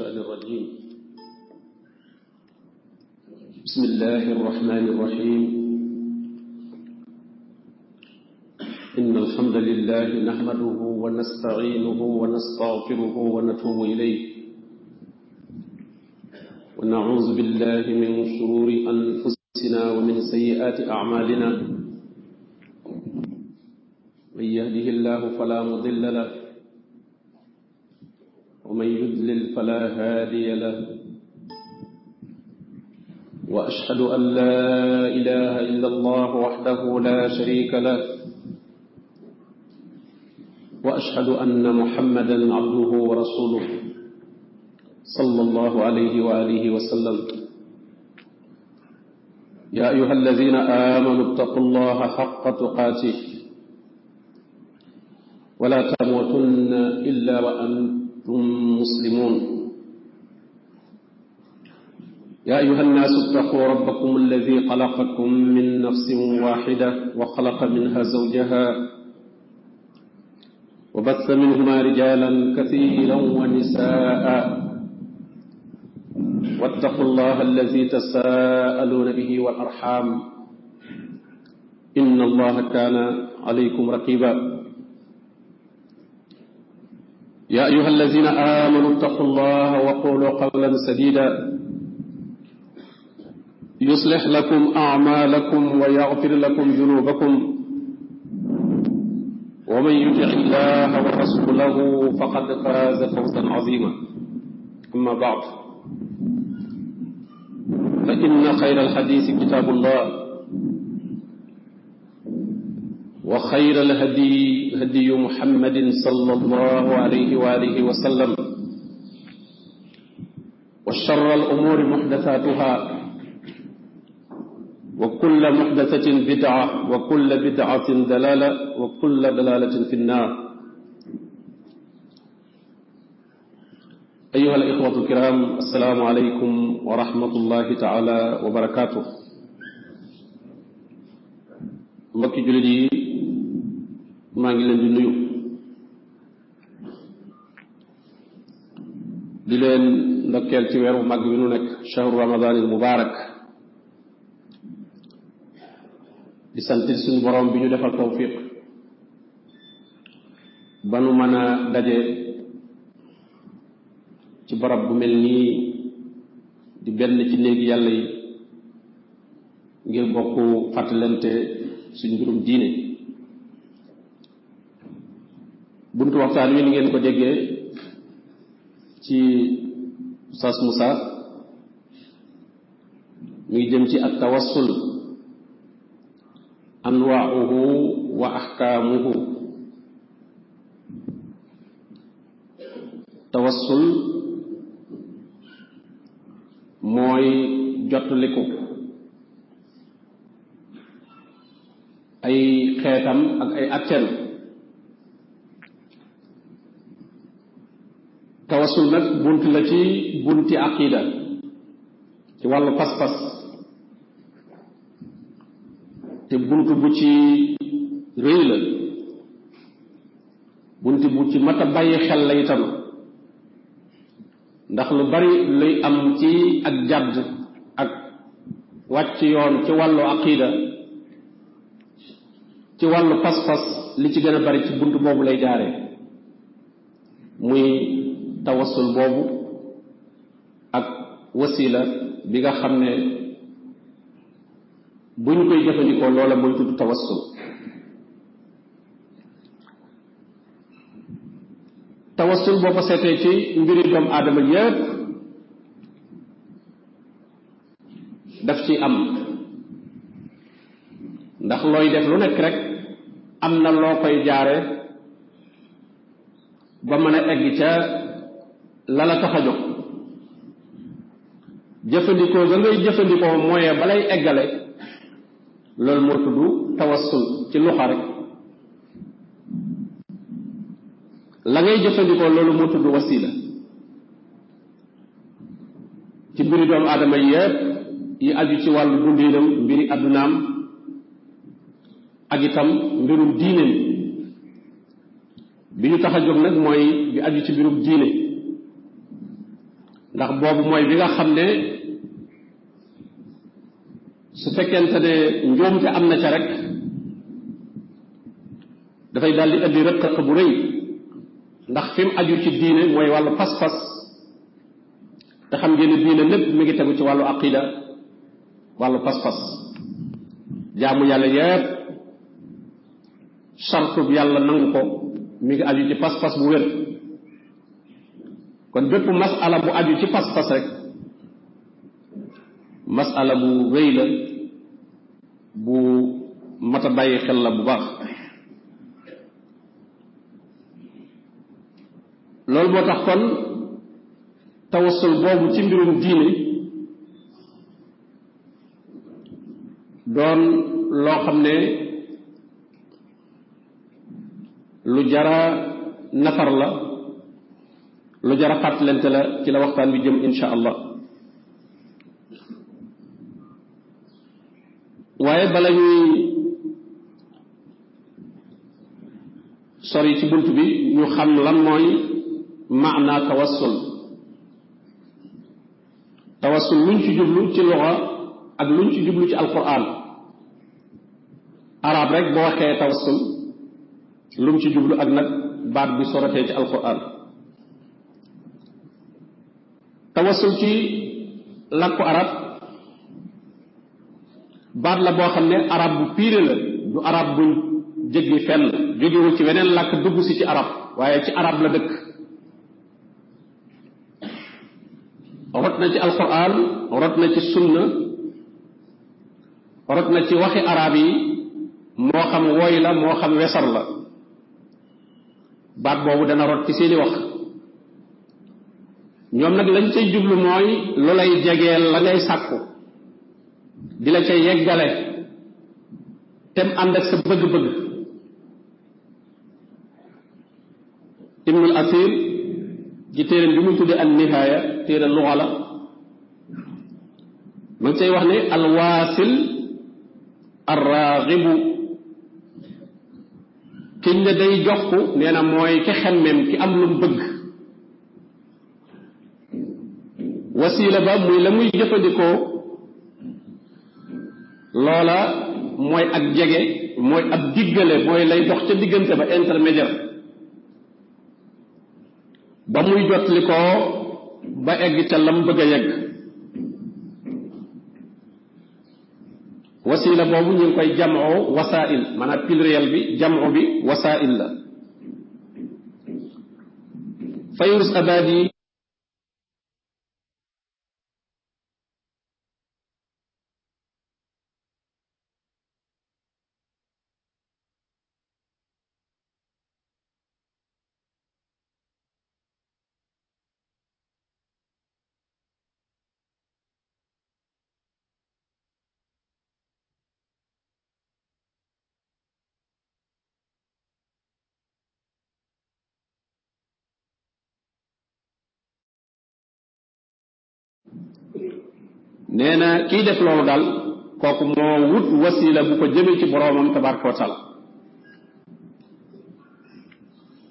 الشيطان الرجيم بسم الله الرحمن الرحيم إن الحمد لله نحمده ونستعينه ونستغفره ونتوب إليه ونعوذ بالله من شرور أنفسنا ومن سيئات أعمالنا من يهده الله فلا مضل له ومن يذلل فلا هادي له وأشهد أن لا إله إلا الله وحده لا شريك له وأشهد أن محمدا عبده ورسوله صلى الله عليه وآله وسلم يا أيها الذين آمنوا اتقوا الله حق تقاته ولا تموتن إلا وأنتم أنتم مسلمون يا أيها الناس اتقوا ربكم الذي خلقكم من نفس واحدة وخلق منها زوجها وبث منهما رجالا كثيرا ونساء واتقوا الله الذي تساءلون به والأرحام إن الله كان عليكم رقيبا يا أيها الذين آمنوا اتقوا الله وقولوا قولا سديدا يصلح لكم أعمالكم ويغفر لكم ذنوبكم ومن يطع الله ورسوله فقد فاز فوزا عظيما أما بعد فإن خير الحديث كتاب الله وخير الهدي هدي محمد صلى الله عليه وآله وسلم وشر الأمور محدثاتها وكل محدثة بدعة وكل بدعة دلالة وكل دلالة في النار أيها الإخوة الكرام السلام عليكم ورحمة الله تعالى وبركاته mbokki jullit yi maa ngi leen di nuyu di leen ndokkeel ci weeru mag bi nu nekk shahru ramadanil mubaarak di sant suñu borom bi ñu defal tawfiq ba nu mën daje ci barab bu mel nii di benn ci néegi yàlla yi ngir bokk fàttalante suñ mbirum diine buntu waxtaan wi ni ngeen ko déggee ci sas Moussa mi ngi jëm ci ak tawassul anwaauhu wa ahkaamuhu tawassul mooy jottaliku ay xeetam ak ay atteem tawasul nag bunt la ci bunti aqida ci wàllu pas-pas te bunt bu ci rëy la bunt bu ci mat a bàyyi xel la itam ndax lu bari luy am ci ak jàdd ak wàcc yoon ci wàllu aqida ci wàllu pas-pas li ci gën a bari ci bunt boobu lay jaare muy tawassul boobu ak wasila bi nga xam ne bu ñu koy jëfandikoo loola mooy tudd tawassul tawassul boo ko seetee ci mbiri doomu aadama yépp daf ci am ndax looy def lu nekk rek am na loo koy jaare ba mën a egg ca la la tax a jëfandikoo ga ngay jëfandikoo mooyee balay eggale loolu moo tudd tawassul ci luxa la ngay jëfandikoo loolu moo tudd wasila ci mbiri doomu aadama yépp yi aju ci wàllu dundinam mbiri addunaam ak itam mbirum diine bi ñu tax a nag mooy bi aju ci mbirum diine ndax boobu mooy bi nga xam ne su fekkente ne njuumte am na ca rek dafay daldi indi rëq-rëq bu rëy ndax fi mu aju ci diine mooy wàllu pas-pas te xam ngeen ne diine lépp mi ngi tegu ci wàllu aqida wàllu pas-pas jaamu yàlla yépp sartub yàlla nangu ko mi ngi aju ci pas-pas bu wér kon bépp masala bu aju ci pas-pas rek masala bu rëy la bu mat xel la bu baax loolu moo tax kon tawassul boobu ci mbirum diine doon loo xam ne lu jara nafar la lu jar a fàttalante la ci la waxtaan wi jëm insha allah waaye bala ñuy sori ci bunt bi ñu xam lan mooy maana tawassul tawassul luñ ci jublu ci luxa ak luñ ci jublu ci alquran arab rek boo waxee tawassul lu mu ci jublu ak nag baat bi soratee ci alquran tawasul ci làkku arab baat la boo xam ne arab bu piire la du arab buñ jéggi fenn jógewul ci weneen làkk dugg si ci arab waaye ci arab la dëkk rot na ci alquran rot na ci sunna rot na ci waxi arab yi moo xam woy la moo xam wesar la baat boobu dana rot ci seeni wax ñoom nag lañ cay jublu mooy lu lay jegeel sàkku di la ca yeggale tem ànd ak sa bëgg-bëgg ibnul asir ci téeréen bi muy tudde al nihaaya téere luxa la ma cay wax ne al raaxibu kiñ ne day jokk nee na mooy ki xemmem ki am lu bëgg wasiila ba muy la muy jëfandikoo loola mooy ak jege mooy ab diggale mooy lay dox ca diggante ba intermédiaire ba muy jot ba egg ca lam bëgg a yegg wasiila boobu ñu ngi koy jamoo wasail maanaam pluriel bi jamoo bi wasail la fayurus abadi nee na kii def loolu daal kooku moo wut wasila bu ko jëmee ci boroomam tabaraka wa taala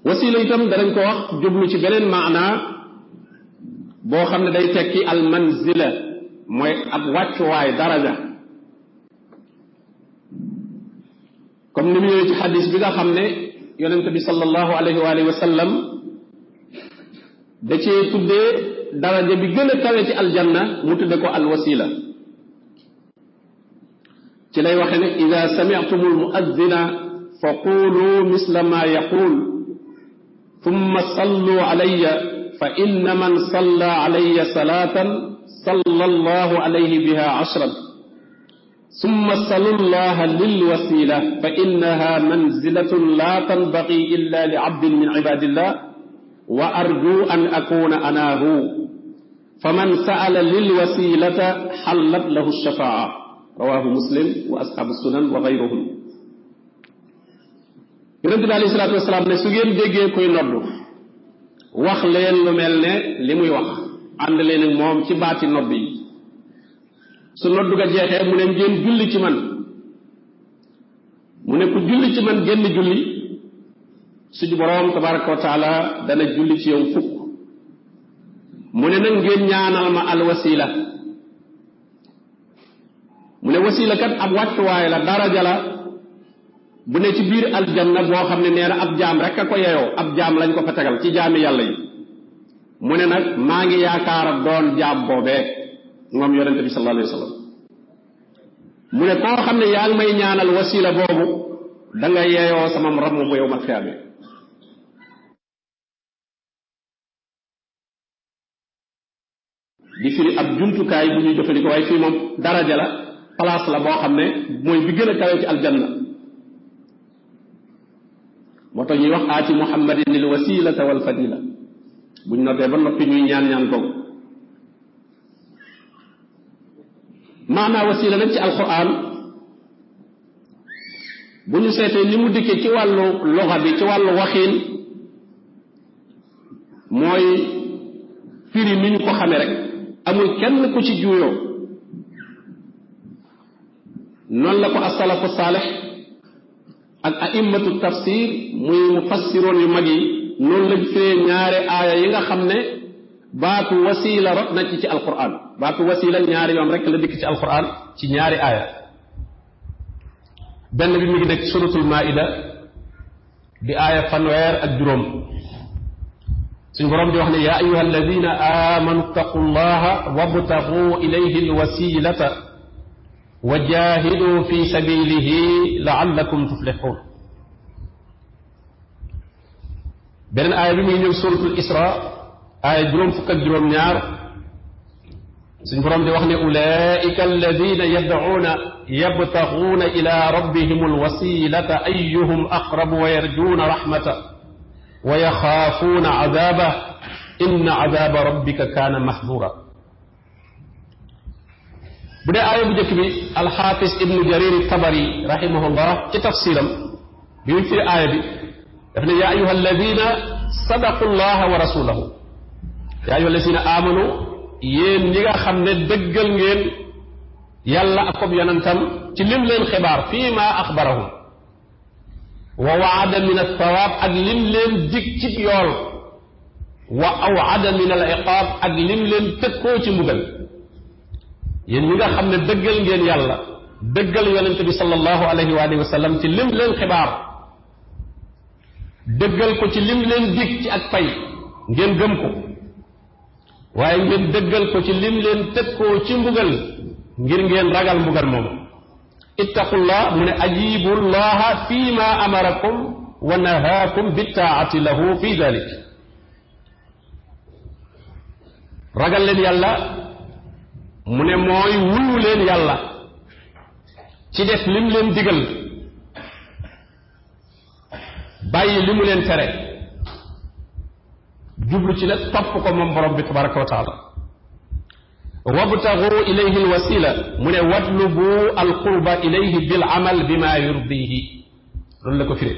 wasila itam danañ ko wax jublu ci beneen maanaa boo xam ne day tekki almanzila mooy ab wàccuwaay daraja comme ni mu ñëwee ci xadis bi nga xam ne yonent bi sallallahu alayhi wa da cee tuddee daraja bi gën a kawe ci aljanna mu tudde ko alwasila ci lay waxe ne ida samictum almuaddina fa qulu misla ma yaqul thumma sallu alayya fa inna man salla alayya salaatan salla allahu alayhi biha ashran summa salu llaha lilwasila fa innaha manzilatun la tanbagi illa li abdin min ibadillah wa arju an akuna anaahu fa man saala lil wasilata xallat lahu shafaa rawahu muslim wa wa gayruhum ngeen déggee koy noddu wax leen lu mel ne li muy wax ànd leen moom ci baati nodd yi su noddu ga jeexee mu ne ngeen julli ci man mu ne ku julli ci man génn julli suñu boroom tabaraka wa taala dana julli ci yow fukk mu ne nag ngeen ñaanal ma al wasila mu ne wasila kat ab wàccuwaay la daraja la bu ne ci biir aljanna boo xam ne nee na ab jaam rek a ko yeyoo ab jaam lañ ko fa tegal ci jaami yàlla yi mu ne nag maa ngi yaakaara doon jaam boobee moom yonente bi sallallahu alayhi wa sallam ne koo xam ne yaa ngi may ñaanal boobu da nga yeyoo sama ramu bu yow ma xiyaame di firi ab jumtukaay bu ñuy jëfandikoo waaye fii moom daraja la place la boo xam ne mooy bi gën a kawe ci aljanna moo ñuy wax aati muhammadin lil wasilata wal fadila buñ notee ba noppi ñuy ñaan ñaan kooku maanaa wasila nag ci alquran bu ñu seetee ni mu dikkee ci wàllu loxa bi ci wàllu waxiin mooy firi ni ñu ko xamee rek amul kenn ku ci juuyoo noonu la ko asalafu saalex ak a'immatu tafsir muy mufassiroon yu mag yi noonu lañ firee ñaari aaya yi nga xam ne baatu wasila rot na ci ci alquran baatu wasila ñaari yoon rekk la dikk ci alquran ci ñaari aaya benn bi mi ngi nekk suratul maida di aaya fanweer ak juróom suñu borom di wax ne yaa ayuha alladina aamanu ttaqu llaha wabtaquu ilayhi alwasilata wa jahidu fi sabilihi laallakum tuflixuun beneen aaya bi muy ñëw suratul isra aaya juróom fukk ak juróom ñaar suñu borom di wax ne ulaika alladina yadcuuna yabtaxuuna ila rabbihim alwasilata ayuhum aqrabu wa yarjuuna raxmata wa yaxaafuuna adaaba inna adaaba rabbika kaana mahdura bu dee aaya bu njëkk bi alxaafis ibnu jarir tabari rahimahullah ci tafsiram bi mu firi aaya bi daf ne yaa ayuha alladina sadaqu llaha wa rasulahu yaa ayuha alladina amanu yéen ñi nga xam ne dëggal ngeen yàlla ak kob yonentam ci lim leen xibaar fii ma axbarahum wa waada min a ak lim leen dig ci yool wa awada min al iqaab ak lim leen tëkkoo ci mbugal yéen ñi nga xam ne dëggal ngeen yàlla dëggal yonente bi sallallahu alayhi wa alihi wa ci lim leen xibaar dëggal ko ci lim leen dig ci ak pay ngeen gëm ko waaye ngeen dëggal ko ci lim leen tëkkoo ci mbugal ngir ngeen ragal mbugal moom ittaqullah mu ne ajibu llaha fi ma amarakum wa nahaakum bittaati lahu fi dalik ragal leen yàlla mu ne mooy wuyu leen yàlla ci def lim leen digal bàyyi li mu leen tere jublu ci la topp ko moom borom bi tabaraka wa taala wabtagu ilayhi alwasila mu ne watlubu alqurba ilayhi bil amal bima yurdihi loolu la ko firee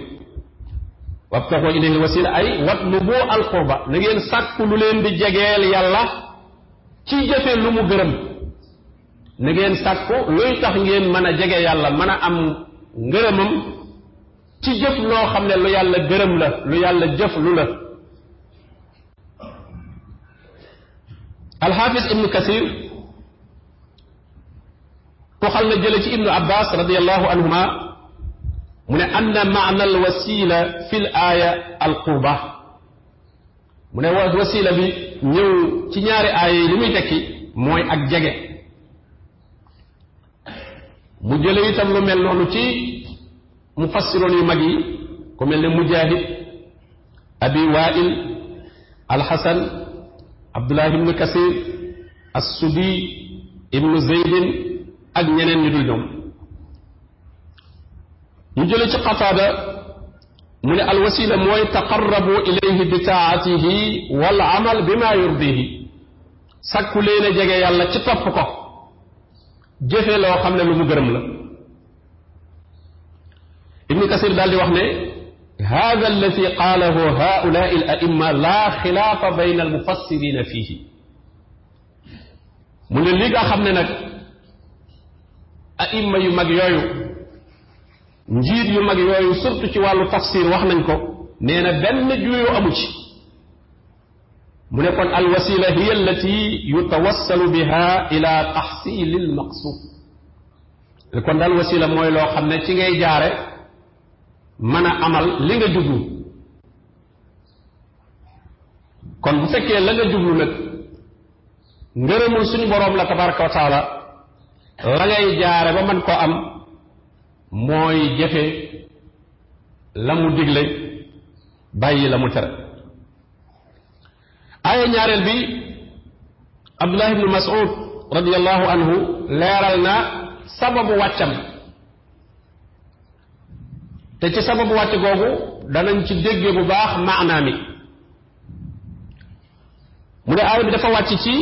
wabtagu ilayhi alwasila ay watlubu alqurba na ngeen sàkku lu leen di jegeel yàlla ci jëfe lu mu gërëm na ngeen sàkku luy tax ngeen mën a jege yàlla mën a am ngërëmam ci jëf loo xam ne lu yàlla gërëm la lu yàlla jëf lu la alxaafis ibnu kasir toxal na jële ci ibnu abbas radiallahu anhuma mu ne anna maana al wasila fi l aaya al qurba mu ne wasila bi ñëw ci ñaari aaya yi li muy tekki mooy ak jege mu jële itam lu mel noonu ci mufassiroon yu mag yi ku mel ne mujahid abi wail alxasan abdullah ibnu kasir assubi ibnu zeydin ak ñeneen ñu dul ñoom ñu jële ci qataada mu ne alwasila mooy taqarrabu ilayhi bi taatihi wal amal bi ma yurdihi sàkku leen a jege yàlla ci topp ko jëfe loo xam ne lu mu gërëm la ibnu kasir daal di wax ne hada alladi qaalahu haulaai al aimma la xilaafa bayna al mufassirina fiihi mu ne li nga xam ne nag aimma yu mag yooyu njiit yu mag yooyu surtout ci wàllu tafsir wax nañ ko nee na benn juyoo amu ci mu ne kon alwasila hiya allati yutawassalu biha ila taxsili al maqsud kon daal wasila mooy loo xam ne ci ngay jaare mën a amal li nga jublu kon bu fekkee la nga jublu nag ngërëmul suñu boroom la tabaraka wa taala la ngay jaare ba mën koo am mooy jëfe la mu digle bàyyi la mu tere aaya ñaareel bi abdullah ibnu mas'ud radiallahu anhu leeral na sababu wàccam te ci sababu wàcc googu danañ ci dégge bu baax maanaa mi mu ne aaya bi dafa wàcc ci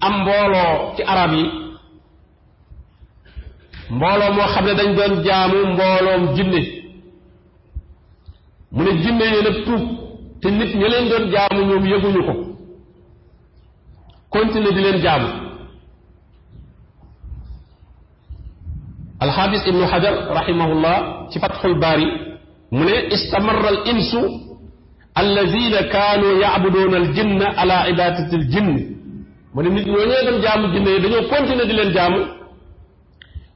am mbooloo ci arab yi mbooloo moo xam ne dañ doon jaamu mbooloom jinne mu ne jinne yéen tuub te nit ñi leen doon jaamu ñoom yëguñu ko continuer di leen jaamu alxaafis ibnu xajar rahimahullah ci fatxul baari mu ne istamarra al insu alladina kaanu yaabuduuna al jinna ala ibadati al jinn mu ne nit ñooñee dem jaamu jinne yi dañoo continuer di leen jaamu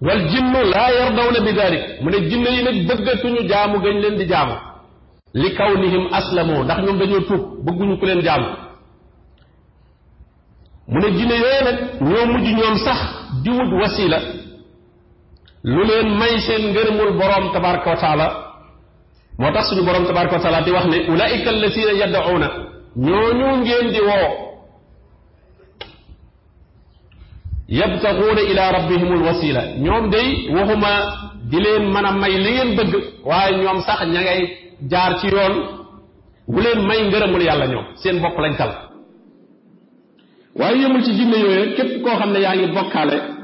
wal jinnu laa yardawna bi dalik mu ne jinne yi nag bëggatuñu jaamu gañ leen di jaamu li kawnihim aslamu ndax ñoom dañoo tuub bëgguñu ku leen jaamu mu ne jinne yooyu nag ñoo mujj ñoom sax di wut wasila lu leen may seen ngërëmul borom tabaraka wa taala moo tax suñu borom tabaraka wa taala di wax ne ulaika alladina yad'una ñooñu ngeen di woo yabtaxuuna ila rabbihimul wasila ñoom day waxuma di leen mën may li ngeen bëgg waaye ñoom sax ña jaar ci yoon wu leen may ngërëmul yàlla ñoom seen bopp lañ tal waaye yëmul ci jinne yooyu képp koo xam ne yaa ngi bokkaale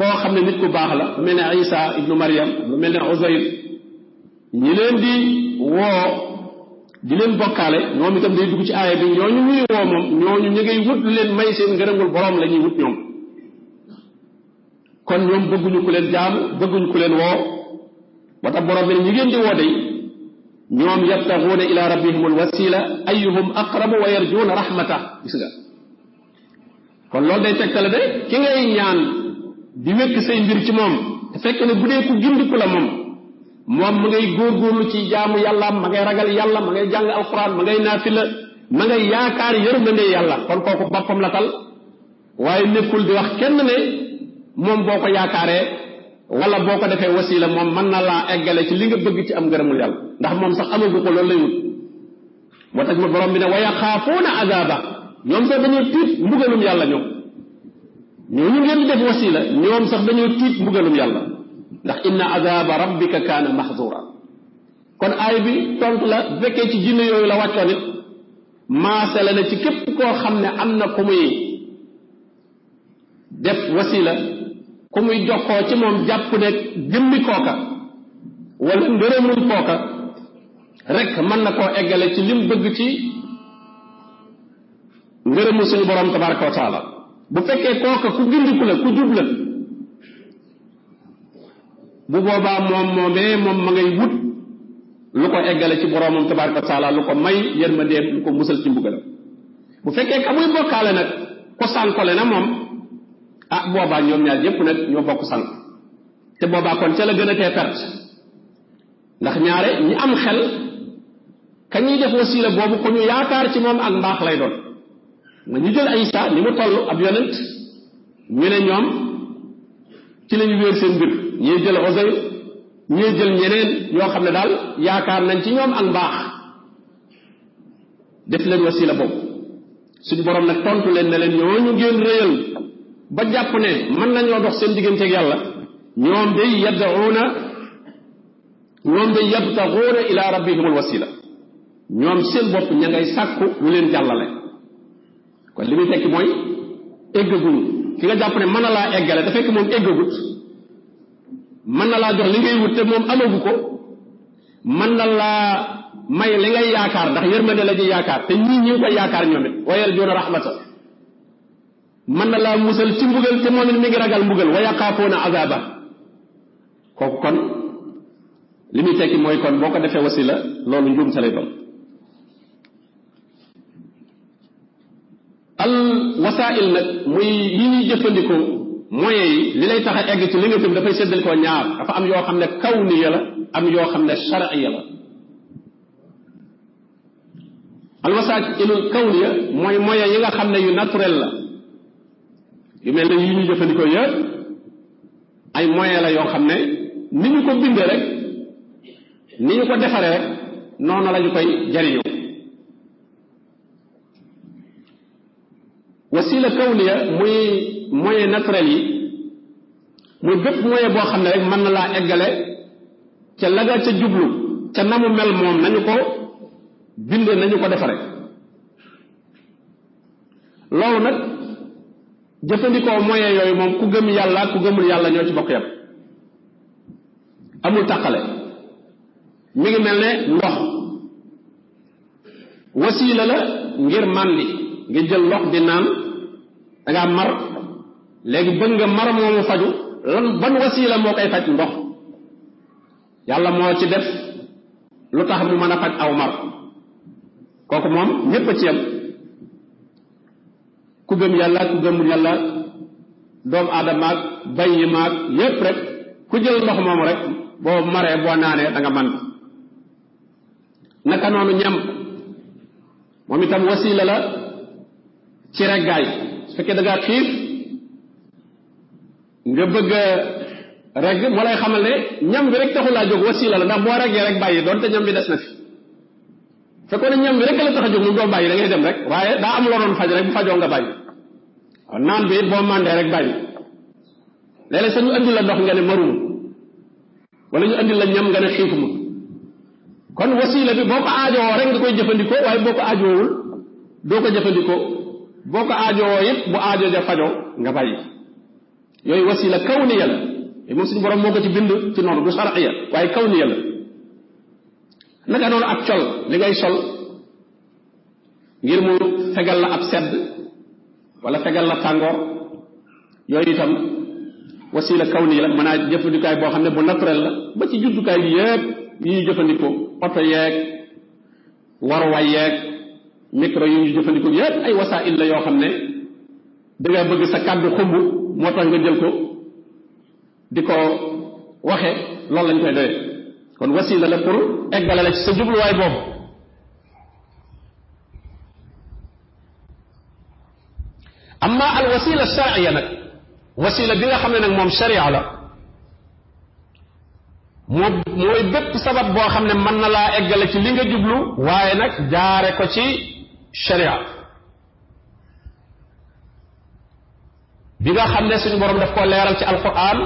koo xam ne nit ku baax la mel ne isa ibnu mariam lu mel ne Uzayr ñi leen di woo di leen bokkaale ñoom itam day dugg ci aaya bi ñooñu muy woo moom ñooñu ñu ngay wut lu leen may seen ngërëmul boroom la ñuy wut ñoom kon ñoom bëgguñu ku leen jaamu bëgguñu ku leen woo ba tax borom bi ne ñi ngeen di woo day ñoom yabtaxuuna ila rabbihim alwasila ayuhum aqrabu wa yarjuuna rahmata kon loolu day tegtale de ki ngay ñaan di wékk say mbir ci moom te fekk ne bu dee ku gindiku la moom moom ma ngay góorgóorlu ci jaamu yàlla ma ngay ragal yàlla ma ngay jàng alxuraan ma ngay naafila ma ngay yaakaar yërmande yàlla xool kon kooku boppam la tal waaye nekkul di wax kenn ne moom boo ko yaakaaree wala boo ko defee wasiila moom mën na laa eggale ci li nga bëgg ci am ngërëmul yàlla ndax moom sax amagu ko loolu lay wut moo tax ma borom bi ne wa yaxaafuuna azaba ñoom sax dañuy tiit yàlla ñoom ñooñu ngeen di def wasila ñoom sax dañoo tiit mbugalum yàlla ndax inna azaba rabbika kaana mahzura kon aay bi tontu la fekkee ci jinne yooyu la wàccoon it maasale na ci képp koo xam ne am na ku muy def wasila ku muy jokkoo ci moom jàpp ne jëmmi kooka wala ngërëmul kooka rek mën na koo eggale ci lim bëgg ci ngërëmu suñu borom tabaraka wa bu fekkee kooka ku gindiku la ku jub la bu boobaa moom moomee moom ma ngay wut lu ko eggale ci boroomam tabaraka wa taala lu ko may yërmandeem lu ko musal ci mbugalam bu fekkee ka muy bokkaale nag ko sànkole na moom ah boobaa ñoom ñaar yépp nag ñoo bokk sànk te boobaa kon ca la gën a tee perte ndax ñaare ñi am xel ka ñuy def wasiila boobu ko ñu yaakaar ci moom ak mbaax lay doon nga ñu jël ay saa ni mu toll ab yonent ñu ne ñoom ci lañu wéer seen mbir ñee jël Usayr ñee jël ñeneen ñoo xam ne daal yaakaar nañ ci ñoom ak mbaax def leen wasila boobu suñu borom nag tontu leen ne leen ñooñu ngeen réyal ba jàpp ne mën nañoo dox seen digganteeg yàlla ñoom day yad'uuna ñoom day yabtaxuuna ila rabbihimul wasila ñoom seen bopp ña ngay sàkku lu leen jàllale kon li muy tekki mooy eggagul ki nga jàpp ne man na laa eggale te fekk moom eggagut mën na laa jox li ngay wut te moom amagu ko mën na laa may li ngay yaakaar ndax yërmande la ji yaakaar te ñii ñi ngi koy yaakaar ñoom it wa yarjuuna rahmata mën na laa musal ci mbugal te moom it mi ngi ragal mbugal wa yaqaafuuna azaba kooku kon li muy tekki mooy kon boo ko defee wasila loolu njuum sa lay doon al wasail nag muy yi ñuy jëfandikoo moyens yi li lay tax a egg ci li nga jëm dafay séddal koo ñaar dafa am yoo xam ne kawniya la am yoo xam ne shar'iya la al wasailul kawniya mooy moyens yi nga xam ne yu naturel la yu mel ni yi jëfandikoo yëpp ay moyens la yoo xam ne ni ñu ko bindee rek ni ñu ko defaree rek noonu la ñu koy jariñoo wasila kawliya muy moyen naturel yi muy bépp moyen boo xam ne rek mën na laa eggale ca la ca jublu ca na mel moom nañu ko bindee nañu ko defare loolu nag jëfandikoo moyen yooyu moom ku gëm yàlla ku gëmul yàlla ñoo ci bokk yam amul tàqale mi ngi mel ne ndox wasiila la ngir màndi ngir jël ndox di naan da ngaa mar léegi bëgg nga mar moomu faju lan ban wasiila moo koy faj ndox yàlla moo ci def lu tax mu mën a faj aw mar kooku moom ñépp a ci ku gëm yàlla ku gëmul yàlla doomu aadama bay yi maag yépp rek ku jël ndox moomu rek boo maree boo naanee da man naka noonu ñam moom itam wasiila la ci reggaay su fekkee da ngaa xiif nga bëgg a moo lay xamal ne ñam bi rek taxul laa jóg wasila la ndax boo reggee rek bàyyi doonte ñam bi des na fi fekkoon ne ñam bi rek la tax a jóg moom doo bàyyi da ngay dem rek waaye daa am loroon faj rek bu fajoo nga bàyyi kon naan bi it boo màndee rek bàyyi léeg-léeg sax ñu andil la ndox nga ne maruma wala ñu andil la ñam nga ne xiifuma kon wasila bi boo ko aajowoo rek nga koy jëfandikoo waaye boo ko aajowul doo ko jëfandikoo boo ko aajowoo yépp bu aajo ja fajo nga bàyyi yooyu wasila kawniya la moom suñu borom moo ko ci bind ci noonu du sharciya waaye kawniya la naka noonu ak col li ngay sol ngir mu fegal la ab sedd wala fegal la tàngoor yooyu itam wasila kawniya la mën naa jëfandikaay boo xam ne bu naturel la ba ci juddukaay bi yépp yi jëfandikoo oto yeeg waruwaay yeeg micro yi ñu jëfandikoo yépp ay wasaa'il la yoo xam ne danga bëgg sa kàddu xumb moo tax nga jël ko di ko waxe loolu lañ koy doye kon wasila la pour eggale la ci sa jubluwaay boobu amma al wasila charia nag wasila bi nga xam ne nag moom charia la moo mooy bépp sabab boo xam ne mën na laa eggale ci li nga jublu waaye nag jaare ko ci sharia bi nga xam ne suñu borom daf koo leeral ci alquran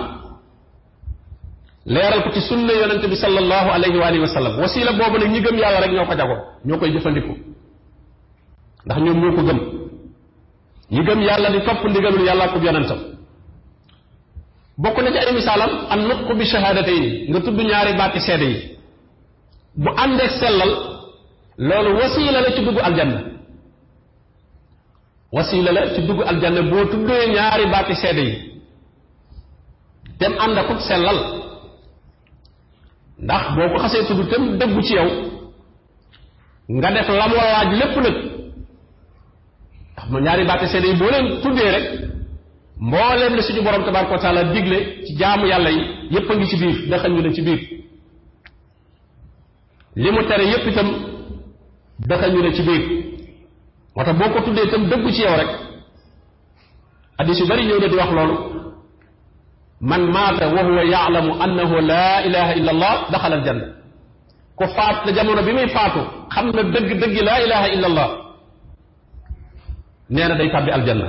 leeral ko ci sunna yonente bi sallallahu alayhi wa alihi wa sallam wasila boobu nag ñi gëm yàlla rek ñoo ko jago ñoo koy jëfandiku ndax ñoom ñoo ko gëm ñi gëm yàlla di topp ndigalul yàlla ko yonentam bokk na ci ay misaalam an nutqu bi shahadatayni nga yi bu àndeek sellal loolu wasila la ci dugg aljanna wasiila la ci dugg aljanna boo tuddee ñaari baati seede yi tem ànd akub sellal ndax boo ko xasee tudd tem dëggu ci yow nga def la mu laaj lépp nag ñaari baati seede yi boo leen tuddee rek mbooleem la suñu borom tabaraka wa taala digle ci jaamu yàlla yi yépp a ngi ci biir ndax ñu ne ci biir li mu tere yépp itam daxa ñu ne ci biir moo tax boo ko tuddee itam dëggu ci yow rek addis yu bari ñëw na di wax loolu man maata wa huwa yaalamu annahu laa ilaha illa allah daxala aljanna ko faat na jamono bi may faatu xam na dëgg dëgg laa ilaha illa allah nee na day tàbbi aljanna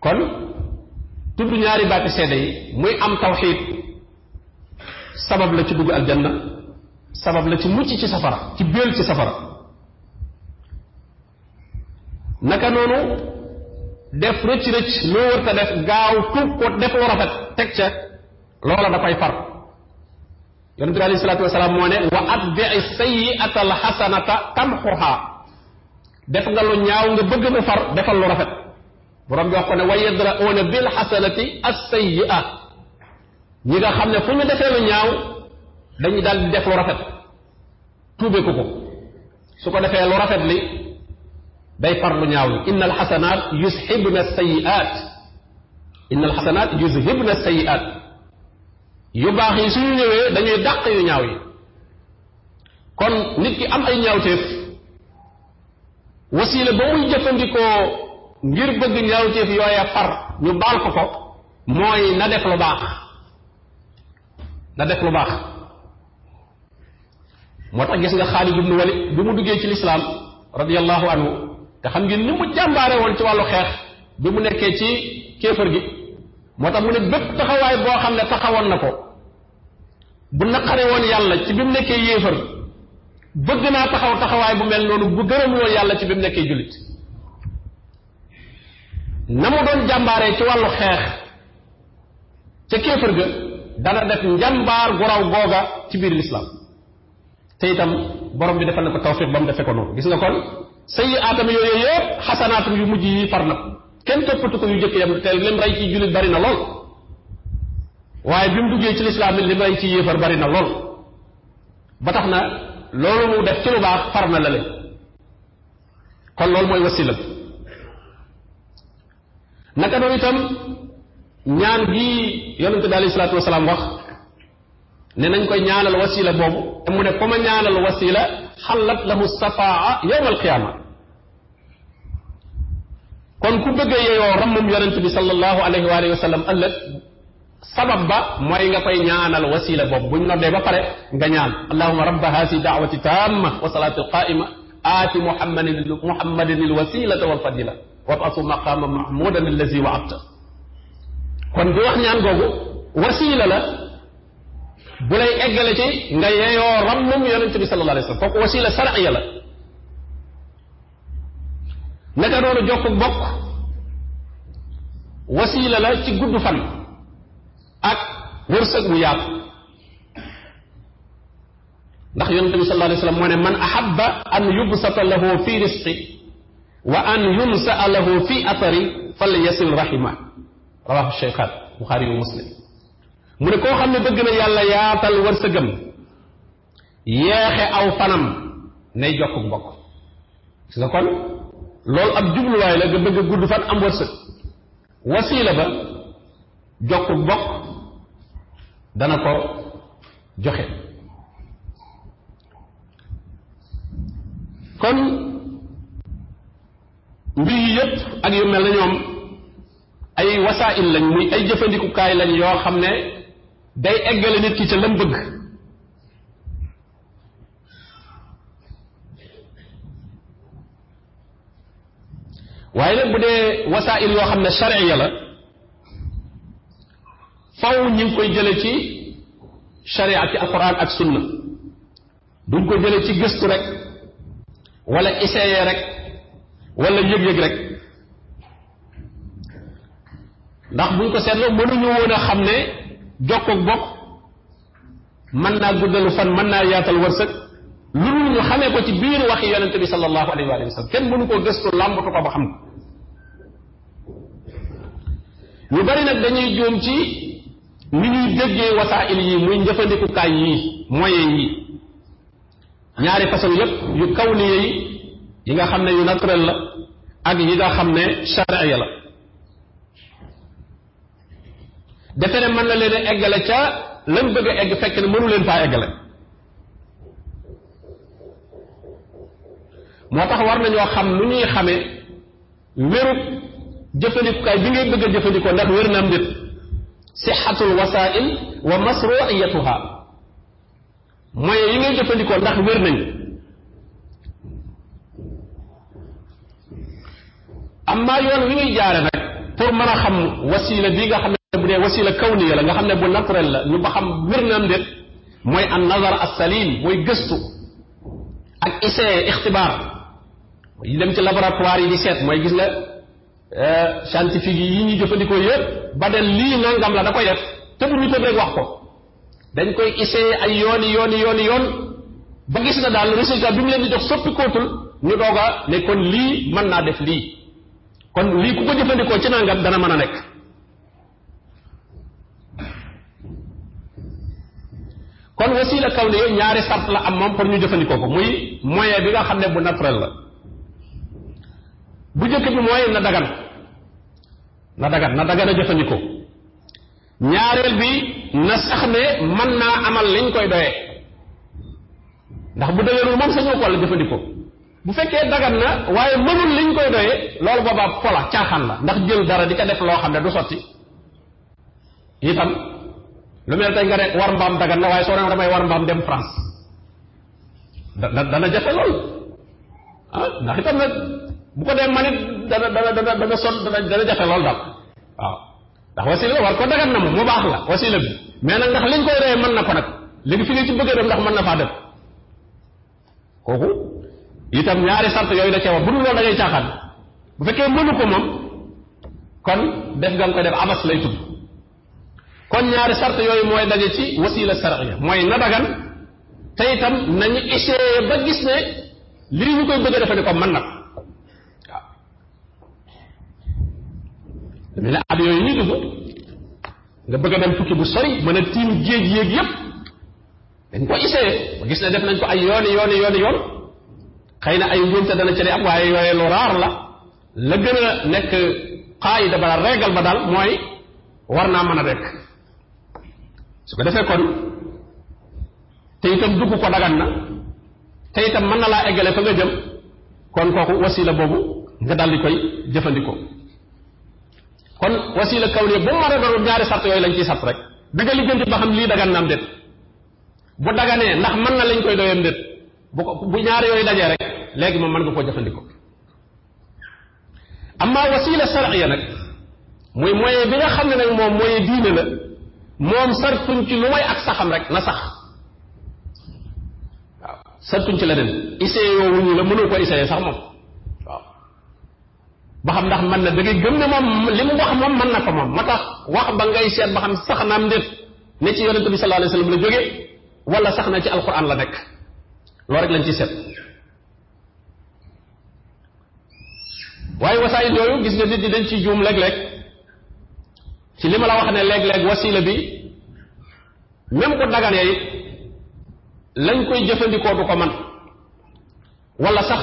kon tudd ñaari baati seede yi muy am tawxid sabab la ci dugg aljanna sabab la ci mucc ci safara ci béel ci safara naka noonu def rëcc rëcc loo war def gaaw tuub ko def lu rafet teg ca loola da koy far yonente bi alayhi salaatu wasalaam moo ne wa atbii sayiata alxasanata nga lu ñaaw nga bëgg defal lu rafet borom bi wax ko ne wa yadra'uuna bil xasanati as-sayyi'a ñi nga xam ne fu ñu defee lu ñaaw dañuy daal di def lu rafet tuube ko ko su ko defee lu rafet li day far lu ñaaw li inna alxasanaat yushibna sayiat inna alxasanaat yushibna sayiat yu baax yi suñu ñëwee dañuy dàq yu ñaaw yi kon nit ki am ay ñaawteef wasiila ba muy jëfandikoo ngir bëgg ñaawteef yooya far ñu baal ko ko mooy na def lu baax na def lu baax moo tax gis nga Xaalid ibnu Walid bi mu duggee ci lislaam radiyallahu anhu te xam ngeen ni mu jàmbaare woon ci wàllu xeex bi mu nekkee ci kéefër gi moo tax mu ne bépp taxawaay boo xam ne taxawoon na ko bu naqare woon yàlla ci bi mu nekkee yéefar bëgg naa taxaw taxawaay bu mel noonu bu gërëm woon yàlla ci bi mu nekkee jullit na mu doon jàmbaaree ci wàllu xeex ca kéefër ga dana def njàmbaar gu raw googa ci biir lislaam te itam borom bi defal na ko tawfiq ba mu defe ko noonu gis nga kon sayi aatam yooyu yëpp xasanaatam yu mujj yi far na ko kenn toppatu ko yu jëkk yam te lim rey ci jullit bari na lool waaye bi mu duggee ci lislaam lim rey ci yéefar bari na lool ba tax na loolu mu def ci lu baax far na la leen kon loolu mooy wasila naka noonu itam ñaan gi yonente bi alayhi salaatu wax ne nañ koy ñaanal wasila boobu te mu ne ku ma ñaanal wasila xallat lahu safaa yowma alqiyaama kon ku bëgg a yeyoo rammum yonent bi sallallahu alayhi wa alihi wa sallam ëllëg sabab ba mooy nga koy ñaanal wasila boobu bu ñu noddee ba pare nga ñaan allahuma rabba haasi daawati taamma wa salaati alqaima aati muhammadin muhammadin alwasilata walfadila wabasu maqama mahmudan allazi waabta kon bi wax ñaan googu wasila la bu lay eggale ci nga yeeyoo rammum yonent bi sallallahu alayhi wa sallam kooku wasila shar'iyya la naka noonu jokk bokk wasila la ci gudd fan ak wërsëg bu yaatu ndax yonent bi sallallahu alayhi wa sallam moo ne man ahabba an yubsata lahu fi risqi wa an yunsaa lahu fi athari fal yasil rahima rawahu cheykhaan buxaari yu muslim mu ne koo xam ne bëgg na yàlla yaatal wërsëgam yeexe aw fanam nay jokk mbokk gis nga kon loolu ab jubluwaay la nga bëgg gudd fan am wërsëg wasiila ba jokk mbokk dana ko joxe kon mbir yi yépp ak yu mel na ñoom ay wasaa'il lañ muy ay jëfandikukaay lañ yoo xam ne day eggale nit ki ca lam bëgg waaye nag bu dee wasaa'il yoo xam ne sharciya la faw ñu ngi koy jële ci sharia ci alquran ak sunna duñ ko jële ci gëstu rek wala essayer rek wala yëg-yëg rek ndax buñ ko seetloo mënuñu woon xam ne jokkoog bokk mën naa guddalu fan mën naa yaatal wërsëg lu dul ñu xamee ko ci biir waxi yonente bi sallallahu alayhi wa sallam kenn mënu koo gëstu làmbatu ko ba xam ko bari nag dañuy jóom ci ni ñuy déggee wasaa'il yi muy njëfandikukaay yi moyen yi ñaari façon yépp yu kaw ni yi nga xam ne yu naturel la ak yi nga xam ne charia la defe ne mën na leen a eggale ca lan bëgg a egg fekk ne mënu leen faa eggale moo tax war nañoo xam lu ñuy xamee wérub jëfandikukaay bi ngay bëgg jëfandikoo ndax wér na am ndét wa masruiyatuha moyens yi jëfandikoo ndax wér nañ amma yoon wi ngay jaare nag pour mën a xam wasiila bi nga xam bu dee wasila kawniya la nga xam ne bu naturel la ñu ba xam wér na am déet mooy an nazar as salim mooy gëstu ak essai ixtibaar dem ci laboratoire yi di seet mooy gis nga euh, scientifique yi ñuy jëfandikoo yëpp ba del lii la da koy def tëb ñu tëb rek wax ko dañ koy essayé ay yooni yooni yooni yoon ba gis na daal résultat bi mu leen di jox soppi kootul ñu doog a ne kon lii mën naa def lii kon lii ku ko jëfandikoo ci nangam dana mën a nekk kon wasila kaw ne ñaari sart la am moom pour ñu jëfandikoo ko muy moyen bi nga xam ne bu naturel la bu jëkk bi mooy na dagan na dagan dagan a jëfandikoo ñaareel bi na sax ne mën naa amal liñ koy doyee ndax bu dëgërul moom sañoo ko la jëfandikoo bu fekkee dagan na waaye mënul liñ koy doyee loolu boobaa pola caaxaan la ndax jël dara di ca def loo xam ne du sotti itam lu mel tey nga ne war mbaam dagan na waaye soo ne damay war mbaam dem France da dana jafe lool ah, ndax itam bu ko dee manit dana dana dana dana son dana dana jafe lool daal waaw ndax wasila la war ko dagan moom mu baax la wasila bi mais nag ndax liñ koy reyee mën na ko nag léegi fi nga ci bëggee dem ndax man na faa dem kooku itam ñaari sart yooyu la cee wax bu dul loolu da ngay bu fekkee mënu ko moom kon def nga koy def abas lay tudd kon ñaari sart yooyu mooy daje ci wasila sariya mooy na dagan te itam nañu essayé ba gis ne lii ñu koy bëgg a defandi ko mën na ko waaw dama ne at yooyu ñu dugg nga bëgg a dem tukki bu sori mën a tiim géej yéeg yépp dañ ko essayé ba gis ne def nañ ko ay yooni yooni yooni yoon xëy na ay njuumte dana ci di am waaye yooye lu raar la la gën a nekk xaayida ba daal ba daal mooy war naa mën a rekk su ko defee kon te itam dugg ko dagan na te itam mën na laa eggale fa nga jëm kon kooku wasila boobu nga daal di koy jëfandikoo kon wasila kaw ne bu mu mën a doon ñaari sart yooyu lañ ciy sart rek da nga lijjanti ba xam lii dagan na am déet bu daganee ndax mën na lañ koy doyam déet bu ko bu ñaari yooyu dajee rek léegi moom mën nga koo jëfandikoo amma wasila sariya nag muy moyen bi nga xam ne nag moom moyen diine la. moom sartuñ ci lu may ak saxam rek na sax waaw sartuñ ci leneen essayé wuñu la mënoo ko essayé sax moom waaw ba xam ndax man na da ngay gëm ne moom li mu wax moom man na ko moom ma tax wax ba ngay seet ba xam sax naam ndéet ne ci yonente bi sallallahu alayhi wasallam la jóge wala sax na ci alquran la nekk loolu rek lañ ci seet waaye wasaayil yooyu gis nga nit ñi dañ ci juum léeg-léeg ci li ma la wax ne léeg-léeg wasila bi même ko daganee it lañ koy jëfandikoo du ko man walla sax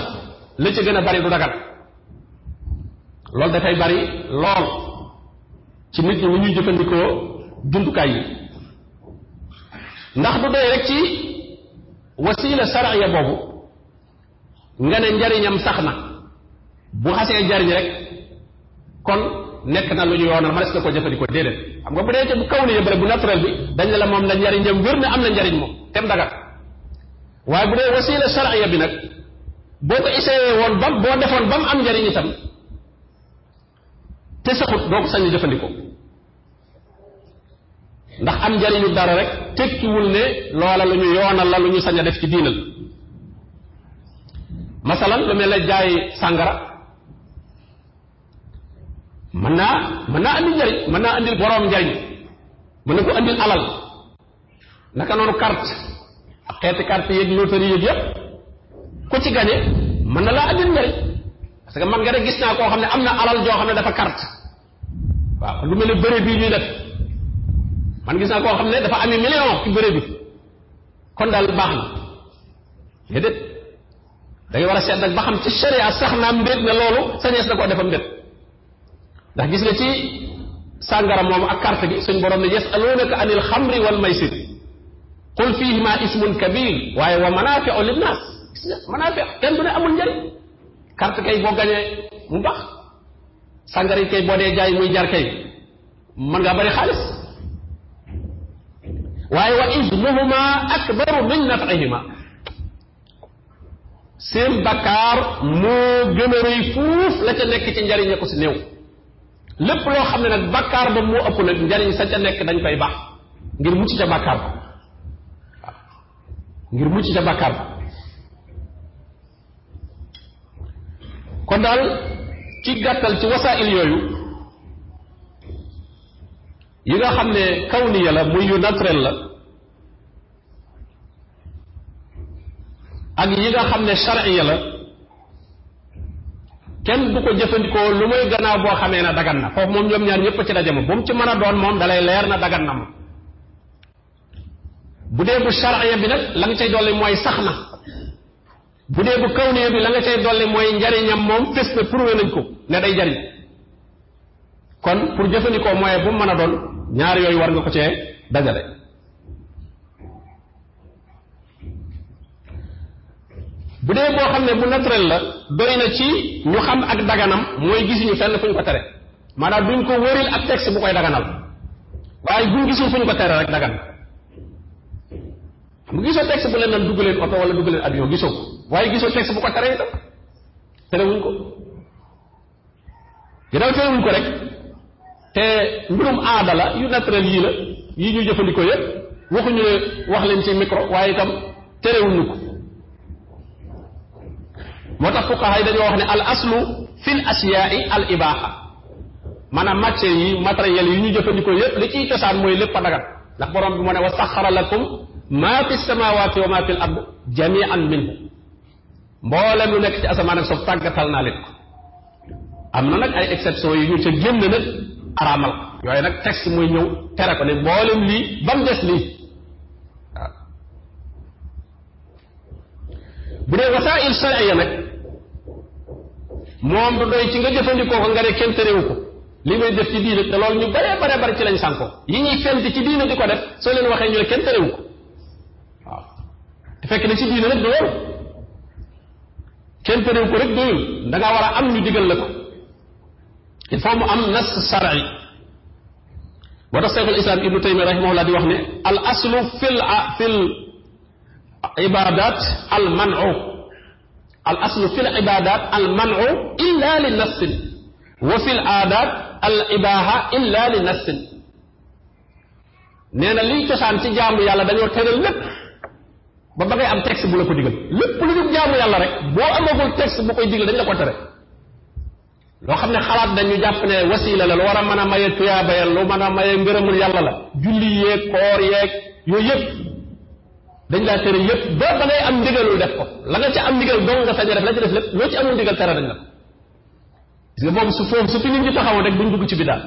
la ci gën a bari du dagan loolu dafay bari lool ci nit ñi mu jëfandikoo jumtukaay yi ndax du doy rek ci wasila sariya boobu nga ne njariñam sax na bu xasee njariñ rek kon nekk na lu ñu yoonal mënees na ko jëfandikoo déedéet xam nga bu dee ca bu kaw ni yëbëre bu naturel bi dañ ne la moom la njariñam wér am na njariñ moom tem dagat defoon ba am njariñ itam te saxut jëfandikoo ndax am njariñu dara rek tekkiwul ne loola lu ñu yoonal la lu ñu sañ a def ci diinal masalan lu mel ne jaay sàngara mën naa mën naa andil njariñ mën naa andil boroom njariñ mën na ko andil alal naka noonu carte ak xeeti carte yeeg loterie yeeg yëpp ku ci gane mën na laa andil njariñ parce que man nga rek gis naa koo xam ne am na alal joo xam ne dafa carte waaw lu mel ne bëre bii ñuy def man gis naa koo xam ne dafa amee million ci bëre bi kon daal baax na déedéet da ngay war a seet nag ba xam ci sax naa mbéet ne loolu sañees na koo defam mbéet ndax gis nga ci sàngara moom ak carte gi suñ borom ne yasalunaka anil xamri wal maysir qul fihima ismun kabir waaye wa manafiu linnas gis nga manafiu kenn du ne amul njëriñ carte kay boo gañee mu baax sàngara yi kay boo dee jaay muy jar mën ngaa bëri xaalis waaye wa ismuhuma akbaru min nafihima seen bakkaar moo gën a rëy fuuf la ca nekk ci njariñ ko si néew lépp loo xam ne nag bàkkaar ba moo ëpp nag njariñ sa ca nekk dañ koy baax ngir mucc ca bàkkaar ba waaw ngir mucc ca bàkkaar ba kon daal ki gàttal ci wasaa'il yooyu yi nga xam ne kaw ni la muy yu naturel la ak yi nga xam ne charia la kenn du ko jëfandikoo lu muy gannaaw boo xamee na dagan na foofu moom ñoom ñaar ñëpp ci dajama bu mu ci mën a doon moom dalay leer na dagan na ma bu dee bu charia bi nag la nga cay dolli mooy sax na bu dee bu kawnee bi la nga cay dolli mooy njariñam moom fes na prouvé nañ ko ne day jariñ kon pour jëfandikoo moyen bu mu mën a doon ñaar yooyu war nga ko cee dajale bu dee boo xam ne bu naturel la doy na ci ñu xam ak daganam mooy gisuñu fenn fu ñu ko tere maanaam duñ ko wëril ak texte bu koy daganal waaye buñ gisul fu ñu ko tere rek dagan mu gisoo texte bu leen nan dugg oto wala dugg leen gisoo waaye gisoo texte bu ko tere itam terewuñ ko gannaaw terewuñ ko rek te mbirum aada yu naturel yii la yii ñu jëfandikoo yëpp waxuñu ne wax leen ci micro waaye itam terewuñu ko moo tax fuqaha yi dañoo wax ne al aslu fi asiyaai al ibaaxa maanaam matières yi matériels yi ñu jëfandikoo yépp li ciy cosaan mooy lépp a dagat ndax borom bi moo ne wa saxara lakum maa fi samawaati wa maa fi l ard jamian nekk ci asamaan ak tàggatal naa leen am na nag ay exception yi ñu ca génn nag araamal yooyu nag texte mooy ñëw tere ko ne mboolem lii ba mu lii bu dee wasail charia nag moom du doy ci nga jëfandikoo ko nga ne kenn terewu li may def ci diine te loolu ñu bare bare bare la lañ sànkoo yi ñuy fent ci diine di ko def soo leen waxee ñu ne kenn terewu ko te fekk na ci diine nag du loolu kenn terewu ko rek doyul da nga war a am ñu digal la ko il am nas shar'i moo tax cheikhul islam ibnu taymiya rahimahullah di wax ne al aslu fil ibadat al manu al aslu fi l ibadat al manu illa li nassin wa fi l aadat al ibaha illa li nassin nee na liy cosaan ci jaamu yàlla dañoo tëral lépp ba ba ngay am texte bu la ko digal lépp lu dul jaamu yàlla rek boo amagul texte bu koy digal dañ la ko tere loo xam ne xalaat dañu jàpp ne wasiila la lu war a mën a maye tuyaaba ya lu mën a maye ngërëmul yàlla la julli yeeg koor yeeg yooyu yëpp dañ laa tere yëpp ba ba am ndigalul def ko la nga ca am ndigal dong nga sañ a def la ci def lépp loo ci amul ndigal tere nañ la ko gis moom su foofu su fi nit ñi taxawoon rek buñ dugg ci biddaa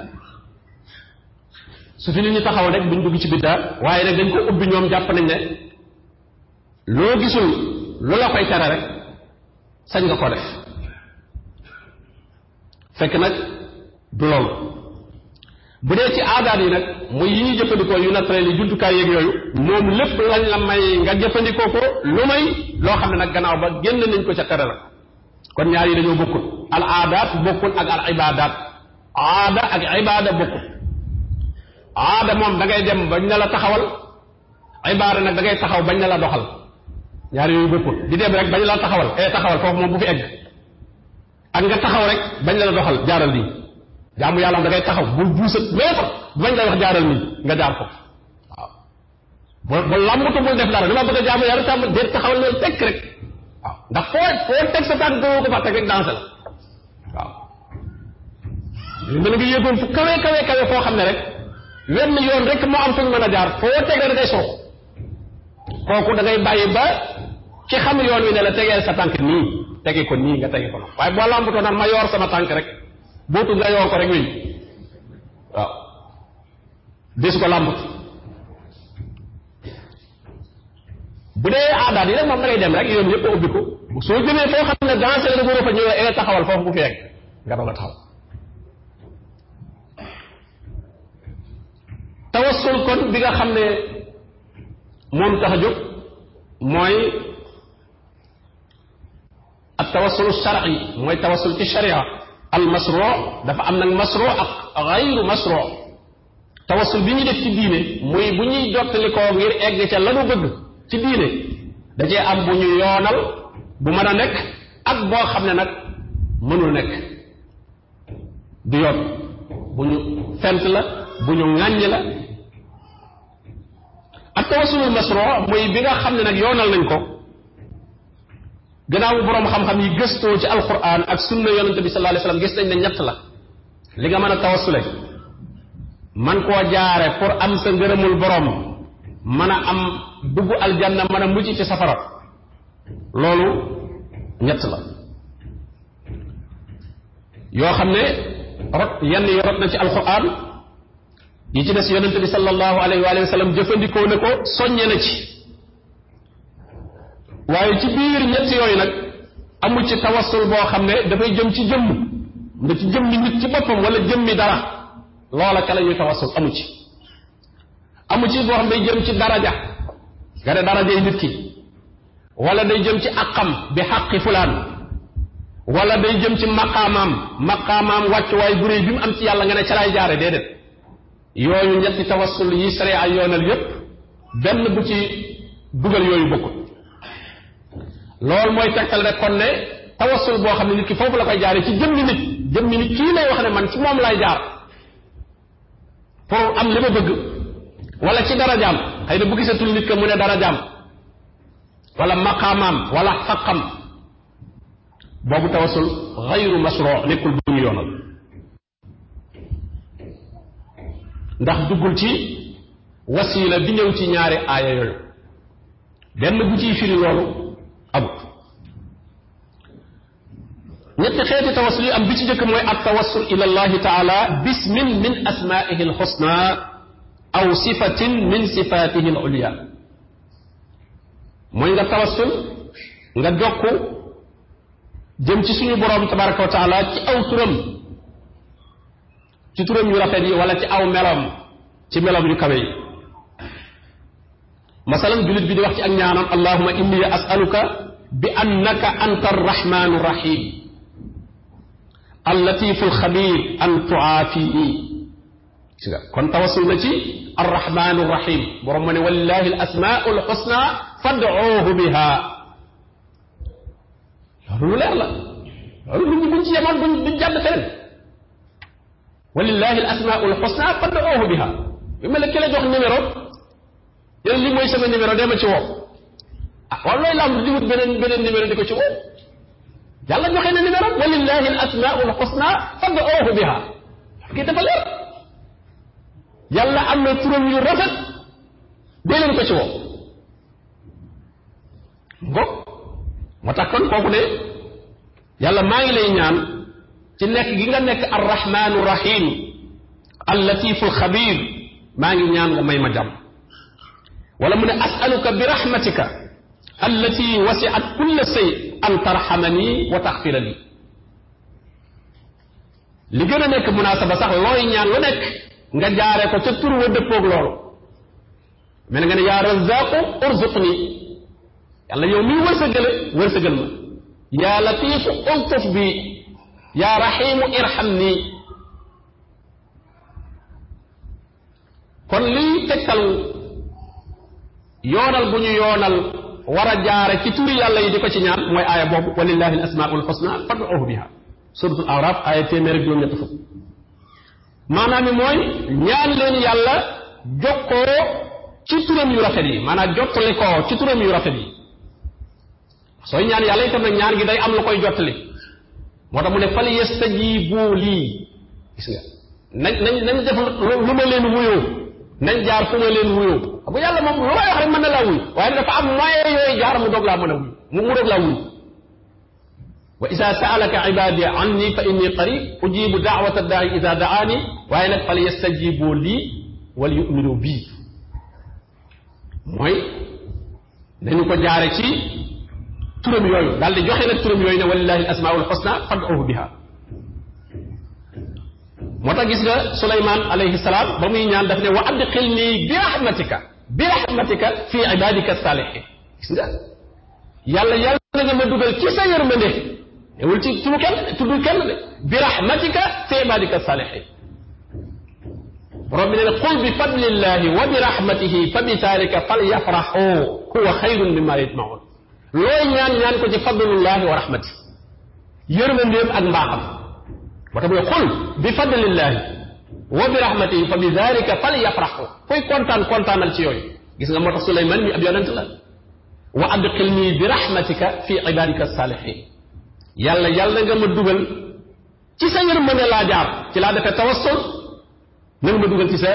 su fi nit ñi taxawoon rek buñ dugg ci biddaa waaye nag dañ ko ubbi ñoom jàpp nañ ne loo gisul lu la koy tere rek sañ nga ko def fekk nag du loolu bu dee ci aadaat yi nag muy yi ñuy jëfandikoo yu naturel yi jumtukaay yeeg yooyu moom lépp lañ la may nga jëfandikoo ko lu may loo xam ne nag ganaaw ba génn nañ ko ca tere la kon ñaar yi dañoo bokkul al aadaat bokkul ak al ibaadaat aada ak ibaada bokkul aada moom da ngay dem bañ na la taxawal ibaada nag da ngay taxaw bañ na la doxal ñaar yooyu bokkul di dem rek bañ la taxawal ee eh, taxawal foofu moom bu fi egg ak nga taxaw rek bañ la doxal jaaral lii jaamu yàlla da taxaw bu buusat meetar bu bañ lay wax jaaral nii nga jaar ko waaw ba ba làmbatu bul def dara dama bëgg a jaamu yàlla tàmm déet taxaw loolu tekk rek ndax foo foo teg sa tànk doo ko fa teg rek danse la waaw xam ne rek wenn yoon rek moo a jaar teg rek day soof kooku da ngay ba ci xam yoon wi ne la tegee sa tànk nii tege ko nii nga tege ko noonu waaye boo làmbatoo naan ma yor sama tànk rek bootul nga yoor ko rek weñ waaw desu bu dee aadaat yi nag moom dem rek yoon yëpp a ubbi ko soo jëmee foo xam ne dansé la ko fa ñëw la taxawal foofu bu feeg nga doog a taxaw tawassul kon bi nga xam ne moom tax a jóg mooy ak tawassul shar'i mooy tawassul ci sharia al masro dafa am nag masro ak xayru masro tawassul bi ñu def ci diine muy bu ñuy jottalikoo ngir egg ca lanu bëgg ci diine da am bu ñu yoonal bu mën a nekk ak boo xam ne nag mënul nekk du yoon bu ñu fent la bu ñu ŋàññ la ak tawassulul masro muy bi nga xam ne nag yoonal nañ ko gannaaw boroom xam-xam yi gëstoo ci alquran ak sunna yonente bi sallallahu alayhi wasallam gis nañ ne ñett la li nga mën a tawasule man koo jaare pour am sa ngërëmul borom mën a am dugg aljanna mën a mucc ci safara loolu ñett la yoo xam ne rot yenn yi rot na ci alquran yi ci des yonente bi sallallahu alayhi wa sallam jëfandikoo ne ko soññe na ci waaye ci biir ñett yooyu nag amu ci tawassul boo xam ne dafay jëm ci jëmm nga ci jëmmi boppam wala jëmmi dara loola ka la ñuy tawassul amu ci amu ci boo xam day ci daraja nga ne darajay nit ci wala day jëm ci aqam bi xaqi fulaan wala day jëm ci maqaamaam maqaamaam wàccuwaay bu réy bi am ci yàlla nga ne ca laay jaare déedéet yooyu ñetti tawassul yi sare ay yoonal yépp benn bu ci dugal yooyu bokkut lool mooy tegtal rek kon ne tawassul boo xam ne nit ki foofu la koy jaaree ci jëmmi nit jëmmi nit kii lay wax ne man ci moom laay jaar pour am li ma bëgg wala ci darajaam xëy na bu gisatul nit ka mu ne darajaam wala maqaamaam walla xaqam boobu tawasul xayru masroo nekkul bu ñu yoonal ndax duggul ci wasiila bi ñëw ci ñaari aaya yooyu benn bu ciy firi loolu ñetti xeeti tawassul yi am bi ci mooy at tawassul ila taala bismin min asmaihi alxusna aw sifatin min sifatihi alulia mooy nga tawassul nga jokku jëm ci suñu boroom tabaraka wa taala aw turam ci turam yu rafet yi wala ci aw meloom ci meloom yu kawe yi bi jullit bi di wax ci ak ñaanam allahuma inni as'aluka bi annaka anta arrahmanu rahim al latiful xabir an tuaafii gis nga kon tawasul na ci arrahmanu rahim borom mu ne walillahi al asmaau al xusna fadoohu biha loolu lu leer la loolu lu buñ ci yemoon buñ duñ jàdd feneen walillahi al asmaau al xusna fadoohu biha bi ma la ki la jox numéro yéen li mooy sama numéro dema ci woo ah wala looy lamb di wut beneen beneen numéro di ko ci woo yàlla joxe na numéro am walillahi al asmaul xusna fad'uuhu biha parce que dafa leer yàlla am na turam yu rafet dee leen ko ci woo ngok moo tax kon kooku de yàlla maa ngi lay ñaan ci nekk gi nga nekk arrahmanu rahim al latifu lxabir maa ngi ñaan nga may ma jàmm wala mu ne asaluka bi rahmatika allati wasiat kulla shay an tarxamani wa li gën a nekk munaasaba sax looy ñaan lu nga jaaree a ca tur wa dëppoog loolu mel nga ne yaa razaqu yaa latifu ultuf bi yaa raximu irham nii kon liy tegtal yoonal bu ñu war a jaare ci turi yàlla yi di ko ci ñaan mooy aaya boobu walillahi al asmaul husna fad'uhu biha suratul araf aaya téeméer ak juróom-ñett fukk maanaam mi mooy ñaan leen yàlla jokkoo ci turam yu rafet yi maanaam jottali ko ci turam yu rafet yi sooy ñaan yàlla itam na ñaan gi day am lu koy jottali moo tax mu ne fal yastajibu lii gis nga nañ nañ nañ def lu ma leen wuyoo nañ jaar fu ma leen wuyoo xam nga yàlla moom lu may wax rek mën na laa wuy waaye dafa am moyen yooyu jaar mu doog laa mën a wuy mu mu doog laa wuy wa isa saalaka ibadi anni fa inni qarib ujibu daawata daai isa daani waaye nag fal yastajibu lii wal yuminu bii mooy dañu ko jaare ci turam yooyu daal di joxe nag turam yooyu ne walillahi al asmaul xusna fad'uhu biha moo tax gis nga Suleymaan alayhi salaam ba muy ñaan daf ne wa adxilnii bi rahmatika bi rahmatika fi ibadika salihin gis nga yàlla yàlla nga ma dugal ci sa yërmande newul ci suñu kenn tuddul kenn de bi rahmatika fi ibadika salihin borom bi nee na qul bi fadlillahi wa bi rahmatihi fa bi daalika falyafrahu huwa xayrun mimma yajmaun looy ñaan ñaan ko ci fadlullahi wa rahmati yërmandeem ak mbaaxam moo tax mu ne qul bi fadlillahi wa bi rahmatihi fa bi dalika fal yafraxu koy kontaan kontaanal ci yooyu gis nga moo tax Suleymaan mi ab yonent waa wa adxilnii bi rahmatika fi ibadika saalihin yàlla yàlla nga ma dugal ci sa yërmande laa jaar ci laa a tawassul na nga ma dugal ci sa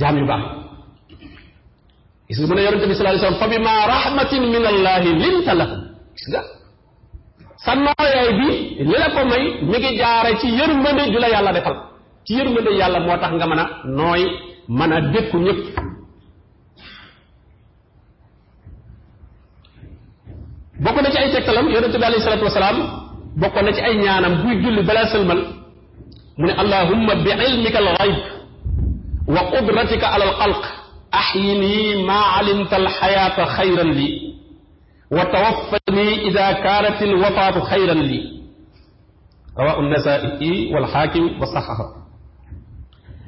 jaam yu baax gis sa nooyaay ci yërmande yàlla defal ci yërmande yàlla moo tax nga mën a nooy mën a dékku ñëpp bokk na ci ay tegtalam yonente bi alayhi salatu wasalaam bokk na ci ay ñaanam buy julli balaa sëlmal mu ne allahumma bi ilmika al gayb wa qudratika ala al xalq axyinii maa alimta alxayaata xayran li wa tawaffanii ida kaanat alwafaatu xayran li rawahu nasai walxaakim wa saxaxa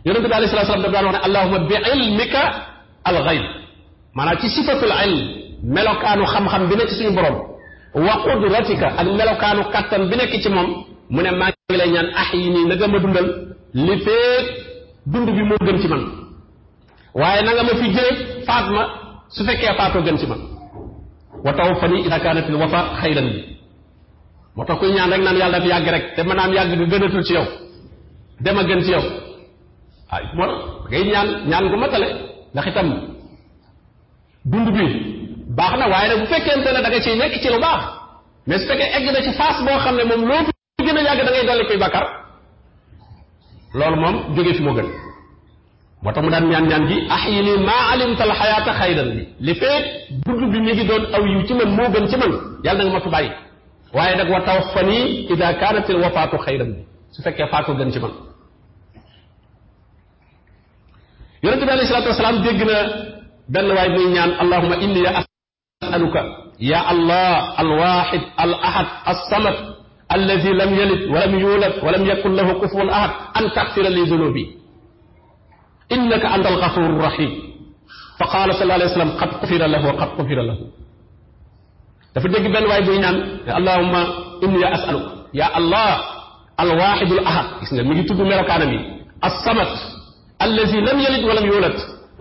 yonente bi alei salatu salaam daf daan wax ne allahuma bi ilmika al gayb maanaam ci sifatul ilm melokaanu xam-xam bi nekk suñu borom wa qudratika ak melokaanu kattan bi nekk ci moom mu ne maa ngi lay ñaan ax yi nii nanga ma dundal li feeg dund bi moo gën ci man waaye nanga ma fi jëlee faat ma su fekkee faatoo gën ci man wa tawaffani idha kanat al wafa xayran bi moo tax kuy ñaan rek naan yàlla daf yàgg rek te mën naam yàgg bi gënatul ci yow dema gën ci yow ah moo tax ngay ñaan ñaan gu matale ndax itam dund bi baax na waaye nag bu fekkente ne da nga ciy nekk ci lu baax mais su fekkee egg na ci phase boo xam ne moom loo fi gën a yàgg da ngay dolli koy bakkar loolu moom jóge fi moo gën mu daan ñaan gi ahyini maa alimta al xayaata xayran bi li bi mi ngi doon aw yiw ci man moo gën ci man yàlla na nga ma fi bàyyi waaye nag wa tawaffani ida kaanat al wafaatu xayran bi su fekkee faatu gën ci man yonente bi alayhi salatu wasalaam dégg na benn waay muy ñaan allahuma inni la asaluka ya allah alwaxid al ahad alsamad alladi lam yalid wa lam yulad wa lam yakun lahu kufuwan ahad an taxfira li dunubi innaka anta algafuru rahim fa qaala sallallahu alayhi wa sallam qad xufira lahu wa qad xufira lahu dafa dégg benn waay buy ñaan allahuma inni la asaluka ya allah alwaxidul ahad gis nga mi ngi tudd melokaanam yi assamat allazi lam yalid walam yulad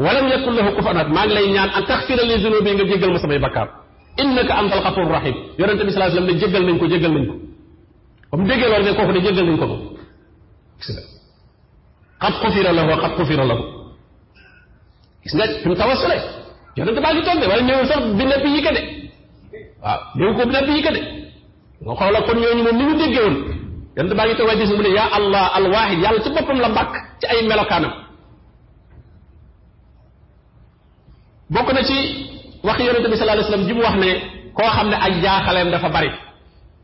walam yakun lahu kufan ahad maa ngi lay ñaan an taxfira li zunubi nga jéggal ma samay bakkaar innaka antal xafur rahim yonente bi sallallahu alayhi wasallam ne jéggal nañ ko jéggal nañ ko ba mu déggee loolu ne kooku ne jéggal nañ ko moom gis nga xat xufira lahu xat xufira lahu gis nga fi mu tawassule yonente baa ngi toog de wala ñëwul sax bi nepp yi ka de waaw ñëw ko bi nepp yi ka de nga xoola kon ñooñu moom ni ñu déggee woon yonente baa ngi toog waaye gis mu ne yaa allah al waahid yàlla ci boppam la mbàkk ci ay melokaanam bokk na ci wax yonente bi sallallahu alayhi wasallam ji mu wax ne koo xam ne ak jaaxaleem dafa bari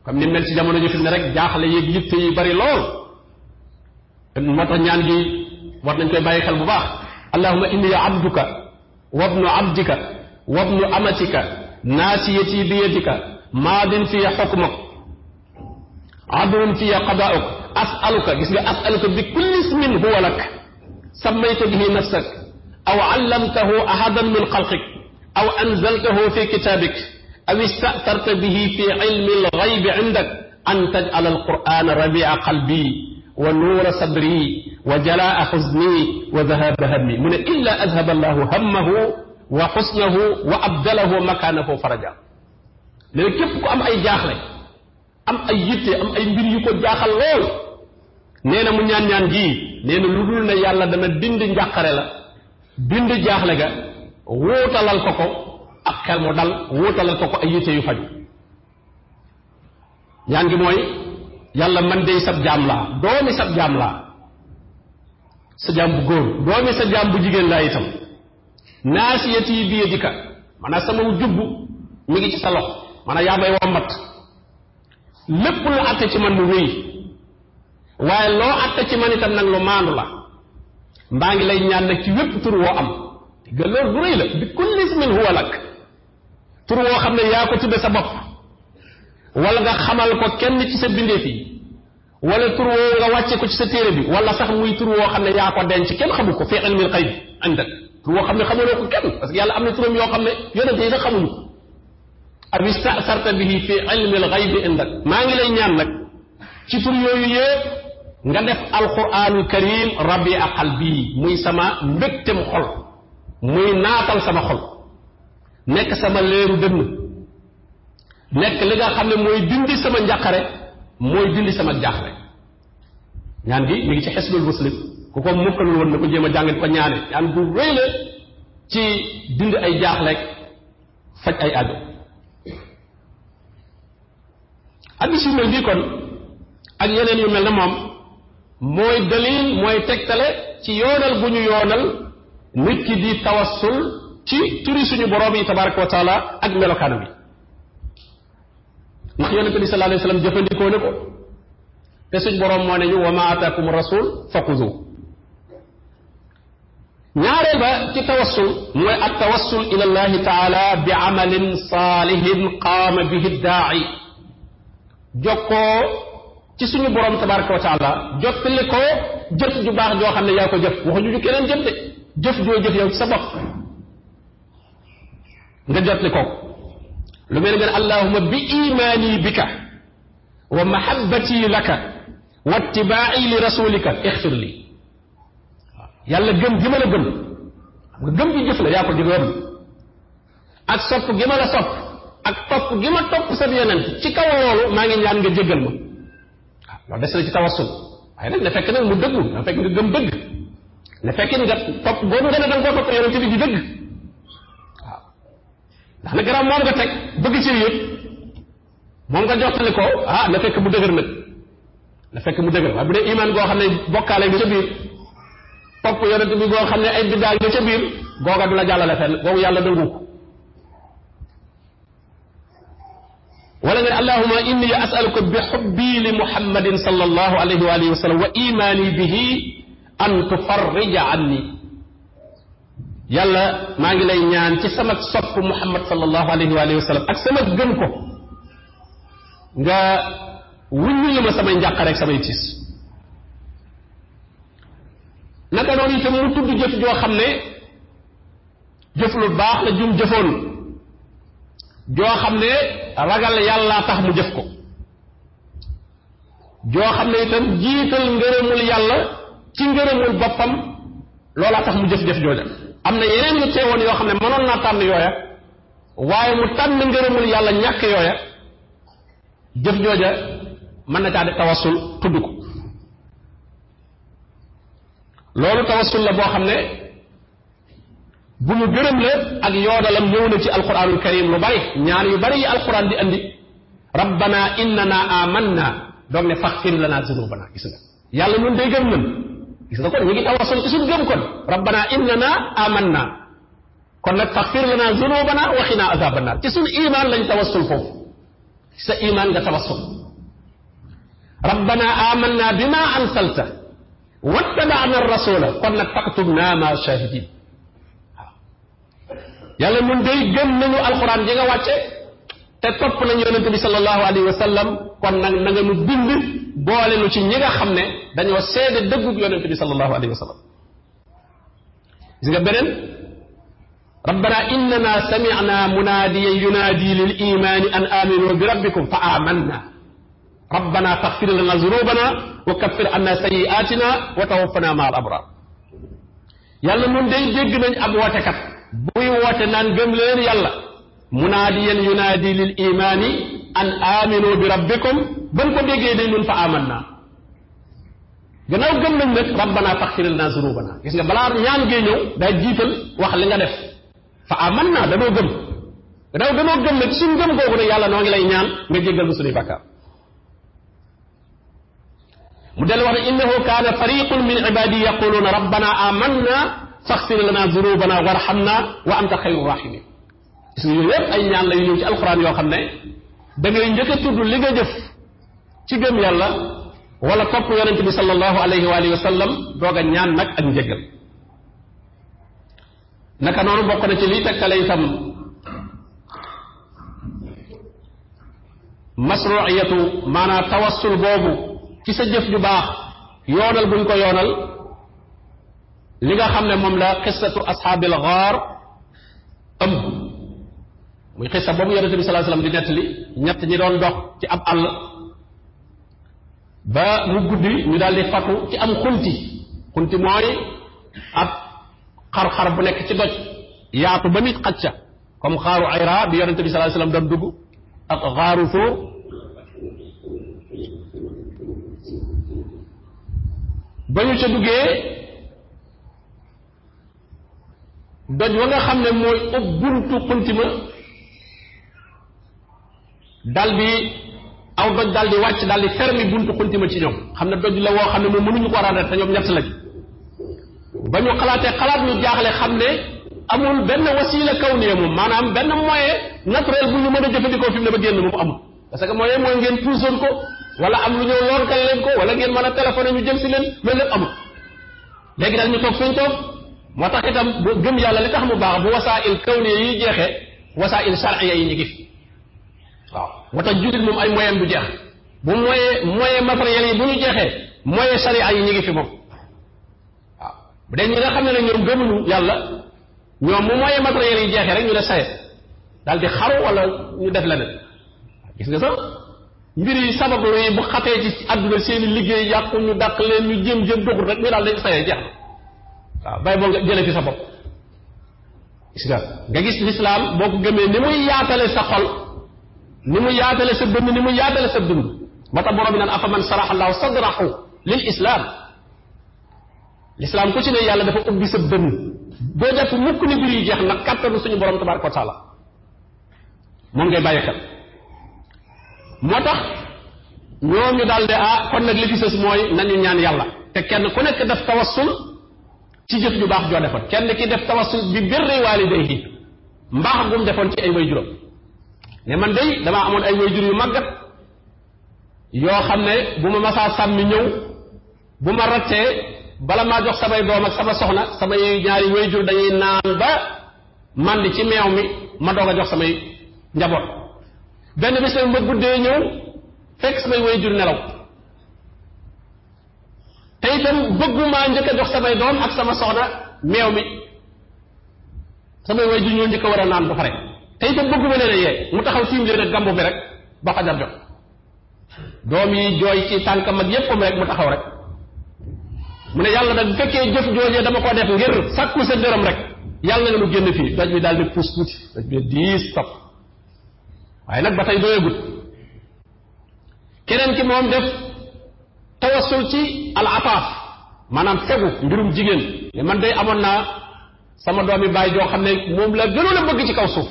comme ni mel ci jamono ji fi ne rek jaaxale yéeg yitte yi bari lool moo tax ñaan gi war nañ koy bàyyi xel bu baax allahuma inni abduka wabnu abdika wabnu amatika naasiyati biyadika maadin fiya xukmuk aduwun fiya qadauk asaluka gis nga asaluka bi kulli ismin huwa lak sammayta bihi nafsak aw allamtahu ahadan min xalqik aw anzaltahu fi kitaabik aw istatarta bihi fi ilmi alxaybi indak an taj'ala alquran rabia qalbi wa nuura sadri wa jalaa xuzni wa dahaba hammi mu ne illa adhaba allahu hammahu wa xusnahu wa abdalahu makaanahu faraja ne képp ku am ay jaaxle am ay yitte am ay mbir yu ko jaaxal lool nee na mu ñaan-ñaan ji nee na lu dul ne yàlla dana dindi njàqare la bind jaaxle ga wuutalal ko ko ak xel mu dal wuutalal ko ko ay yitte yu faju ñaan gi mooy yàlla man dey sab jaam laa doomi sab jaam laa sa jaam bu góor doomi sa jaam bu jigéen laa itam naasiyati bi yadika maanaam sama jubbu mi ngi ci sa loxo maanaam yaa may wommat lépp lu àtte ci man mu wéy waaye loo àtte ci man itam nag lu maandu la mbaa ngi lay ñaan nag ci wépp tur woo am digga loolu lu rëy la bi kulli ismin huwa lak tur woo xam ne yaa ko tudde sa bopp wala nga xamal ko kenn ci sa bindeef yi wala tur woo nga wàcce ko ci sa téere bi wala sax muy tur woo xam ne yaa ko denc kenn xamu ko fi ilmil xayb indak tur woo xam ne xamuloo ko kenn parce yàlla am na turam yoo xam ne yonente yi xamuñu ko aw istasarta bihi fi ilmil xaybi indak maa ngi lay ñaan nag ci tur yooyu yëpp nga def alquranul karim rabbi aqal bii muy sama mbégtem xol muy naatal sama xol nekk sama leeru dënn nekk li nga xam ne mooy dindi sama njàqare mooy dindi sama jaaxle ñaan gi mu ngi ci xesnul muslim ku ko mukkalul woon na ko jéem a jàngit ko ñaane ñaan gu rëy la ci dind ay jaaxleeg faj ay àddu addis yu mel nii kon ak yeneen yu mel ne moom mooy dalil mooy tegtale ci yoonal bu yoonal nit ki di tawassul ci turi suñu borom yi wa taala ak melokaanam bi ndax yonente bi sallallahu alayhi wasallam jëfandikoo ne ko te suñ borom moo ne ñu wa ma ataakum rasul faqudu mooy at tawassul ila taala bi amalin saalihin qaama bihi daa'i jokkoo ci suñu borom tabaraka wa taala jottali ko jëf ju baax joo xam ne yaa ko jëf waxuñu ju keneen jëf de jëf joo jëf yow ci sa bopp nga jottali ko lu mel ne allahuma bi imaani bika wa mahabbati laka wa ittibaai li rasulika ixfir li waaw yàlla gëm gi ma la gëm xam nga gëm gi jëf la yaa ko gëm ak sopp gi ma la sopp ak topp gi ma topp sa yonent ci kaw loolu maa ngi ñaan nga jéggal ma loolu des na ci tawassul waaye nag na fekk nag mu dëggu na fekk nga gëm dëgg na fekk nga topp boobu nga ne da nga koo topp yonente bi di dëgg ah, na fekk mu dëgër nag mu dëgër waaye bu dee iman goo xam ne bokkaale nga ca biir topp yonente bi goo xam ne ay biddaa nga ca biir googa du la jàllale fenn googu yàlla dëngu wala nga allahuma inni asaluka bi xubbi li muhammadin sallallahu alayhi wa alihi wa sallam wa imani bihi an tufarrija anni yàlla maa ngi lay ñaan ci sama sopp muhammad sallallahu alayhi wa alihi sama gëm nga wuññul ma samay njàqare ak samay tiis naka noonu itam mu tudd jëf joo xam ne jëf lu baax la jum jëfoon joo xam ne ragal yàllaa tax mu jëf ko joo xam ne itam jiital ngërëmul yàlla ci ngërëmul boppam loolaa tax mu jëf-jëf jooja am na yeneen yu teewoon yoo xam ne mënoon naa tànn yooya waaye mu tànn ngërëmul yàlla ñàkk yooya jëf jooja mën na caa di tawassul tudd ko loolu tawassul la boo xam ne bu ñu gërëm la ak yoodalam ñëw na ci alquranul karim lu bari ñaan yu bari yi alquran di andi rabbana innana amanna doog ne faxfir lana zunubana gis nga yàlla ñun day gëm nan gis nga kon ñu ngi tawasul ci suñ gëm kon rabbana innana amanna kon nag faxfir lana zunubana wa qina azaban nar ci suñ iman lañ tawassul foofu sa iman nga tawassul rabbana amanna bima ansalta wattabana rasula kon nag faktubna ma shahidin yàlla nun day gëm nañu alxuraan ji nga wàcce te topp nañu yonente bi sallallahu alayhi wa sallam kon nag na nga nu bind boole nu ci ñi nga xam ne dañoo seede dëggug yonente bi sallallahu alayhi wa sallam gis nga beneen rabbana innana samina munaadiyan yunaadi lil imaani an aminu bi rabbikum fa amanna rabbana faxfir lana zunubana wa kaffir anna sayiatina wa tawaffana ma al abrar yàlla nun day dégg nañ ab wootekat buy woote naan gëm leen yàlla munaadiyan yunaadi lil imaani an aminu bi rabbikum ba mu ko déggee day nun fa aman naa gannaaw gëm nañ nag rabbana faxfir lana zunubana gis nga balaa ñaan gee ñëw day jiital wax li nga def fa aman naa danoo gëm gannaaw danoo gëm nag suñ gëm googu nag yàlla noo ngi lay ñaan nga jéggal ma suñuy bàkkaar mu dellu wax ne innahu kaana fariqun min ibadi yaquluuna rabbana amanna faxfir lana zunubana warhamna wa anta xayru rahimin gis nga yooyu yëpp ay ñaan la yu ñëw ci alxuraan yoo xam ne da ngay njëkk a tudd li nga jëf ci gëm yàlla wala topp yonent bi sallallahu alayhi wa alihi wa sallam doog a ñaan nag ak njëggal naka noonu bokk na ci liy tegtale itam masruiyatu maanaam tawassul boobu ci sa jëf ju baax yoonal buñ ko yoonal li nga xam ne moom la xissatu ashaabil gaar ëmb muy xissa boobu yonente bi sallallahu alayhi wasallam di nettali ñett ñi doon dox ci ab àll ba mu guddi ñu daal di fatu ci am xunti xunti mooy ab xar-xar bu nekk ci doj yaatu ba nit xacca comme xaaru ayra bi yonente bi sallallahu alayhi wasallam doon dugg ak xaaru suur ba ñu ca duggee doj wa nga xam ne mooy ëpp buntu xuntima dal di aw doj dal di wàcc dal di fermi buntu xuntima ci ñoom xam ne doj la woo xam ne moom mënuñu ko raadal te ñoom ñett lañ ba ñu xalaatee xalaat ñu jaaxle xam ne amul benn wasila kaw nii moom maanaam benn moyen naturel bu mën a jëfandikoo fi mu ne ba génn moom amul parce que moyen mooy ngeen puusoon ko wala am lu ñëw lorkal leen ko wala ngeen mën a téléphoné ñu jëm si leen loolu lépp amul léegi daal ñu toog fi ñu moo tax itam bu gëm yàlla li tax mu baax bu wasaa'il kawniya yi jeexee wasaa'il sharciya yi ñu ngi fi waaw moo tax jullit moom ay moyen bu jeex bu moyen moyen matériel yi bu ñu jeexee moyen sharia yi ñu ngi fi moom waaw bu dee ñi xam ne nag ñoom gëmuñu yàlla ñoom bu moyen matériel yi jeexee rek ñu ne sayet daal di xaru wala ñu def leneen gis nga sax mbir yi sabab yi bu xatee ci àdduna seeni liggéey yàqu ñu dàq leen ñu jëm jëm doxul rek ñu daal dañ sayee jeex waaw bay boo nga jële fi sa bopp gis nga nga gis lislaam boo ko gëmee ni muy yaatale sa xol ni mu yaatale sa dund ni mu yaatale sa dund ba tax borom bi naan afa man saraxa allahu sadrahu lil islam lislaam ku ci ne yàlla dafa ubbi sa dënn doo jàpp mukk ni mbir yu jeex ndax kàttanu suñu borom tabaraka wa taala moom ngay bàyyi xel moo tax ñoom ñu daal de ah kon nag mooy nañu ñaan yàlla te kenn ku nekk def tawassul ci jëf ju baax joo defoon kenn ki def tawassul bi birri waalidayhi mbaax gum defoon ci ay wayjuram ne man day damaa amoon ay wayjur yu màggat yoo xam ne bu ma masaa sàmm ñëw bu ma rattee bala maa jox samay doom ak sama soxna samay ñaari wayjur dañuy naan ba man ci meew mi ma doog a jox samay njaboot benn bés ma guddee ñëw fekk samay wayjur nelaw te itam bëggumaa njëkk a jox samay doom ak sama soxna meew mi samay way ju ñoo njëkk war a naan ba pare te itam bëgguma leen a yee mu taxaw tiim leen ak gambu bi rek ba fajar jot doom yi jooy ci tànk mag yéppam rek mu taxaw rek mu ne yàlla nag bu fekkee jëf joojee dama ko def ngir sàkku sa dërëm rek yàlla nga mu génn fii doj bi daal di puus tuuti doj bi diis topp waaye nag ba tey doyagut keneen ki moom def tawassul ci al ataaf maanaam fegu mbirum jigéen ne man day amoon naa sama doomi baay joo xam ne moom la gënoon a bëgg ci kaw suuf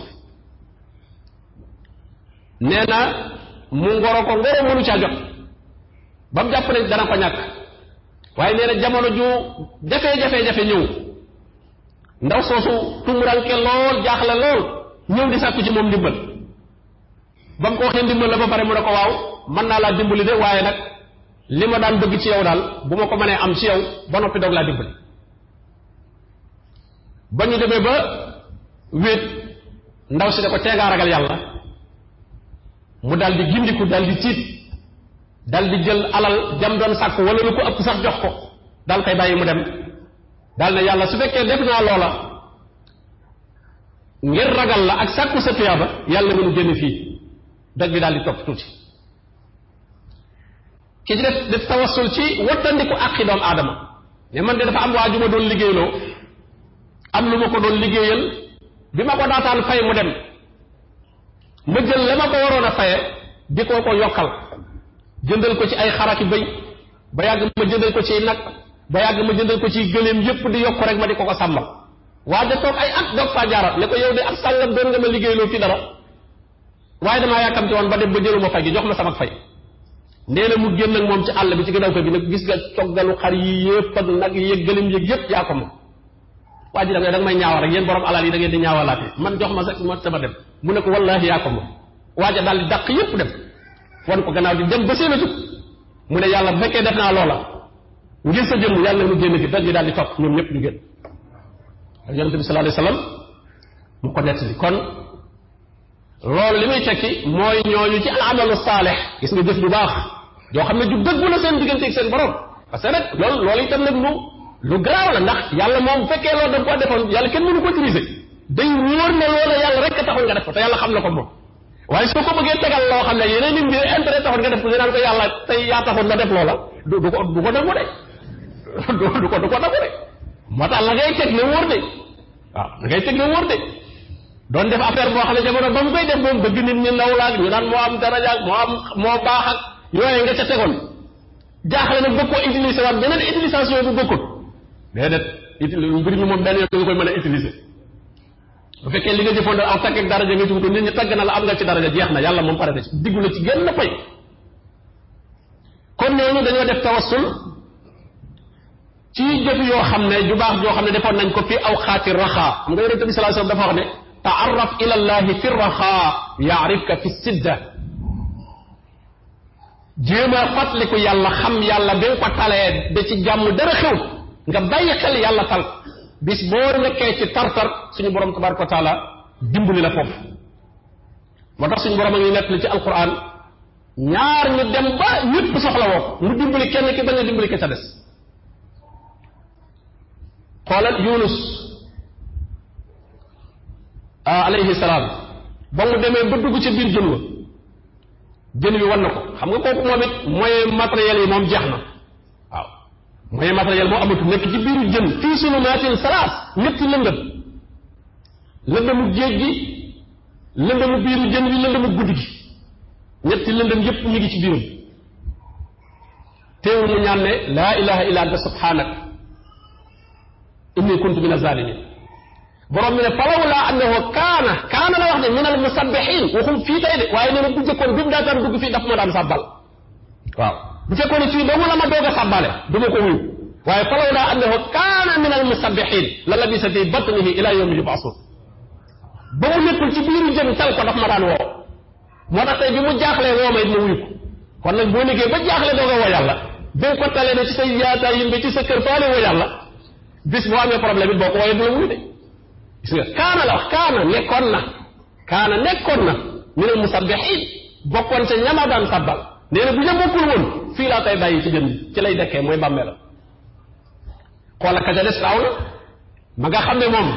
nee na mu ngoro ko ngoro mënu caa jot ba mu jàpp ne dana ko ñàkk waaye nee na jamono ju jafe-jafe-jafe ñëw ndaw soosu tumuranke lool jaaxle lool ñëw di sàkku ci moom ndimbal ba mu ko waxee ndimbal la ba pare mu ne ko waaw mën naa laa dimbali de waaye nag li ma daan bëgg ci yow daal bu ma ko mënee am ci yow ba noppi doog laa dimbali ba ñu demee ba wéet ndaw si ne ko teegaa ragal yàlla mu daal di gindiku daal di tiit daal jël alal jam doon sàkk wala lu ko ëpp sax jox ko daal koy bàyyi mu dem daal ne yàlla su fekkee def naa loola ngir ragal la ak sàkku sa tuyaaba yàlla mënu génn fii doj bi daal di topp tuuti ki ci def def tawassul ci wattandiku àqi doomu aadama ne man de dafa am waaju ma doon liggéeyloo am lu ma ko doon liggéeyal bi ma ko daataan fay mu dem ma jël la ko waroon a faye di ko ko jëndal ko ci ay xaraki bëy ba yàgg jëndal ko ci nag ba yàgg ma jëndal ko ci gëléem yépp di yokk rek ma di ko ko sàmmal waa de toog ay at doog faa jaarat ne ko yow de ak sàngam doon nga ma liggéeyloo fi dara waaye damaa yàkkamti woon ba dem ba jëluma fay gi jox ma sama fay nee na mu génn ak moom ci àll bi ci ginnaaw kër bi nag gis nga coggalu xar yi yëpp ak nag yëg gëlim yëg yëpp yaa moom waa ji da nga da nga may ñaawal rek yéen borom alal yi da ngeen di ñaawalaate man jox ma sax ma dem mu ne ko wallaahi yaa ko moom waa ja daal di daq yëpp dem wan ko gannaaw di dem ba seen a mu ne yàlla bu fekkee def naa loola ngir sa jëmm yàlla mu génn fi doj yi daal di topp ñoom ñëpp ñu génn yonente bi sallallahu alayhi wasallam ko nettali kon li muy tekki mooy ñooñu ci amalu saalix gis nga jëf bu baax yoo xam ne ju dëggu la seen diggante ak seen borom parce que nag loolu loolu itam nag lu lu garaaw la ndax yàlla moom fekkee loolu da nga ko defoon yàlla kenn mënu ko utiliser day wóor ne xam na ko moom waaye soo ko bëggee tegal ne yeneen i mbir intérêt taxoon nga def ko dinaan ko yàlla tey yaa taxoon de du de moo tax la ne wóor de waaw la ngay teg ne wóor de mu koy def moom bëgg nit ñi naw laag ñu moo am daraja moo am moo baax yooye nga ca tegoon jaaxle nag bëgg koo utiliser waat beneen utilisation bu bokkut déedéet utiliser mbir mi moom benn yoon nga koy mën a utiliser bu fekkee li nga jëfandoo en tant que daraja nga ci wutoon nit ñi tagg na la am nga ci daraja jeex na yàlla moom pare na ci diggu la ci gën na pay kon noonu dañoo def tawassul ci jëf yoo xam ne ju baax joo xam ne defoon nañ ko fi aw xaati raxaa xam nga yonente bi sallallahu alayhi wasallam dafa wax ne taarraf ila allahi fi raxaa yaarifka fi sidda jéem a fàttaliku yàlla xam yàlla bi nga ko talee ba ci jàmm dara xew nga bàyyi xel yàlla tal bis boo nekkee ci tartar suñu borom tabaraka wa taala dimbali la foofu moo tax suñu borom a ngi nettali ci alquran ñaar ñu dem ba ñëpp soxla ah, ba mu dugg ci biir jën wa jën wi wan na ko xam nga moom it moyen matériel yi moom jeex na waaw moyen matériel moo amatu nekk ci biiru jën fii sulumatin salaas ñetti lëndëm lëndëmu géej gi lëndëmu biiru jën wi lëndëmu guddi gi ñetti lëndëm yépp ñu ngi ci biiram teewul mu ñaan la laa illa anta subhanak inni kuntu min azalimin borom mi ne falaw laa annahu kaana kaana la wax ne min al musabbihin waxul fii tey de waaye nee na bu njëkkoon bi mu daa daan dugg fii daf ma daan sàbbal waaw bu fekkoon ne fii doomu la ma doog a sàbbale du ma ko wuyu waaye kaana min al musabbihin la labisa fi batnihi ila yawmi yubasun ba mu nekkul ci biiru jëm tal daf ma daan woo moo tax bi mu jaaxlee woo ma it ma wuyu ko kon nag boo liggéey ba jaaxle doog a woo yàlla bee ko talee ne ci sa yaataay yimbe ci sa kër faale woo yàlla bis boo amee problème it boo ko wooyee du la gis nga kaana la wax kaana nekkoon na kaana nekkoon na minal musabbihin bokkoon ca ñama daan sabbal nee na bu ña bokkul woon fii laa koy bàyyi ci jëm ci lay dekkee mooy bàmmeelam xoola ka ca des daaw na ma nga xam ne moom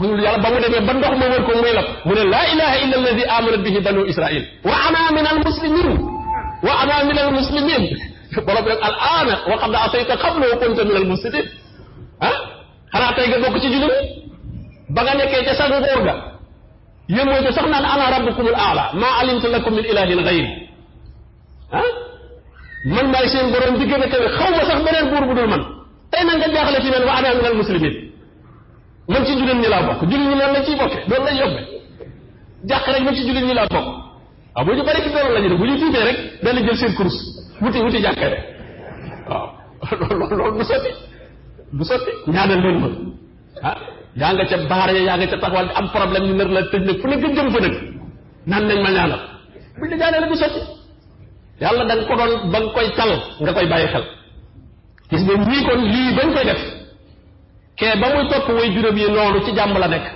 moom yàlla ba mu demee ba ndox ma wër ko muy lab mu ne laa ilaha illa alladi amanat bihi banu israil wa ana min al muslimin wa ana min al muslimin borom bi nag al aana wa qad asayta qabla wa kunta min al mufsidin ah xanaa tey nga bokk ci jullit ba nga nekkee ca sagu góor ga yëmmoo ca sax naan ana rabbukumul aala maa alimtu lakum min ilahin xayri ah man maay seen borom di gën a kawe xaw ma sax beneen buur bu dul man tey nag nga jaaxle ci mel wa ana minal muslimin man ci jullit ñi laa bokk jullit ñi noonu lañ jàq rek man ci jullit ñi laa bokk waaw bu ñu bari ci loolu la ñu def bu ñu tiitee rek dañu jël seen course wuti wuti jàkkee rek waaw loolu loolu du sotti du yaa nga ca baar ya yaa nga ca taxawal am problème ñu nar la tëj nag fu ne gëm jëm fa nag naan nañ ma ñaanal buñ la ñaanal du sotti yàlla da nga ko doon ba nga koy tal nga koy bàyyi xel gis nga ñii kon lii bañ koy def kee ba muy topp way juróom yi loolu ci jàmm la nekk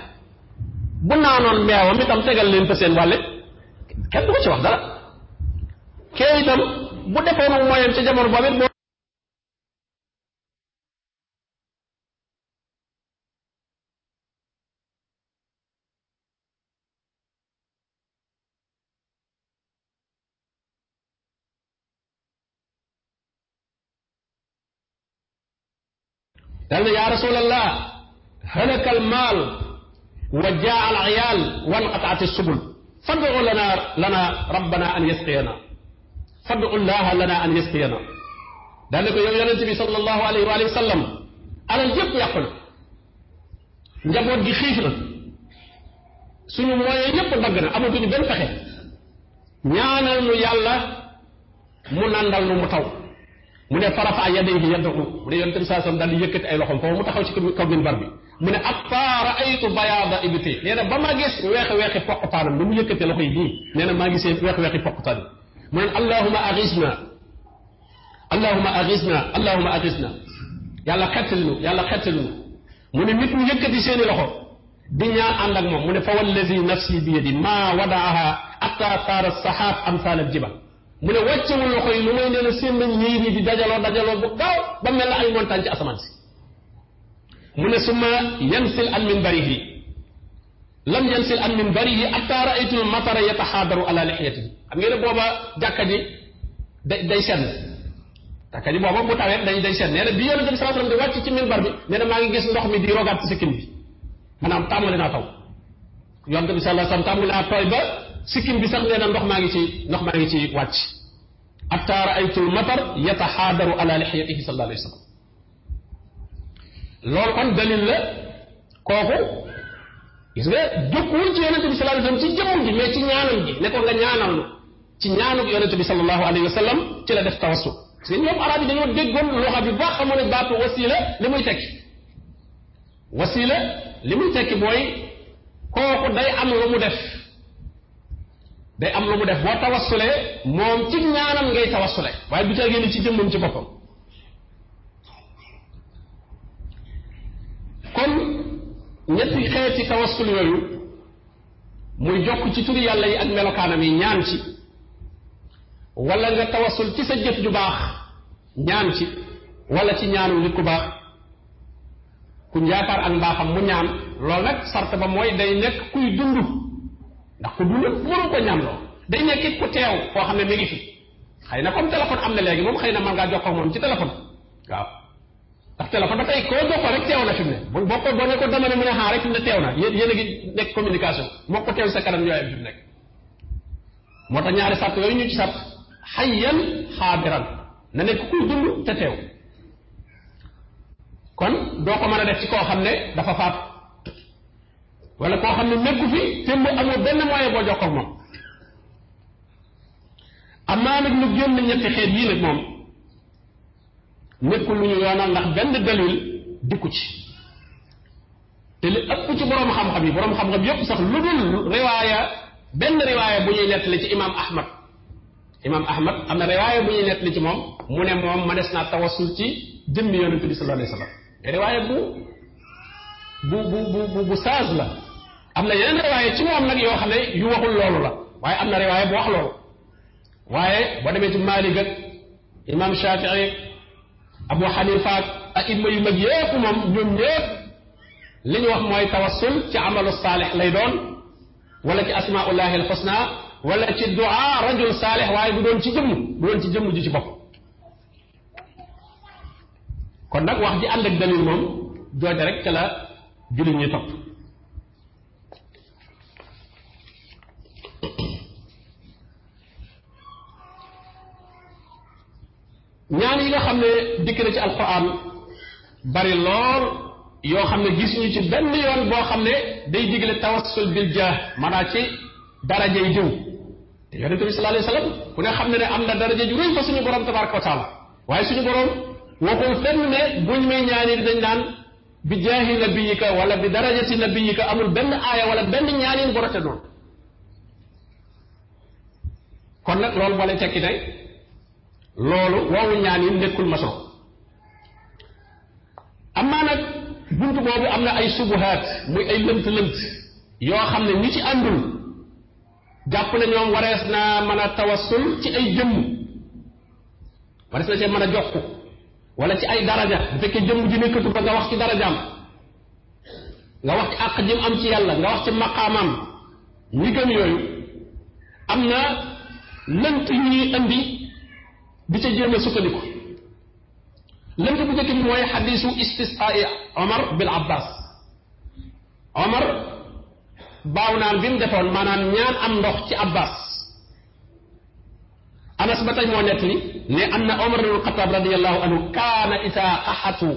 bu naanoon meewam itam tegal leen fa seen wàlle kenn du ko ci wax dara kee itam bu defoon moyen ci jamono boobu it dal ne yaa rasulallah halakal maal wa jaa al ayaal wanqataat subul fadu lana lana rabbana an yasqiyana fadu llaha lana an yasqiyana daal ne ko yow yonente bi sallallahu alayhi wa alihi wa sallam alal yëpp yàqu na njaboot gi xiif na suñu mooyee yëpp dagg na amatuñu benn pexe ñaanal nu yàlla mu nàndal nu mu taw mu ne farafa yadayhi yad'u mu ne yonent bi saa sallam daal di yëkkati ay loxoom foofu mu taxaw ci kaw minbar bi mu ne hatta ra'aytu bayaada ibti nee na ba ma gis weexi weexi poqutaanam ba mu yëkkatee loxo yi nii nee na maa gisee weexi weexi poqutaan mu ne allahuma agisna allahuma agisna allahuma agisna yàlla xettali nu yàlla xettali nu mu ne nit ñu yëkkati seeni loxo di ñaa ànd ak moom mu ne fa wallazi nafsi bi yadi maa wadaaha hatta taara saxaab amsaal al jibal mu ne wàccewul loxo yi lu may nee na seen nañ dajaloo dajaloo bu gaaw ba mel na ay montagne ci mu ne summa yansil an min barihi lam yansil an min barihi atta raaytul matara yataxaadaru ala lixiyatihi xam ngeen ne booba jàkka ji day day senn jàkka ji booba bu tawee day day senn nee na bi yonente bi bi nee na maa ngi gis ndox mi di rogaat ci sikkim bi maanaam tàmbali naa taw yonente bi salaa sallam tàmbali ba sikkim bi sax nee na ndox maa ngi ci ndox maa ngi ci wàcc hatta raaytul matar yataxaadaru ala lixiyatihi sallallahu alayhi wa sallam loolu kon dalil la kooku gis nga jokkuwul ci yonente bi sallallahu alayhi wa sallam ci jëmm ji mais ci ñaanam ji ne ko nga ñaanal lu ci ñaanuk yonente bi sallallahu alayhi wa sallam ci la def tawassu parce que ñoom arab yi dañoo déggoon loxa bi baax xamoon ne baatu wasila li muy tekki wasila li muy tekki mooy kooku day am lu mu def day am lu mu def boo tawassulee moom ci ñaanam ngay tawassule waaye du caagee ni ci jëmmam ci boppam kon ñetti xeeti tawassul yooyu muy jokk ci turi yàlla yi ak melokaanam yi ñaan ci wala nga tawassul ci sa jëf ju baax ñaan ci wala ci ñaanu nit ku baax ku yaakaar ak mbaaxam mu ñaan loolu nag sart ba mooy day nekk kuy dund ndax ku dul yëpp mënu ko day nekk ku teew koo xam ne mi ngi fi xëy na comme téléphone am na léegi moom xëy na mën ngaa jokkoo moom ci téléphone waaw ndax téléphone ba tey koo jokkoo rek teew na fi mu ne boo boo ko rek fi a ngi nekk communication moo ko teew sa kanam ñooy am moo tax ñaari sàrt yooyu ñu ci sàrt xayyan xaabiran na doo ko mën a def ci koo xam ne dafa faatu wala ko xam ne nekku fi te mu amul boo jokkoo ak moom am naa nag lu génn ñetti xeet yii nag moom nekkul lu ñu yoonal ndax benn dalil dikku ci te li ëpp ci boroom xam-xam yi boroom xam-xam yépp sax lu dul riwaaya benn riwaaya bu ñuy nettali ci imaam Ahmad imaam Ahmad am na riwaaya bu ñuy nettali ci moom mu ne moom ma des naa tawasul ci jëmmi yonente bi sallallahu alayhi bu bu saaz la am na yeneen riwaaye ci moom nag yoo xam ne yu waxul loolu la waaye am na riwaaye bu wax loolu waaye boo demee ci Maalik ak imaam Shafii Abu Xanifa ak ak imma yu mag yépp moom ñoom ñépp li ñu wax mooy tawassul ci amalu saalix lay doon wala ci asmaullahi alxusna wala ci duaa rajul saalix waaye du doon ci jëmm du doon ci jëmm ju ci bopp kon nag wax ji ànd ak dalil moom joote rek ca la jullit ñi topp ñaan yi nga xam ne dikk na ci alquran bari lool yoo xam ne gis ñu ci benn yoon boo xam ne day digle tawassul bil jaah maanaam ci darajay diw te yonente bi sallallahu alayhi wa ku ne xam ne ne am na daraja ju rëy fa suñu borom tabaraka wa taala waaye suñu borom waxul fenn ne buñ may ñaani dinañ naan bi jaahi nabiyika wala bi darajati nabiyika amul benn aaya wala benn ñaanin bu rote noonu kon nag loolu moo lay tekki tey loolu woowu ñaan yi nekkul masro amaa nag bunt boobu am na ay subuhaat muy ay lënt-lënt yoo xam ne ñi ci àndul jàpp ne ñoom warees naa mën a tawassul ci ay jëmm warees na cee mën a jokku wala ci ay daraja bu fekkee jëmm ji nekkatu ba nga wax ci darajaam nga wax ci àq ji am ci yàlla nga wax ci maqaamam ñi gëm yooyu am na lënt yu ñuy indi di ca jéem a sukkandiku lënt bu njëkk bi mooy xadisu istisqaa'i Omar bil Abbas Omar baaw naan bi mu defoon maanaam ñaan am ndox ci Abbas Anas ba tey moo nekk li ne am na Omar ibn Xataab radiyallahu anhu kaana isaa axatu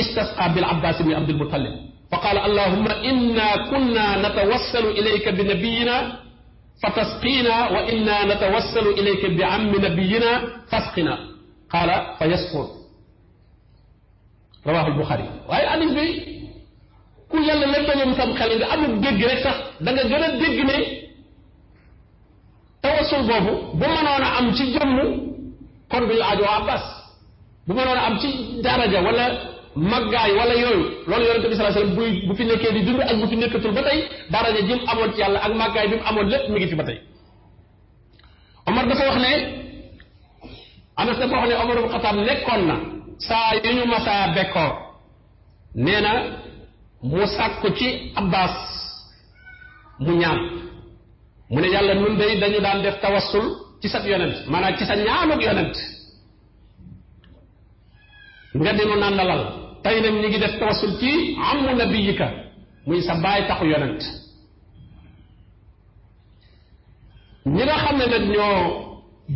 istasqaa bil Abbas ibn Abdul Muttalib fa qaala allahumma inna kunna natawassalu ilayka bi nabiyina fa tasqiina wa inna natawassalu ilayka bi ammi nabiyina fasqina qaala fa yasqur rawaaxul buxaari waaye hadis bi ku yàlla la doon sam xel nga amul dégg rek sax da nga gën a dégg ne tawassul boobu bu mënoon a am ci jëmm kon du ñu aajoo abbas bu mënoon a am ci daraja wala maggaay wala yooyu loolu yonente bi sallallahu alayhi wasallam buy bu fi nekkee di dund ak bu fi nekkatul ba tey daraja jëm amoon ci yàlla ak maggaay bi mu amoon lépp mi ngi ci ba tey Omar dafa wax ne Anas dafa wax ne Omar bu Xataab nekkoon na saa yu ñu masaa bekkoor nee na mu sàkku ci Abbas mu ñaan mu ne yàlla nun day dañu daan def tawassul ci sa yonent maanaam ci sa ñaanug yonent nga dinu nandalal tey nag ñu ngi def tawassul ci amu nabiyika muy sa baay taxu yonent ñi nga xam ne nag ñoo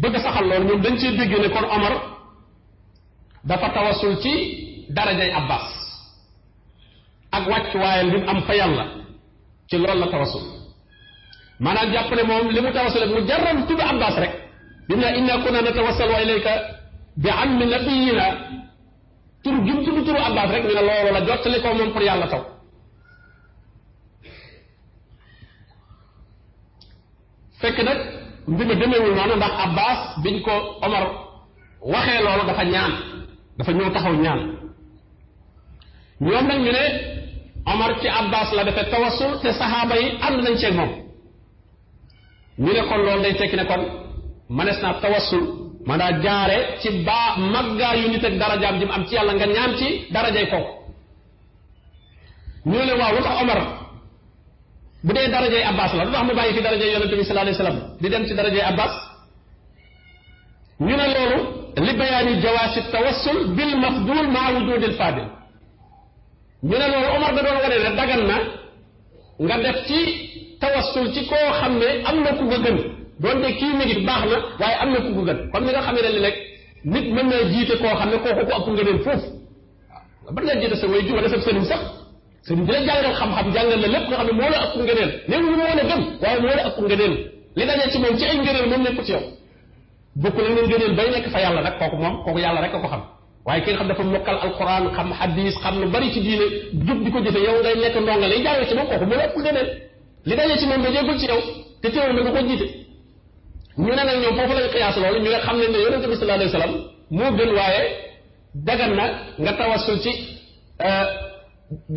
bëgg saxal loolu ñoom dañ cee dégg ne kon Omar dafa tawasul ci darajay Abbas ak wàccuwaayam bi mu am fa yàlla ci loolu la tawasul maanaam jàpp ne moom li mu tawasul ak mu jaram tudd Abbas rek bi mu ne inna kunna natawassalu bi ammi nabiyina turu jum tudd turu Abbas rek ñu ne loolu la jottali ko moom pour yàlla taw fekk nag mbir mi demeewul noonu ndax Abbas biñ ko Omar waxee loolu dafa ñaan dafa ñëw taxaw ñaan ñoom nag ñu ne Omar ci Abbas la defee tawassul te saxaaba yi ànd nañ ceeg moom ñu ne kon loolu day tekki ne kon manees naa tawassul man daa jaare ci baa maggaayu nit ak darajaam ji mu am ci yàlla nga ñaan ci darajay kooku ñu ne waaw lu tax Omar bu dee darajay Abbas la lu tax mu fi darajay yonente bi sallallahu di dem ci darajay Abbas ñu ne loolu li bayaani jawaasi tawassul bil maqbul maa wujudil fadil ñu ne loolu da doon wane ne dagan nga def ci tawassul ci koo xam ne am na ku nga donte kii mi ngi baax na waaye am na ku ko gën comme ni nga xamee ne rek nit mën naa jiite koo xam ne kooku ko ëpp nga dem foofu waaw mën naa jiite sa sa sëriñ sax sëriñ bi la jàngal xam-xam jàngal la lépp nga li dajee ci moom ci ay ngëneel moom nekku ci yow la ngeen ngëneel yàlla nag a ko xam waaye ki nga xam dafa mokkal alquran xam hadis xam lu bari ci diine jub di ko jëfe yow ngay nekk ndonga lay jàngal ci moom kooku moo la ëpp ngëneel li dajee ci moom dajee gul ci yow te teewul nga ko jiite ñu ne nag ñoom foofu lañ xiyaas loolu ñu ne xam nañ ne yonente bi sallallahu alayhi wa sallam moo gën waaye dagan na nga tawassul ci euh,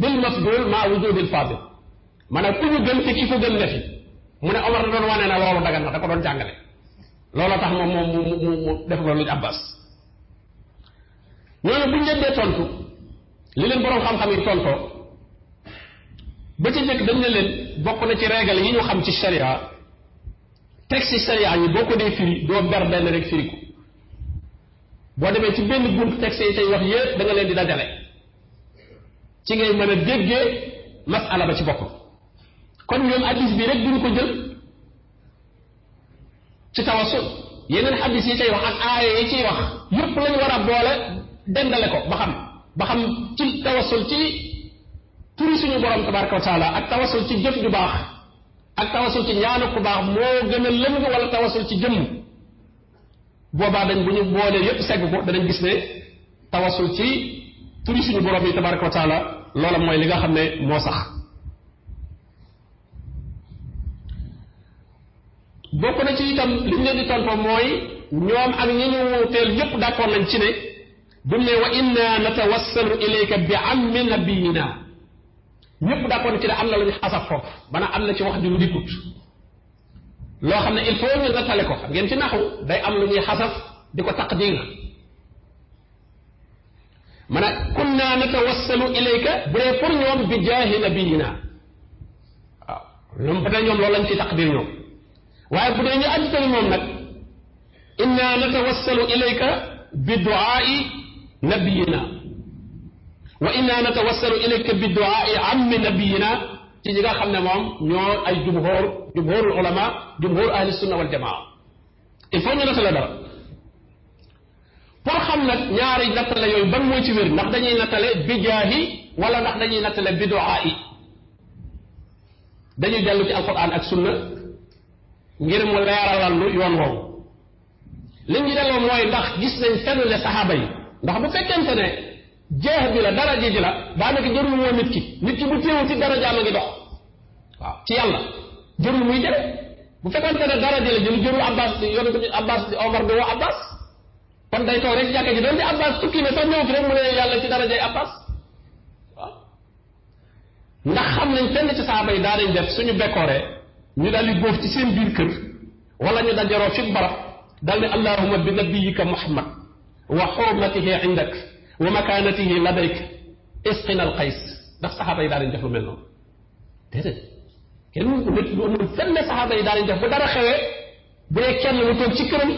bil mafdul maanaam ku ñu gën ne fi mu ne Omar da doon wane loolu dagan na da ko doon jàngale looloo tax moom moom mu mu mu def loolu luñ abbas ñooñu buñ leen dee tontu li leen borom xam-xam yi tontoo ba ci njëkk dañ leen bokk na ci régal yi ñu xam ci sharia texte sariya yi boo ko dee firi doo ber benn rek firi ko boo demee ci benn bunt texte yi tey wax yépp da nga leen di dajale ci ngay mën a déggee masala ba ci boppam kon ñoom hadis bi rek duñu ko jël ci tawassul yeneen hadis yi tey wax ak aaya wax yépp lañu war a boole dendale ko ba xam ba xam ci tawassul ci turi suñu borom tabaraka wa ak tawassul ci jëf ju baax ak tawasul ci ñaanu baax moo gën a lëng wala tawasul ci jëmm boobaa dañ bu ñu boolee yépp segg ko danañ gis ne tawasul ci turi suñu borom yi tabaraka wa taala mooy li nga xam ne moo sax bokk na ci itam li ñu leen di tontoo mooy ñoom ak ñi ñu wuuteel yépp d'accord nañ ci ne bu mu ne wa inna natawassalu ilayka bi ammi nabiyina ñëpp d'accord ci ne am na lu ñu xasaf foofu bana am na ci wax ju mu dikkut loo xam ne il faut ñu nattale ko ci naxu day am lu ñuy xasaf di ko taqdir man a kunna natawassalu ilayka bu dee pour ñoom bi jaahi nabiyina waaw ñoom peut-être ñoom loolu lañ ci taqdir ñoom waaye bu dee ñu ajutali moom nag inna natawassalu ilayka bi duaai nabiyina wa inna natawassalu ilayka bi duaai ammi nabiyina ci ñi nga xam ne moom ñoo ay jumhur jumhurul ulama jumhur ahli sunna wal jamaa il faut ñu nattale dara pour xam nag ñaari nattale yooyu ban moo ci wér ndax dañuy nattale bi jaahi wala ndax dañuy nattale bi duaai dañuy dellu ci alquran ak sunna ngir mu leeralal lu yoon woowu li ñu delloo mooy ndax gis nañ fenn ne saxaaba yi ndax bu fekkente ne jeex bi dara daraja ji la daanaka jërul moo nit ki nit ki bu téewul ci daraja ma ngi dox waaw ci yàlla jërul muy jëre bu fekkante ne daraja la jël jërul abbas yonent bi abbas omar bi woo abbas kon day toog rek jàkka ji doon di abbas tukki ne sax ñëw fi rek mu ne yàlla ci darajay abbas waaw ndax xam nañ fenn ci saaba yi daa dañ def suñu bekkooree ñu daal di góof ci seen biir kër wala ñu dajaroo fi barab daal ne allahuma bi nabiyika muhammad wa xurmatihi indak wa makaanatihi ladayk isqina al qays ndax saxaaba yi daa leen def lu mel noonu déedéet kenn nit lu amul fenn saxaaba yi daa leen def bu dara xewee bu dee kenn mu toog ci këram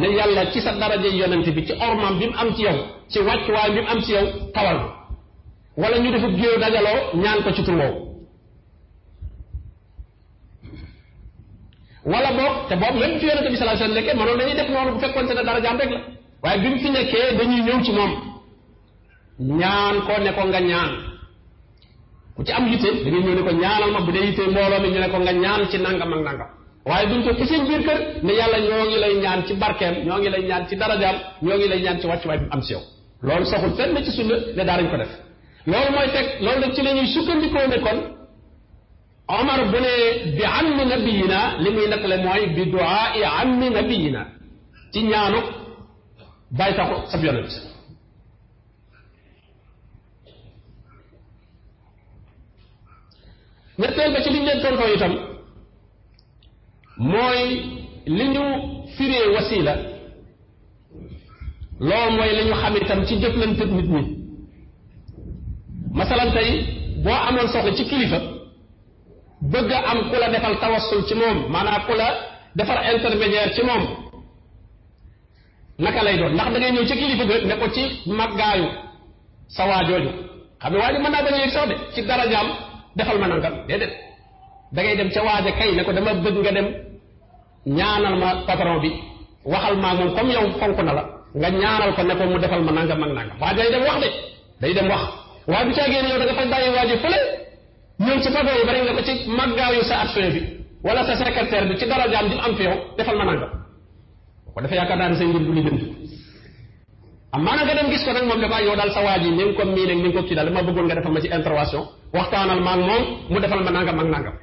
ne yàlla ci sa daraje yonent bi ci ormaam bi mu am ci yow ci wàccuwaay bi mu am ci yow tawal wala ñu defub géew dajaloo ñaan ko ci tur woowu wala boog te boobu même fi yonent bi sallallahu alayhi wasallam nekkee mënoon nañuy def noonu bu fekkoonte ne darajaam rek la waaye bi mu fi nekkee dañuy ñëw ci moom ñaan koo ne ko nga ñaan ku ci am yitte da ngay ñëw ne ko ñaanal bu dee yitte mbooloo mi ñu ne ko nga ñaan ci nangam ak nangam waaye duñ ko ci seen biir kër ne yàlla ñoo ngi lay ñaan ci barkeem ñoo ngi lay ñaan ci darajaam ñoo ngi lay ñaan ci wàccuwaay bi am si yow loolu soxul fenn ci sunna ne daanañ ko def loolu mooy teg loolu nag ci la ñuy sukkandikoo ne kon Omar bu ne bi ammi nabiyina li muy nattale mooy bi duaa i ammi nabiyina ci ñaanu bàyyi taxu sab yonent ñetteel ba ci liñ leen tontoo itam mooy li ñu firee wasila loolu mooy li xam itam ci jëflante nit ñi masalan tey boo amoon soxla ci kilifa bëgg am ku la defal tawassul ci moom maanaam ku la defar intermédiaire ci moom naka lay doon ndax da ngay ñëw ci kilifa bi ne ko ci màggaayu sa waa jooju xam ne waa ji naa bañ yëg sax de ci darajaam defal ma nangam déedéet da ngay dem ca waaja kay ne ko dama bëgg nga dem ñaanal ma patron bi waxal maa moom comme yow fonk na la nga ñaanal ko ne ko mu defal ma nangam ak nangam waaja day dem wax de day dem wax waaye bu caagee ne da nga fay bàyyi waaji fële ñoom ci patron ko ci màggaayu sa adjoint bi wala sa secrétaire bi ci darajaam di am fi yow defal ma nangam ko defee yaakaar naa ne sa mbir du lijjanti am maanaam nga dem gis ko nag moom ne ko yow daal sa waaj yi ni nga mii ne ni nga ko daal ma bëggoon nga defal ma ci intervention waxtaanal ma ak moom mu defal ma nangam ak nangam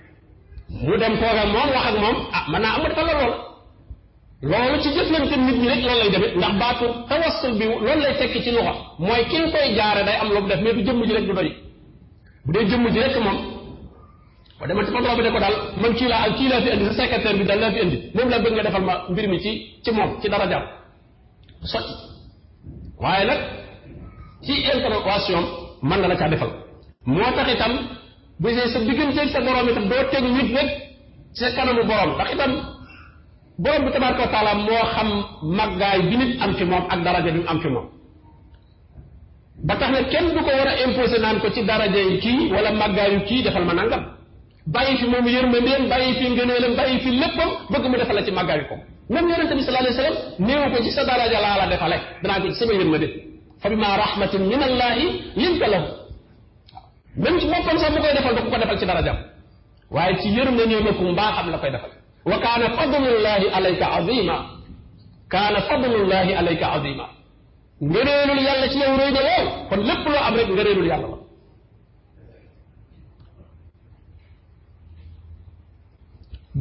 mu dem toog ak moom wax ak moom ah mën naa am mu defal la lool loolu ci jëflante nit ñi loolu lay demee ndax baatu tawassul bi loolu lay tekki ci loxo mooy ki nga koy jaare day am la mu def mais du jëmm ji rek du doy bu dee jëmm ji rek moom ba dama ci patron bi ne ko daal man kii laa ak kii laa fi indi sa secrétaire bi daal laa fi indi moom laa bëgg nga defal ma mbir mi ci ci moom ci dara jàpp sotti waaye mën na la caa defal moo tax itam se see sa digganteeg sa borom itam doo teg nit rek ci sa kanamu borom ndax itam borom bi tabaraka wa moo xam màggaay bi nit am ci moom ak daraja bi mu am ci moom ba tax na kenn du ko war a imposé naan ko ci daraja yi kii wala màggaayu kii defal ma nangam bàyyi fi moom yërmandeem bàyyi fi ngëneelam bàyyi fi léppam bëgg mu defal la ci màggaayu ko même yonente bi sallallahu alayhi wasallam néew ko ci sa daraja laa la defale danaa ko ci sama yërmande fa bi ma rahmatin min allahi même ci boppam sax bu koy defal da ko ko defal ci dara jàmm waaye ci yërmandeem ak mbaaxam la koy defal wa kaana fadlullahi alayka azima kaana fadlullahi alayka azima ngëneelul yàlla ci yow rëy na lool kon lépp loo am rek ngëneelul yàlla la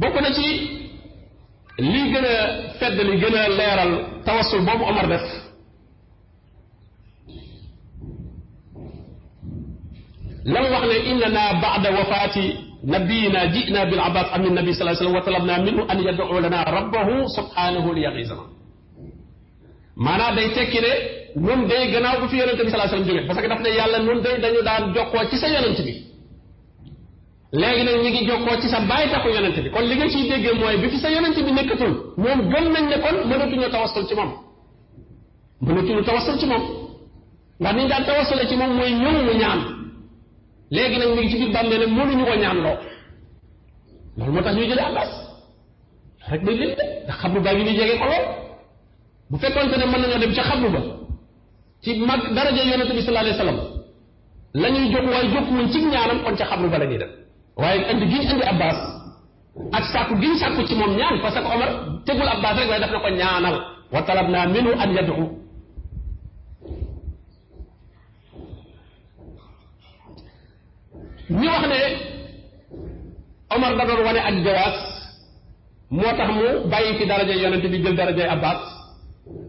bokk na ci lii gën a fedd li gën a leeral tawassul boobu Omar def lam wax ne innana bada wafaati nabiyina jina bil abbas amin nabi sallallahu alayhi wasallam wa talabna minhu an yad'u lana rabbahu subhanahu li bu fi yonente bi sallallahu alayhi wasallam jóge parce que daf na yàlla nun day dañu daan jokkoo ci sa yonente bi léegi nag ñi ngi jokkoo ci sa bàyyi taxu bi kon li nga ciy déggee mooy bi fi sa yonente bi nekkatul moom gëm nañ ne kon mënatuñu tawassul ci moom mënatuñu tawassul ci moom ndax niñ daan tawassule ci moom mooy ñëw mu ñaan léegi nag mi ngi ci biir bàmmeelam mënuñu ko ñaan loo loolu moo tax ñuy jëlee àllaas rek day leen de ndax xablu baa ngi ñu jege ko lool bu fekkoon te ne mën nañoo dem ca xablu ba ci mag daraja yonente bi sallallahu alayhi wasallam la ñuy jóg waaye jóg wuñ ci ñaanam ca xablu ba la ñuy dem waaye indi gi ak sàkku gi ñu sàkku ci moom ñaan parce que Omar tegul abbas rek waaye daf na ko ñaanal wa talab naa minhu an yadu ñu wax ne Omar da doon wane ak jawaas moo tax mu bàyyi ci daraja yonent bi jël daraja Abbas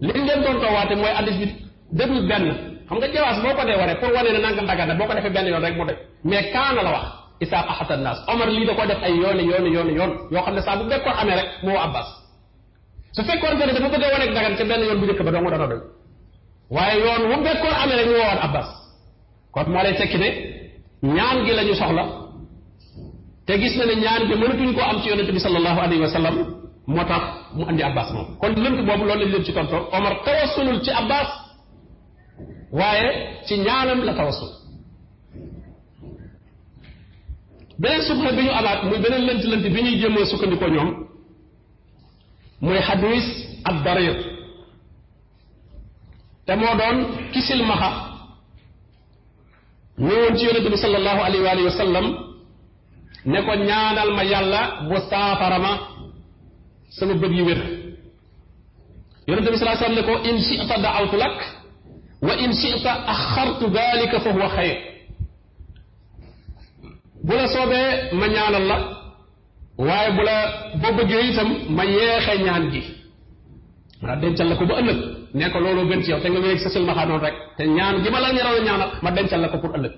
liñ leen doon toowaate mooy addis bi deful benn xam nga jawaas boo ko dee waree pour ne nanga ndagana boo defee benn yoon rek mu def mais kaana la wax isaa axasan naas Omar lii da ko def ay yooni yooni yoon yoo xam ne saa bu bekkoon amee moo Abbas su fekkoon ne dafa bëgg a wane ak dagan te benn yoon bu njëkk ba dong dana doy waaye yoon wu bekkoon ame rek ñu woowaat Abbas kon moo lay tekki ne ñaan gi lañu soxla te gis na ne ñaan gi mënatuñ koo am ci yonente bi sallallahu alayhi wa moo tax mu andi abbas moom kon lënt boobu loolu lañ leen ci tontoon omar tawassulul ci abbas waaye ci ñaanam la tawassul beneen subha bi ñu amaat muy beneen lënt lënt bi ñuy jéemoo sukkandikoo ñoom muy xadwis ak darir te moo doon kisil maxa ñëwoon ci yonente bi sallallahu alayhi wa sallam ne ko ñaanal ma bu saafara ma sama bët yi wér yonente bi sallallahu alayhi wa sallam ne ko in chita daawtu lak wa in chita axartu dalika fa huwa xayr bu la soobee ma ñaanal la waaye bu la boo bëggee itam ma yeexe ñaan gi ma dencal la ko ba ëllëg ne ko loolu gën ci yow te nga wéeg sa silmaxaa noonu rek te ñaan gi ma la ñoroon ñaanal ma dencal la ko pour ëllëg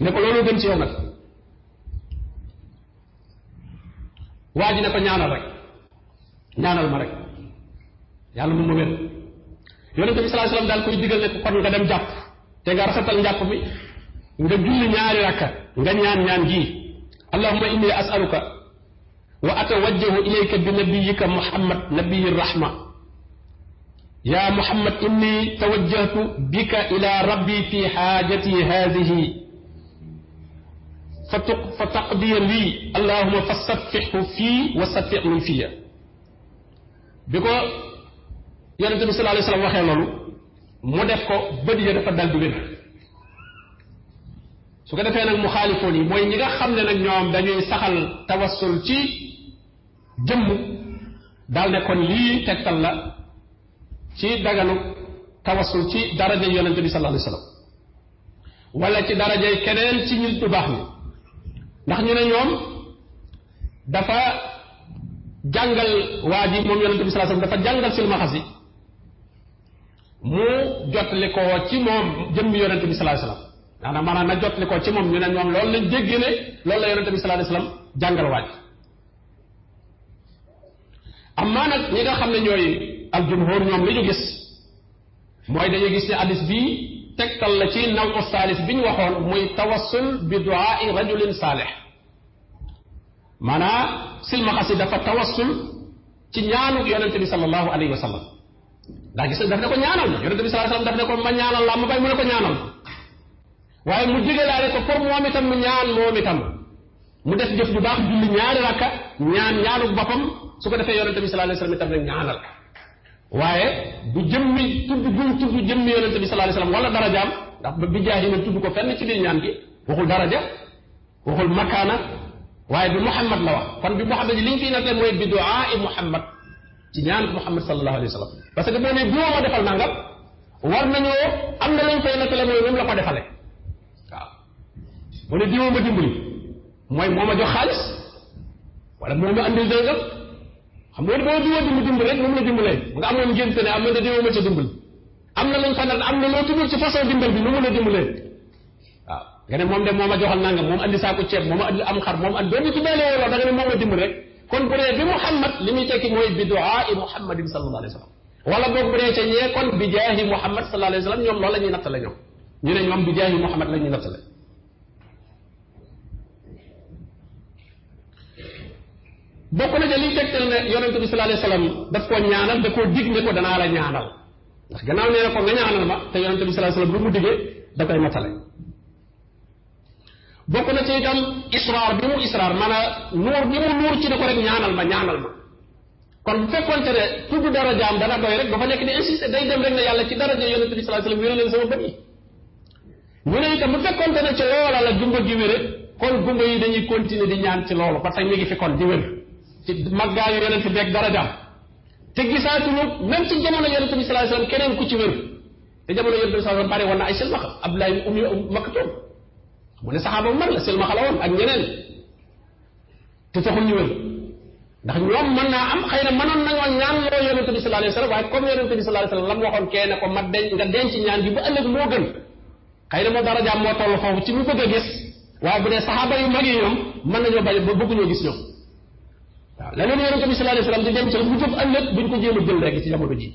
ne ko loolu gën ci yow nag waa ji ne ko ñaanal rek ñaanal ma rek yàlla moom ma wér yonente bi salaa salaam daal koy digal ne ko kon nga dem jàpp te nga rafetal njàpp mi nga julli ñaari rakka nga ñaan ñaan gii allahuma inni asaluka wa atawajjahu ilayka bi nabiyika muhammad nabiyi rahma yaa muhammad inni tawajjahtu bika ila rabbi fi xaajati haadihi fa tu fa taqdiya lii allahuma fa saffixhu fii wa saffix min fiya bi ko yonente bi sallallahu alayhi wasallam waxee loolu mu def ko bët ya dafa dal di wér su ko defee nag mu xaalifoon yi mooy ñi nga xam ne nag ñoom dañuy saxal tawassul ci jëmm daal ne kon lii tegtal la ci daganu tawasul ci darajay yonente bi sallallahu alayhi wa sallam wala ci darajay keneen ci nit bu baax ni ndax ñu ne ñoom dafa jàngal waa ji moom yonente bi sallallahu alayhi wa dafa jàngal silmaxa si mu jotli ko ci moom jëmmi yonente bi sallallahu alayhi wa sallam maanaam maanaam na jotli ko ci moom ñu ne ñoom loolu lañ déggee ne la yonente bi sallallahu alayhi yi sallam jàngal waa ji amma nag ñi nga xam ne ñooy al jumhur ñoom li ñu gis mooy dañu gis ne hadis bii tegtal la ci naw u saalis bi ñu waxoon mooy tawassul bi duaai rajulin saalih maanaa silmaxa si dafa tawassul ci ñaanu yonente bi sallallahu alayhi wa sallam ndax gis daf ne ko ñaanal ma yonente bi sallallahu alayhi wa sallam daf ne ko ma ñaanal la ma bay mu ne ko ñaanal waaye mu digalaale ko pour moom itam mu ñaan moom itam mu def jëf ju baax julli ñaari rakka ñaan boppam su ko defee yonente bi sallallahu alayhi wa sallam itam ne ñaanal waaye du jëmmi tudd gum tudd jëmmi yonente bi sallallahu alayhi wasallam wala darajaam ndax ba bi jaay na tudd ko fenn ci biir ñaan gi waxul daraja waxul makaana waaye bi Muhammad la wax kon bi Muhammad li ñu fiy nattee mooy bi duaa i Muhammad ci ñaan Muhammad sallallahu alayhi wasallam parce que boo nee bu ma defal nangam war nañoo am na lañ koy nattale mooy moom la ko defale waaw mu ne diwoo ma dimbali mooy moo ma jox xaalis wala moo ma andil dëgg xam nga boo bëggee dimb dimb rek moom la dimbalee nga amoon ngénte ne am na dimbali ma ca dimbali am na mu tànnal am na loo tuddul ci façon dimbal bi nu la dimbalee waaw nga moom a joxal nangam moom andi saako ceeb moom andi am xar moom andi doon ci daale wala da ne moom la dimbali rek kon bu bi Muhammad li muy ca ñee kon bi jaahi Muhammad sallallahu alayhi wa sallam ñoom loolu la ñuy nattale ñoom la ñuy nattale bokk na ca liy tegtal ne yonente bi sallallahu alayhi wasallam daf koo ñaanal da koo dig ne ko danaa la ñaanal ndax gannaaw nee na ko nga ñaanal ma te bi sallallahu alayhi wasallam lu mu digee da koy matale bokk na ci itam israar bi mu israar maanaam nuur bi mu nuur ci ne ko rek ñaanal ma ñaanal ma kon bu fekkonte ne tudd dara jaam dana doy rek dafa nekk di insister day dem rek ne yàlla ci daraja yonente bi sallallahu alayhi wasallam sama bët yi ñu ne itam bu fekkonte ne ci loola la gumba gi wére kon gumba yi dañuy continuer di ñaan ci loolu ba tey mi ngi fi kon di ci màggaayu yonent beeg darajaam te gisaatuñu même ci jamono yonent bi sallallahu alayhi keneen ku ci wér te jamono yonent bi sallallahu alayhi wasallam bari woon na ay silmaxa Abdullah ibn ne saxaaba bu la silmaxa la woon ak ñeneen te taxul ñu wér ndax ñoom mën naa na mënoon nañoo ñaan loo yonent bi sallallahu alayhi wasallam waaye comme yonent bi sallallahu alayhi ma na moom darajaam moo toll foofu ci mu bëgg a gis waaye bu dee saxaaba yu mag yi ñoom mën nañoo ba bëgguñoo gis ñoom waaw leneen yonente bi sallallahu alayhi wasallam di dem ci lu jub ëllëg buñ ko jéem a jël rek ci jamono ji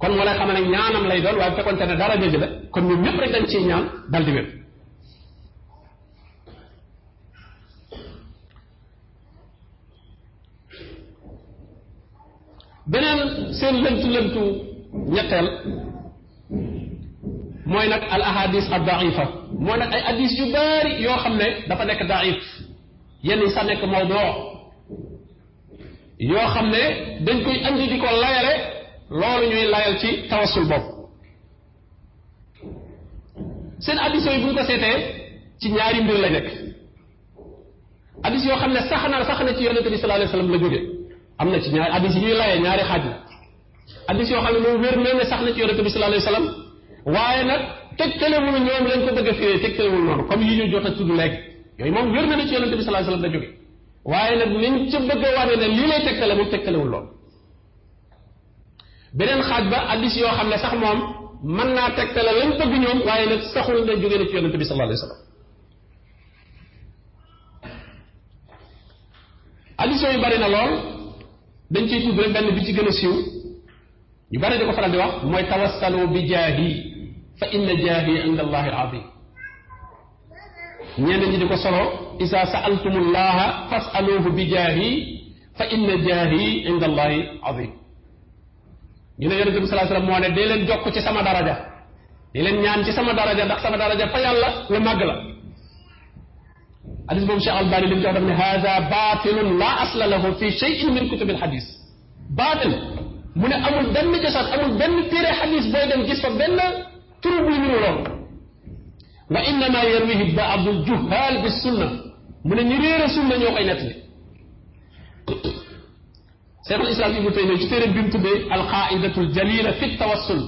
kon moo lay xam ne ñaanam lay doon waaye bu fekkoonte ne dara dëgg la kon ñoom ñëpp rek dañ ciy ñaan dal di wér beneen seen lëntu lëntu ñetteel mooy nag al ahadis ad daifa mooy nag ay hadis yu yoo xam ne dafa nekk daif yenn yi sax nekk mawdoo yoo xam ne dañ koy andi di ko layale loolu ñuy layal ci tawasul bopp seen addis yooyu bu ñu ko seetee ci ñaari mbir la nekk addis yoo xam ne sax na sax na ci yonente bi sallallahu la jóge am na ci ñaari addis yi ñuy layee ñaari xaaj la addis yoo xam ne moom wér sax na ci yonente bi sallallahu alayhi wasallam waaye nag tegtalewul ñoom lañ ko bëgg a firee tegtalewul noonu comme yi ñu jot a tudd léegi yooyu moom wér a ne ci yonente bi sallallahu alayhi wasallam la jóge waaye nag liñ ca bëgg a wane ne lii lay tegtale moom tegtalewul lool beneen xaaj ba addis yoo xam ne sax moom mën naa tegtale lañ bëgg ñoom waaye nag saxul ne jógee na ci yonente bi sallallahu alayhi wa sallam bari na lool dañ ciy tudd rek benn bi ci gën a siw yu bari di ko faral di wax mooy tawassalu bi jaahi fa inna jaahi inda allahi al azim ñenn ñi di ko solo isa saaltumullaha fasaluuhu bi jaahi fa inna jaahi inda allahi azim ñu ne yonente bi salaa moo ne leen jokk ci sama daraja dee leen ñaan ci sama daraja ndax sama daraja fa yàlla lu màgg la hadis boobu Cheikh Albani li mu jox daf ne haada baatilun laa asla lahu fi cheyin min kutubil hadis baatil mu ne amul benn cosaan amul benn téere hadis booy dem gis fa turu buy niru loolu wa innama yarwihi baadul juhaal bi sunna mu ne ñu réere sunna ñoo koy nettali cheikhul islam ibnu taymiya ci téere bi mu tuddee alqaidatul jalila fi tawassul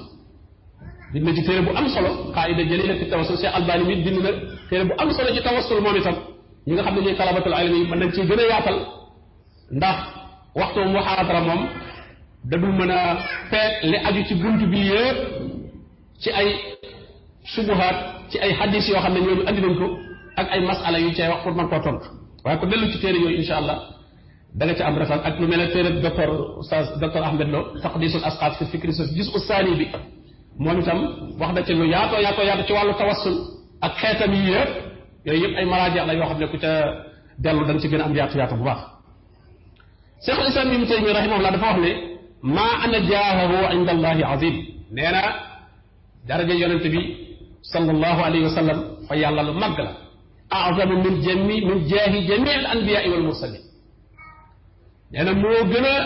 bind na ci téere bu am solo qaida jalila fi tawassul cheikh albani bi bind na téere bu am solo ci tawassul moom itam ñi nga xam ne ñooy talabatul ilmi yi mën nañ ciy gën a yaatal ndax waxtu muhaadara moom da dul mën a feet li aju ci bunt bi yëpp ci ay subuhaat ci ay xadis yoo xam ne ñooñu andi nañ ko ak ay masala yu cee wax pour mën koo tontu waaye ko dellu ci téere yooyu insha allah da nga ca am refal ak lu mel ne téere docteur oustaz docteur Ahmed Lo taqdisul asxaas fi fikri sos gis ustaani bi moom itam wax na ci lu yaatoo yaatoo yaatoo ci wàllu tawassul ak xeetam yi yëpp yooyu yëpp ay maraajeex la yoo xam ne ku ca dellu da nga ci gën a am yaatu yaatu bu baax cheikhul islam ibnu taymi rahimahullah dafa wax ne maa ana jaahahu inda allahi azim nee na daraja yonente bi sallallahu alayhi wa sallam fa yàlla lu màgg la azamu min jami min jaahi jami al anbiyaai wal mursalin nee na moo gën a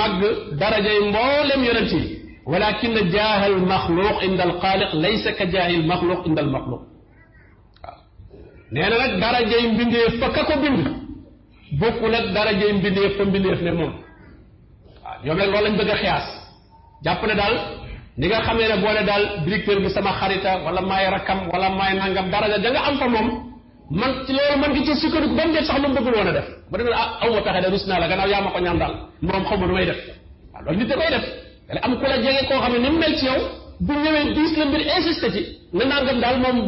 màgg darajay mboolem yonent yi walakin jaaha al maxluq inda al xaaliq laysa ka jaahi al maxluq inda al maxluq waaw nee na nag darajay mbindeef fa ka ko bind bokkul ak darajay mbindeef fa mbindeef ne moom waaw ñoom nag loolu lañ bëgg a xiyaas jàpp ne daal ni nga xamee ne boo ne daal directeur bi sama xarita wala maay rakam wala maay nangam daraja da nga am fa moom man ci loolu man ngi ci sukkandiku ba mu def sax lu mu bëggul woon a def ba demee ah aw ma pexe de rus naa la gannaaw yaa ma ko ñaan daal moom xaw ma nu may def waaw loolu nit da koy def dana am ku la jege koo xam ne ni mu mel ci yow bu ñëwee diis la mbir insisté ci nga nangam daal moom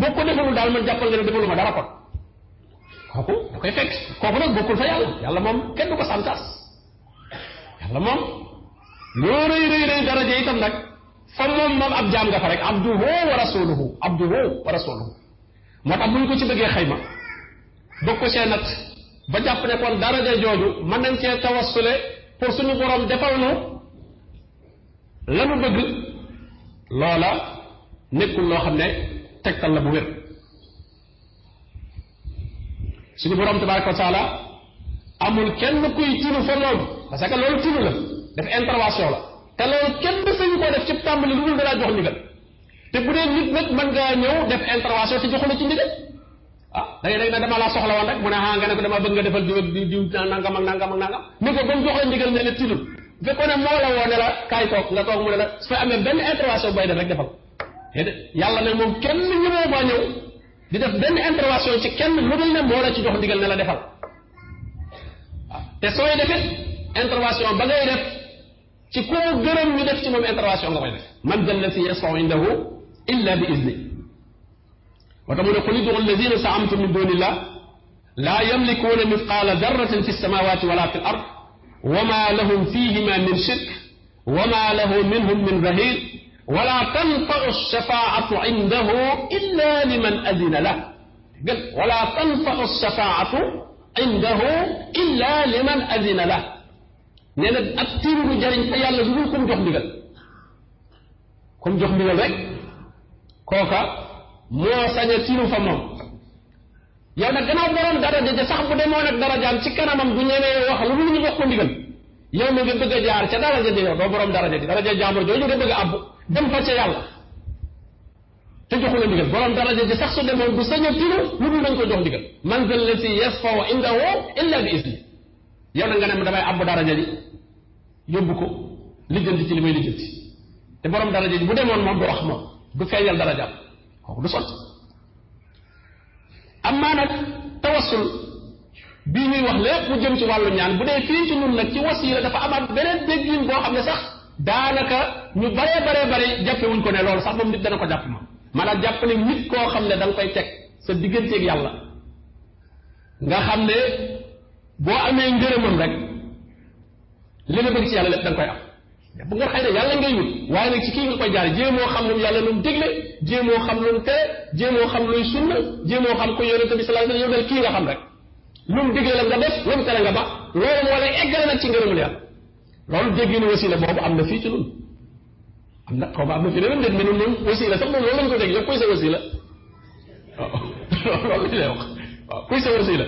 boo ko defalul daal man jàppal nga ne defalu ma dara kon kooku da koy fekk kooku nag bokkul fa yàlla yàlla moom kenn du ko santaas yàlla moom loo rëy rëy rëy daraja itam nag fa moom moom ab jaam nga fa rek abduhu wa rasuluhu moo tax buñ ko ci bëggee xayma bëgg ko see ba jàpp ne kon daraja jooju man nañ cee tawassule pour suñu borom defal nu la mu bëgg loola nekkul loo xam ne tegtal la bu wér suñu borom tabaraka wa taala amul kenn kuy tinu fa moom parce que loolu tinu la def intervention la te loolu kenn sañu koo def ci tàmbali lu dul dalaa jox ndigal te bu dee nit nag mën ngaa ñëw def intervention te joxu la ci ndigal ah dangay na dama laa soxla ah defal la ndigal ne la tidul ne moo la woo ne la kaay toog nga toog mu ne la su fa amee benn intervention kenn ñëwoo ba ñëw di def benn intervention kenn lu dul ne moo la ci la defal waaw ah te sooy defit intervention ba ngay def ci ku mu gërëm ñu def ci moom intervention nga koy def man da alladi yasfau indahu illa bi izni moo tax mu ne qul idu alladina saamtum min dunillah laa yamlikuuna mithqaala darratin fi samawati wala fi l ard wama lahum fihima min shirk wama lahu minhum min zahir wala tanfau shafaatu indahu illa liman adina lah gën wala tanfau shafaatu indahu illa liman adina lah nee na ab tiir jariñ te yàlla du dul comme jox ndigal comme jox ndigal rek kooka moo sañ a tiiru fa moom yow nag gannaaw borom daraja ja sax bu demoon ak ci kanamam bu ñemee wax lu dul ñu jox ko ndigal yow mi nga bëgg a jaar ca daraja ja yow doo a dem fa ca yàlla te joxu la ndigal borom daraja sax su demoon bu sañ a tiiru lu dul nañ ko jox ndigal man zal lati yasfau indahu illa bi isni yow nag nga ne ma damay àbb daraja ji yóbbu ko lijjanti ci li may lijjanti te borom daraja ji bu demoon moom du wax ma du feeñal darajaam kooku du sotti amaa nag tawassul bii ñuy wax lépp mu jëm ci wàllu ñaan bu dee fii ci nun nag ci wasiila dafa amaat beneen déggin boo xam ne sax daanaka ñu baree baree bare jàppewuñ ko ne loolu sax moom nit dana ko jàpp ma maanaam jàpp ne nit koo xam ne da koy teg sa digganteeg yàlla nga xam ne boo amee ngërëmam rek li nga bëgg ci yàlla lépp da nga koy am bu nga xëy ne yàlla ngay wut waaye nag ci kii nga koy jaar jéemoo xam lu yàlla lu mu digle jéemoo xam lu mu tere jéemoo xam luy sunna jéemoo xam ko yonente bi sallallahu alayhi wasallam yow dal kii nga xam rek lu digle la nga def lu mu tere nga bax loolu moo lay eggale nag ci ngërëmul yàlla loolu dégg ni wasila boobu am na fii ci nun am na xaw ma am na fi leneen déet mais nun nun wasila sax moom loolu lañ ko dégg yow kuy sa wasila waaw loolu lay wax waaw kuy sa wasila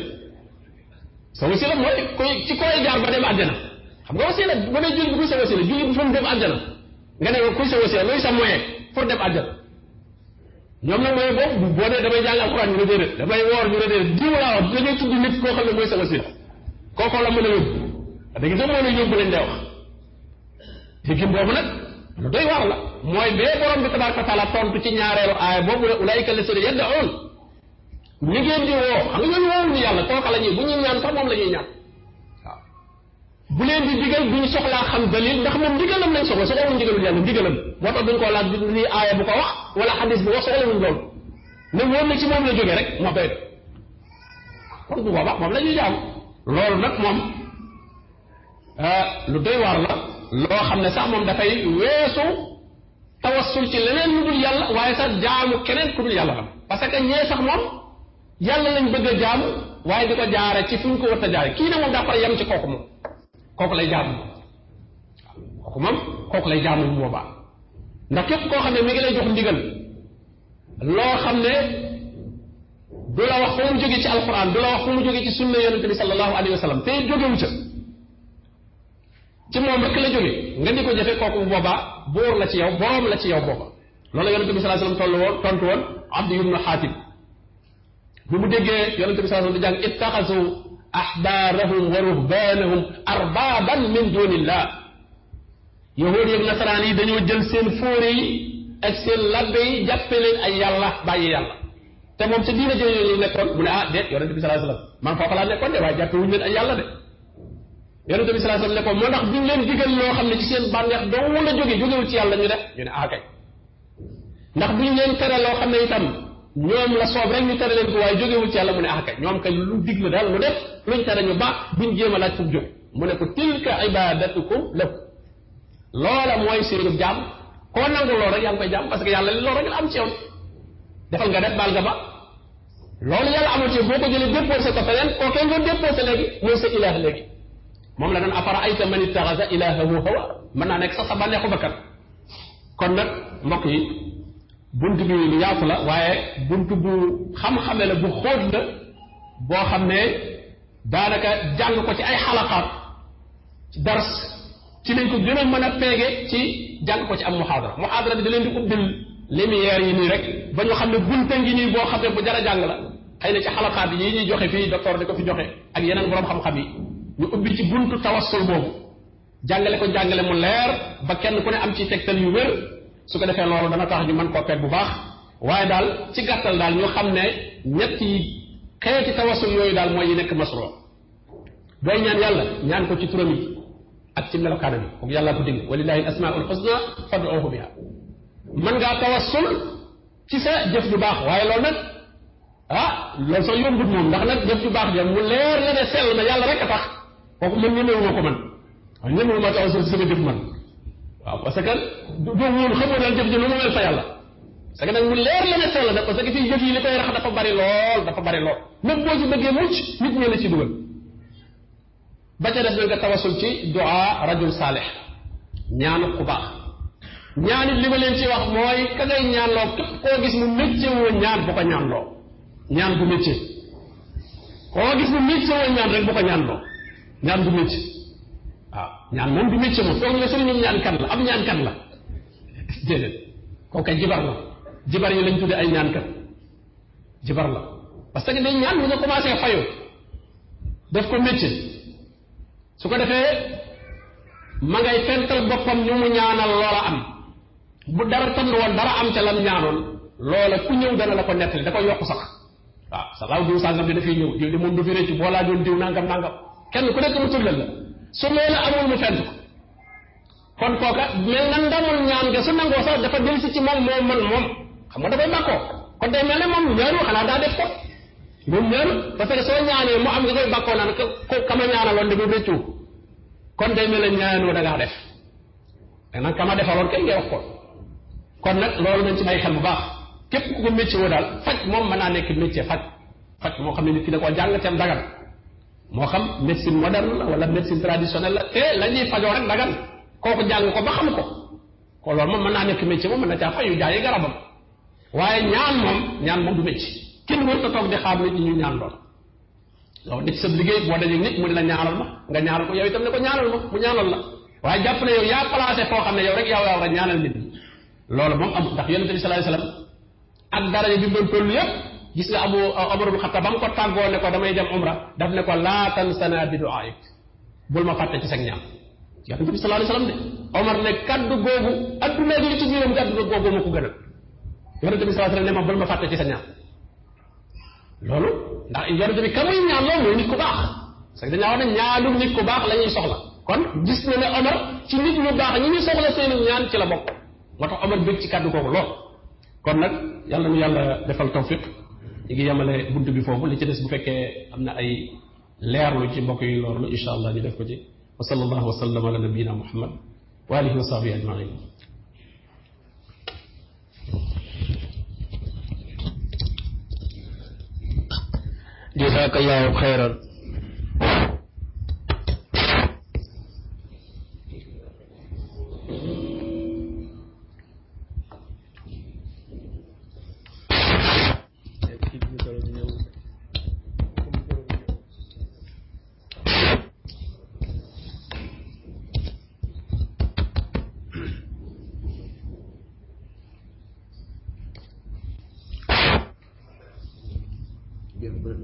sa wasila mooy kuy ci koy jaar ba dem àddina xam nga wasila nga ne jullit bi kuy sa wasila jullit bi fu mu dem àjjana nga ne kuy sa wasila luy sa moyen pour dem àjjana ñoom nag mooy boobu boo nee damay jàng alxuraan ñu ne déedéet damay woor ñu ne déedéet wax dañoo tudd nit koo xam ne mooy la mën a yóbbu da nga moo la yóbbu lañ lay wax diggin boobu nag lu doy waar la mooy bee borom bi tabaraka taala tontu ci ñaareelu aaya boobu ne ulaayika lasina yaddaoon ñi ngeen di woo xam nga ñooñu woowuñu yàlla kooka la ñuy bu ñuy ñaan sax moom la ñuy ñaan bu leen di digal duñ soxlaa xam dalil ndax moom ndigalam lañ soxla soxlawuñ ndigalul yàlla ndigalam moo tax duñ koo laaj lii aaya bu ko wax wala xadis bu ko soxlawuñ loolu ne wóor na ci moom la jógee rek moo doy kon moom la ñuy jaam loolu nag moom ah, lu doy waar loo xam ne sax moom dafay weesu tawassul ci leneen lu dul yàlla waaye sax jaamu keneen ku dul yàlla la parce que ñee sax moom yàlla lañ bëgg a jaamu waaye di ko jaare ci fu ñu ko kii ne moom daa koy yem ci kooku moom kooku lay jaamu waaw kooku lay jaamu bu boobaa ndax képp koo xam ne mi ngi lay jox ndigal loo xam ne du la wax fu mu jógee ci alquran du la wax fu mu jógee ci sunna yonente bi sallallahu alayhi wa sallam te jógewu ca ci moom rek la jóge nga di ko jëfe kooku buur la ci yow la ci yow booba loolu yonente bi sallallahu alayhi wa sallam tollu woon tontu woon Abdi ibnu Xaatim bi mu déggee di jàng ittaxasu ahbaarahum wa ruhbaanahum arbaaban min duunillah yahuud yeeg nasaraan yi dañoo jël seen fóore yi ak seen labbe yi jàppe leen ay yàlla bàyyi yàlla te moom ca diina jëlee ñu nekkoon mu ne ah déet yonente bi salaa sallam man foofa laa nekkoon de waaye jàppe wuñu leen ay yàlla de yonente bi salaa sallam ne ko leen digal loo xam ne ci seen bànneex dong la jóge jógewul ci yàlla ñu def ñu ne ah kay ndax duñ leen tere loo xam ne itam ñoom la soob rek ñu tere leen ko waaye jógewul ci yàlla mu ne ah kay ñoom kay lu digle daal lu def luñ tere ñu baax duñ jéem a laaj fu mu jóge mu ne ko tilka ibadatukum lahu loola mooy seenu jàmm koo nangu loolu rek yaa ngi koy jàmm parce que yàlla li loolu rek la am ci yow defal nga def baal nga ba loolu yàlla amul ci boo ko jëlee déposé ko feneen koo kenn doon déposé léegi mooy sa ilaah léegi moom la doon afara ayta man ittaxasa ilaahahu hawa mën naa nekk sax sa bànneexu bakkan kon nag mbokk yi bunt bi la waaye bunt bu xam-xame la bu xóot la boo xam ne daanaka jàng ko ci ay xalaqaat ci dars ci lañ ko gën a mën a peege ci jàng ko ci am muxaadara muxaadara bi da leen di ubbil lumière yi mu rek ba ñu xam ne bunta ngi nii boo xam ne bu jar a la xëy na ci xalaqaat yi joxe fii docteur di ko fi joxe ak yeneen borom xam yi ñu ubbi ci buntu tawassul boobu jàngale ko jàngale mu leer ba kenn ku ne am ci tegtal yu wér su ko defee loolu dana tax ñu man koo peeg bu baax waaye daal ci gàttal daal ñu xam ne ñett yi xeeti tawasul yooyu daal mooy yi nekk masro booy ñaan yàlla ñaan ko ci turam yi ak ci melokaana bi kooku yàlla ko dégg walillahi al asmaul xusna fad'uhu biha mën ngaa tawassul ci sa jëf ju baax waaye loolu nag ah loolu sax moom ndax nag jëf ju baax ja mu leer la ne sell na yàlla rek a tax kooku man ñemewuma ko man waaye ñemewuma tawassul ci sama jëf man waaw parce que du ñun xamoo daal jëf ji lu mu mel fa yàlla parce que nag mu leer la ne fa yàlla nag parce que ci jëf yi li koy rax dafa bari lool dafa bari lool même boo ci bëggee mucc nit ñi la ci dugal ba ca def na nga tawasul ci du'a rajul saalih ñaanu ku baax ñaan it li ma leen ci wax mooy ka ngay ñaan loo képp koo gis mu métier woo ñaan bu ko ñaan loo ñaan bu métier koo gis mu métier woo ñaan rek bu ko ñaan loo ñaan bu métier ñaan moom du métier moom foog la sëriñu ñaan kan la am ñaan kan la déedéet kooku ay jibar la jibar yi lañ tuddee ay ñaan kat jibar la parce que day ñaan lu nga commencé fayoo def ko defee ma ngay fental boppam ñu mu ñaanal loola am bu dara tënd woon dara am ca lam ñaanoon loola ku ñëw dana la ko nettali da ko yokk sax waaw sa laaw diw sàngam dina fiy ñëw diw di moom du fi réccu boo doon diw nangam nangam kenn ku nekk mu tuddal la su loola amul mu fenn kon kooka mel na ndamoon ñaan ga su nangoo sax dafa dellu si ci moom moo man moom xam nga dafay bàkkoo kon day mel ne moom ñaanu xanaa daa def ko que soo ñaanee mu am nga koy bàkkoo naan ko kama ñaanaloon dama rëccu kon day mel ne ñaanoo da ngaa def danaag kama defaloon kay ngay wax ko kon nag loolu nañ ci bàyyi xel bu baax képp ku ko métier woo daal faj moom mën naa nekk métier faj faj moo xam ne nit ki da koo jàng tem am moo xam médecine moderne la wala médecine traditionnelle la te la ñuy fajoo rek dagan kooku jàng ko ba xam ko ko loolu ma mën naa nekk métier moom mën na caa fay yu jaayee garabam waaye ñaan moom ñaan moom du métier kenn warut a toog di xaar nit ñu ñaan lool yow nit sa liggéey boo dajee nit mu ne la ñaanal ma nga ñaanal ko yow itam ne ko ñaanal ma mu ñaanal la waaye jàpp ne yow yaa placé foo xam ne yow rek yow yaa war a ñaanal nit ñi loolu moom amul ndax yonente bi sallallahu alayhi wasallam ak daraja bi gis na abu Omar uh, ibn Xattaab ba mu ko tàggoo ne ko damay dem umra daf ne ko laa tansanaa bi duaik bul ma fàtte ci sag ñaan yonent bi sallallahu alayhi wasallam ne Omar ne kaddu googu adduna ak li ci biiram kaddu googu ma ko gënal yonent bi sallallahu alayhi wasallam ne ma loolu ndax yonent bi ka muy ñaan loolu mooy nit ku baax parce que dañaa wax ne ñaanu nit la ñuy soxla kon gis na ne Omar ci nit ñu baax ñi ñu soxla seeni ñaan ci la bokk moo tax Omar bëgg ci kaddu googu lool kon nag yàlla nu yàlla defal tawfiq ñu ngi yemale bunt bi foofu li ci des bu fekkee am na ay leerlu ci mbokk yi loolu incha allah ñu def ko ci wa sallallahu wa sallam ala nabiyina muhammad wa alihi wa sahbihi ajmain jazakallahu xayran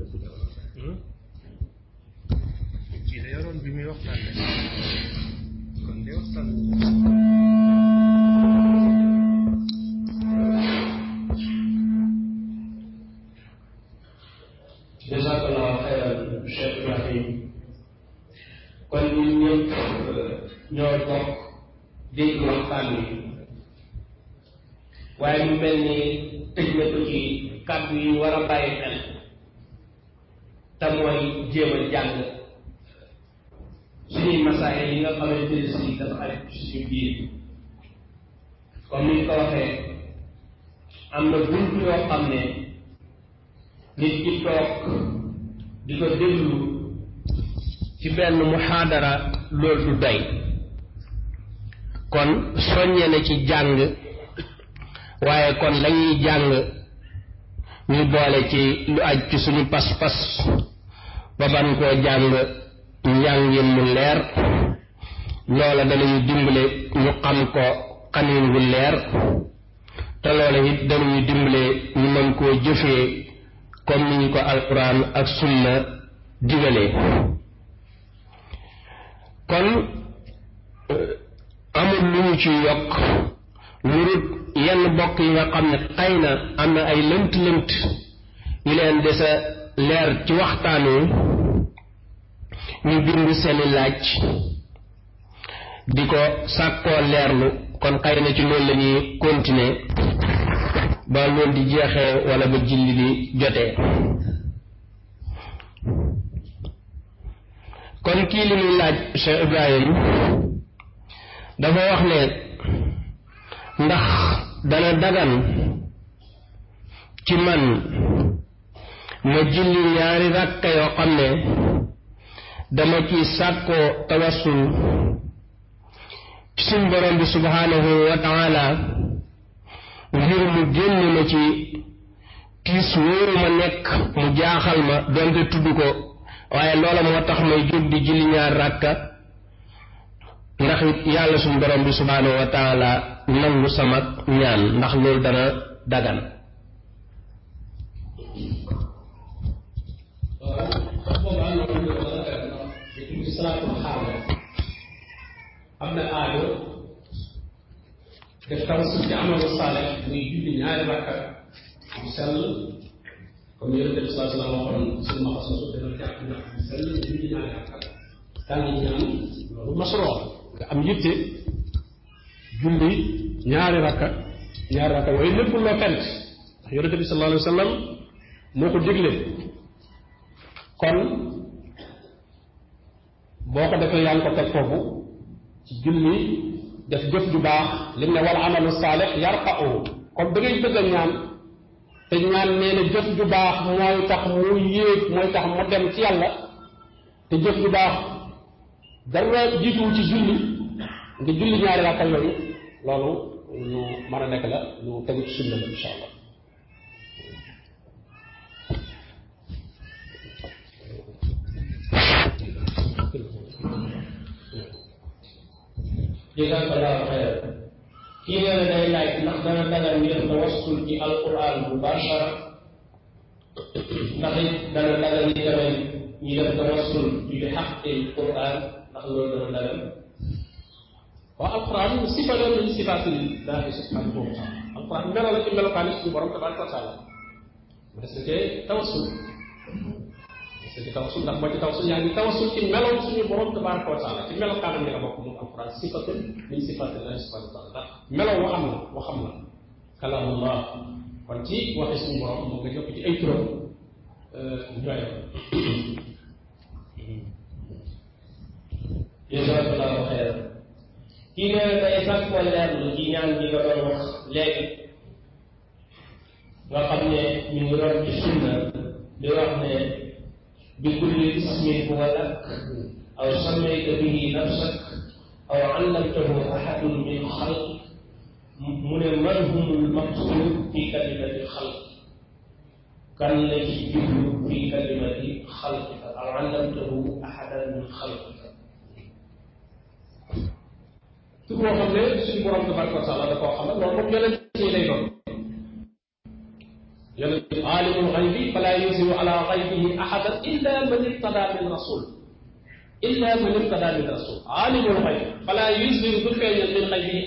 Hmm? ci la yoroon bi muy waxtaan kon de waxtaan jazakallahu xayran Cheikh Ibrahim kon ñun ñëpp ñoo bokk dégg waxtaan wi waaye mu mel ni muxaadara loolu du kon soññe na ci jàng waaye kon lañuy jàng ñu boole ci lu aj ci suñu pas-pas ba ban koo jàng njàngin mu leer loola danañu dimbale ñu xam ko xanin wu leer te loola it danañu dimbale ñu mën koo jëfee comme ni ko alquran ak sunna digalee kon euh, amul lu ñu ci yokk lu dul yenn bokk yi nga xam ne xay na am na ay lënt-lënt yu leen di sa leer ci waxtaan wi ñu bind seeni laaj di ko sàkkoo leerlu kon xay na ci loolu la ñuy ba loolu di jeexee wala ba jilli di jotee kon kii li laaj Cheikh Ibrahim dafa wax ne ndax dana dagan ci man ma julli ñaari ràkka yoo xam ne dama ci sàkkoo tawassul ci bi subhaanahu wa taala ngir mu génn ma ci tiis wóoru ma nekk mu jaaxal ma doonte tudd ko waaye loola moo tax may jóg di julli ñaar ràkka ndax yàlla suñu borom bi subhaanahu wa taala nangu sama ñaan ndax loolu dana dagan comme yonente bi saa salaam waxoon sunu ma xasul dana jàpp ndax bu sell julli ñaari rakkat tànn ñaan loolu masroo nga am yitte julli ñaari rakka ñaari rakka yooyu nekkul loo fent ndax yonente bi sallallahu alayhi wa sallam moo ko digle kon boo ko defee yaa ngi ko teg foofu ci julli def jëf ju baax lim ne wal amalu saalix yarfa'u comme da ngay bëgg a ñaan sëñ ñaan nee na jëf mooy tax mu yéeg mooy tax mu dem ci yàlla te jëf ju baax dara jiituwul ci julli nga julli ñaari rakka loolu ñu mën a nekk la ci sunna la insha kii nee na day laaj ndax dana dagan ñu def tawassul ci alquran mubashara ndax it dana dagan yi tamit ñu def tawassul ci bi xaqi quran ndax loolu dana dagan waaw alquran sifa la min sifatil laahi subhanahu wa taala alquran melo la ci melokaani suñu borom tabaraka wa taala mu des na tawassul te di tawasul ndax boo ci tawasul yaa ngi tawasul ci meloon suñu borom tabaraka wa taala ci melokaanam yi nga bokk moom alquran sifatun min sifatillahi subhanahu wa taala ndax wa am la waxam la kalaamullah kon ci waxe suñu borom moom nga jokk ci ay turam doyam euh, jazakallahu xeer kii nee ne ñu ngi doon sunna di wax ne بكل اسم هو لك أو سميت به نفسك أو علمته أحد من خلق من من هم المقصود في كلمة خلق كان الذي جبل في كلمة خلقك أو علمته أحدا من خلقك su ko xam ne suñu borom tabaraka wa taala da koo xamal loolu moom yonent yi lay doon yàlla aalimul xaybi falaa yusiru ala xaybihi ahadan illa man irtada min rasul illa man irtada min rasul aalimul xaybi falaa yusiru du feeñal min xaybihi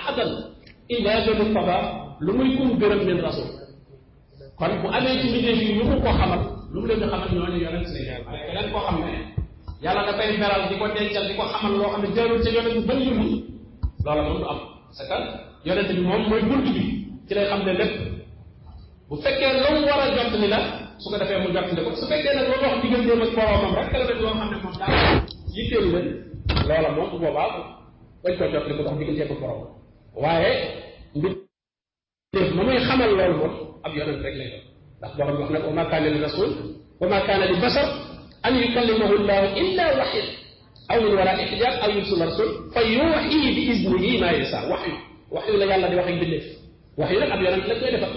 ahadan illa man irtada lu muy kum gërëm min rasul kon bu amee ci liggéey bi ñu mu ko xamal lu mu leen di xamal ñooñu yonent si nekk keneen koo xam ne yàlla dafay beral di ko dencal di ko xamal loo xam ne jarul ca yonent ba ñu loola moom du am parce que yonent bi moom mooy bunt bi ci lay xam ne lépp bu fekkee lu mu war a jot li la su ko defee mu jot li ko su fekkee nag loolu wax digganteem ak boroomam rek la def loo xam ne moom daal yitteelu leen loola moom bu boobaa bañ koo jot li ko dox digganteem ak boroomam waaye mbir ma muy xamal loolu moom ab yonent rek lay doon ndax borom wax ne wa ma kaana li rasul wa ma kaana li basar an yukallimahu llahu illa waxyan aw min waraa xijaab aw yursila rasul fa yuuxi bi iznihi ma yasa waxyu waxyu la yàlla di wax ak bindeef waxyu nag ab yonent la koy defal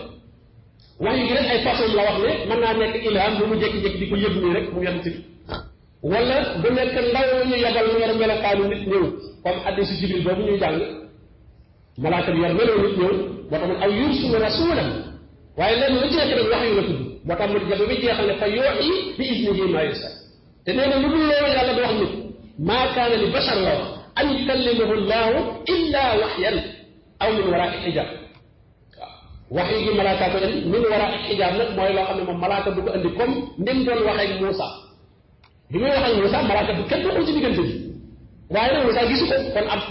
wàllu gi rek ay façon la wax ne mën naa nekk ilham lu mu jékki-jékki di ko yëg nii rek mu yonent bi wala bu nekk ndaw la ñu yebal mu yor melokaanu nit ñëw comme hadiisu Jibril boobu ñuy jàng malaaka bi yor meloo nit ñëw moo tax man aw yursulu rasulan waaye lenn lu ci nekk rek wax yu la tudd moo tax man jafe bi jeexal ne fa yooxi bi iznihi maa yasa te nee na lu dul loolu yàlla du wax nit maa kaana li bashar la wax an yukallimahu llaahu illa waxyan aw min waraai xijab waxi gi malaaka ko indi min war a xijaab nag mooy loo xam ne moom malaaka du ko indi comme ni mu doon waxee ak Moussa bi muy wax ak Moussa malaaka du kenn doxul ci diggante bi waaye nag Moussa gisu ko kon am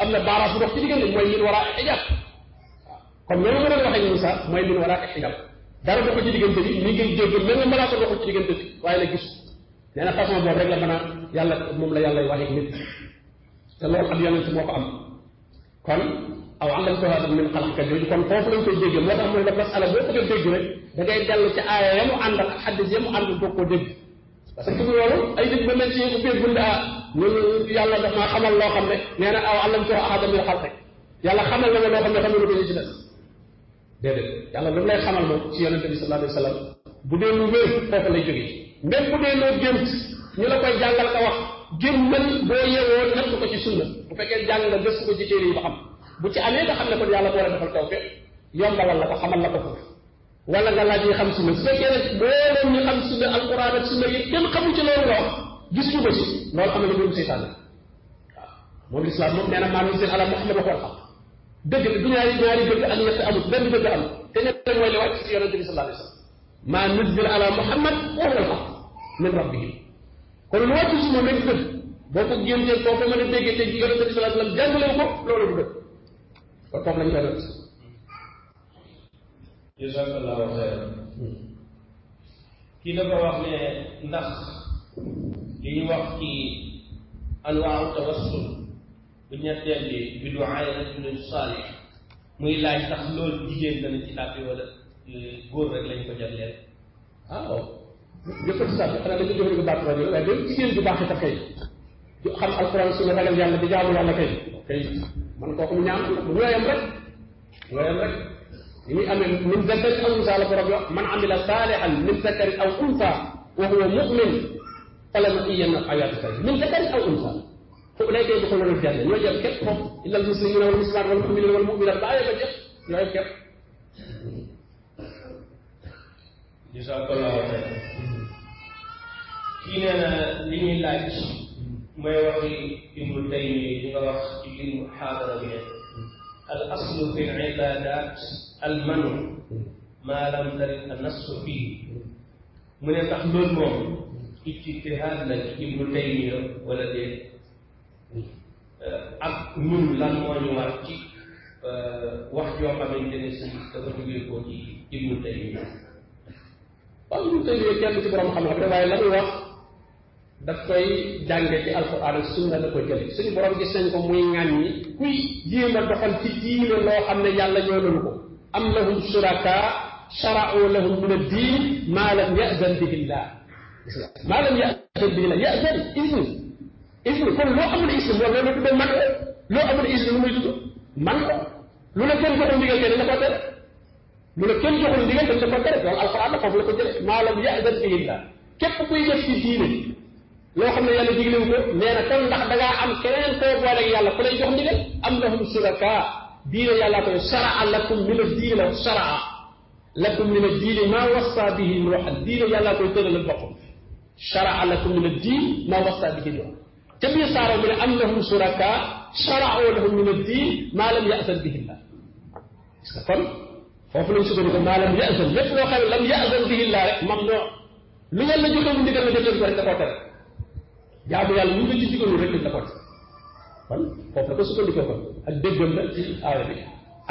am na baaraas bu dox ci diggante bi mooy min war a xijaab waaw comme ni ma doon waxee ak Moussa mooy min war a xijaab dara doxul ci diggante bi mi ngi dégg mel ne malaaka doxul ci diggante bi waaye nag gisu nee na façon boobu rek la mën a yàlla moom la yàlla waxee ak nit te loolu ab yonent moo ko am kon. aw allamtahu min xalqika jooju kon foofu lañ koy déggee moo tax mu ne la masala boo ko dee dégg rek da ngay dellu ci aaya ya mu ànd ak xaddis ya mu ànd doog koo dégg parce que loolu ay nit ba mel ci ubbee bunt ah ñun yàlla daf maa xamal loo xam ne nee na aw allamtahu ahadan min xalqik yàlla xamal na ma loo xam ne xamal ko ñu ci des déedéet yàlla lu lay xamal moom ci yonente bi sallallahu alayhi wa sallam bu dee lu wér foofu lay jógee même bu dee loo gént ñu la koy jàngal ka wax gémmal boo yeewoo natt ko ci sunna bu fekkee jàng nga gëstu ko ci téere yi ba xam bu ci amee nga xam ne kon yàlla boo la defal tawfiq yombalal la ko xamal la ko foofu wala nga laaj yi xam sunna su fekkee nag mboolem ñu xam sunna alquran ak sunna yi kenn xamul ci loolu nga wax gis ñu ko ci loolu am na lu mu seytaan la waaw moom lislaam moom nee na maam yi seen ala Muhammad waxoon xam dëgg la du ñaari ñaari dëgg ak ñett amul benn dëgg am te ñett mooy li wàcc ci yonente bi sallallahu alayhi wa sallam maa nuzila ala Muhammad wa huwa al-haq min rabbihim kon lu wàcc ci moom rek dëgg boo ko géntee koo ko mën a déggee te yonente bi sallallahu alayhi wa sallam jàngalewu ko loolu du dëgg kon foofu lañ koy def. jazakallahu xeyran kii dafa wax ne ndax li ñu wax ci anwaaru tawassul bu ñetteel bi bi duaay rajulin saalix muy laaj ndax loolu jigéen dana ci tàbbi wala góor rek lañ ko jagleel ah waaw jëfati sax xanaa dañu jëfandikoo baat rajo waaye day jigéen bu baax itam kay xam alquran sunna ragal yàlla di jaamu yàlla kay kay man kooku mu ñaan wéyam rek wéyam rek li muy amee min zakarin aw unsa la borom wax man amila saalihan min zakarin aw unsa wa huwa mu'min falanuhyiyannahu hayaatan tayyiba min zakarin aw unsa fa ulaa'ika yadkhuluuna al-jannata ñoo jëm képp foofu illa al-muslimuuna wal muslimaat wal mu'minuuna wal mu'minaat ba ayaba jëf ñoo yem képp jazaakallaahu xayran kii nee na li ñuy laaj mooy waxi Ibnu Taymiya li nga wax ci biir muhaadara bi ne al aslu fi l ibadat al manu maa lam tarit an nassu fii mu ne tax loolu moom ijtihaad la ci Ibnu Taymiya wala déet ak ñun lan moo ñu war ci euh, wax joo xamante ne si dafa duggee koo ci Ibnu Taymiya waaw Ibnu Taymiya kenn ci borom xam-xam waaye la muy wax daf koy jànge ci alquran ak sunna la ko jële suñu borom gis nañ ko muy ŋàññi kuy jéem a doxal ci diine loo xam ne yàlla yoonanu ko am lahum suraka shara'u lahum min ad-din ma lam ya'zan bihi llah maa lam ya'zan bihi llah ya'zan isne isne kon loo amul isne loolu la tuddee man ko loo amul isne lu muy tudd man ko lu la kenn joxul ndigal kenn la ko tere lu la kenn joxul ndigal kenn la ko tere loolu alquran la foofu la ko jële maa lam ya'zan bihi llah képp kuy def ci diine loo xam ne yàlla diglewu ko nee na kon ndax da ngaa am keneen koo boole ak yàlla ku lay jox ndigal am lahum suraka diine yàllaa koy saraa lakum min addiini la saraa lakum min addiini maa wasa bihi nuuha diine yàllaa koy tëralal boppam saraa lakum min addiin maa wasa bihi nuuha te biir saaro bi ne am lahum suraka saraoo lahum min addiin maa lam yasan bihi llah parce que kon foofu lañ sukkandiku maa lam yasan lépp loo xam ne lam yasan bihi llah rek mam noo lu ngeen la joxe mu ndigal la jëfee ko rek da koo tere jaamu yàlla mu ngi ci digalul rek la ko def kon foofu la ko sukkandikoo kon ak déggam la ci aaya bi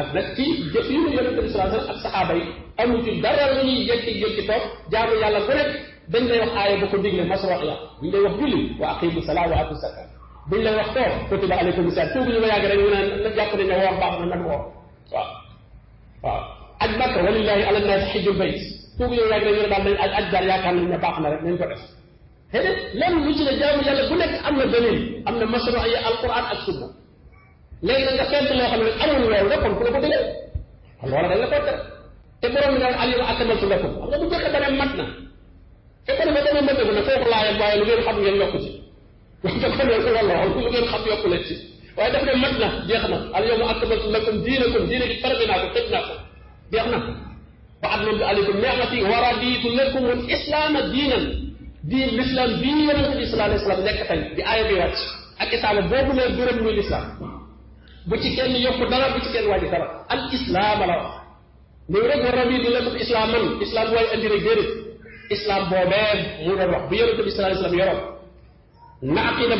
ak nag ci jëf yi mu yonente bi sallallahu alayhi wasallam ak saxaaba yi amul ci dara lu ñuy yekki yekki toog jaamu yàlla bu rek dañ lay wax aaya ba ko digle masrox la buñ lay wax julli wa aqimu salaa wa atu zaka buñ lay wax toog kutiba alaykum salaam tuubu ñu ma yàgg rek ñu naan na jàpp ne ne woor baax na nan woor waaw waaw aj makka walillahi ala nnaasi xijjul bayt tuubu ñu ma yàgg rek ñu ne daal nañ aj aj daal yaakaar nañ ne baax na rek nañ ko def déedéet lenn lu ci ne jaamu yàlla bu nekk am na dalil am na masrox yi alquran ak sunna léegi nag nga fent loo xam ne amul loolu nga kon ku la ko dëggal kon loola dañ la ko tere te borom bi daal alima akamal su lakum xam nga bu njëkk ba ne mat na fekk na ma dama mën na foofu laayam waaye lu ngeen xam ngeen yokk ci da ko nekk la lool lu ngeen xam yokk leen ci waaye daf ne mat na jeex na al yawma akmaltu lakum diinakum diine gi farbi naa ko tëj naa ko jeex na wa atmamtu alaykum ni'mati wa raditu lakum al islaama diinan diin l'islam bii yonente bi sallallahu alayhi wasallam nekk tey bi aaya bi wàcc ak isaama boobu lee gërëm muy l'islam bu ci kenn yokk dara bu ci kenn wàññi dara al islaam la wax ni rek war rabi di lakum islaam man islaam waaye mu doon wax bu yonente bi sallallahu alayhi wasallam yoroon na aqida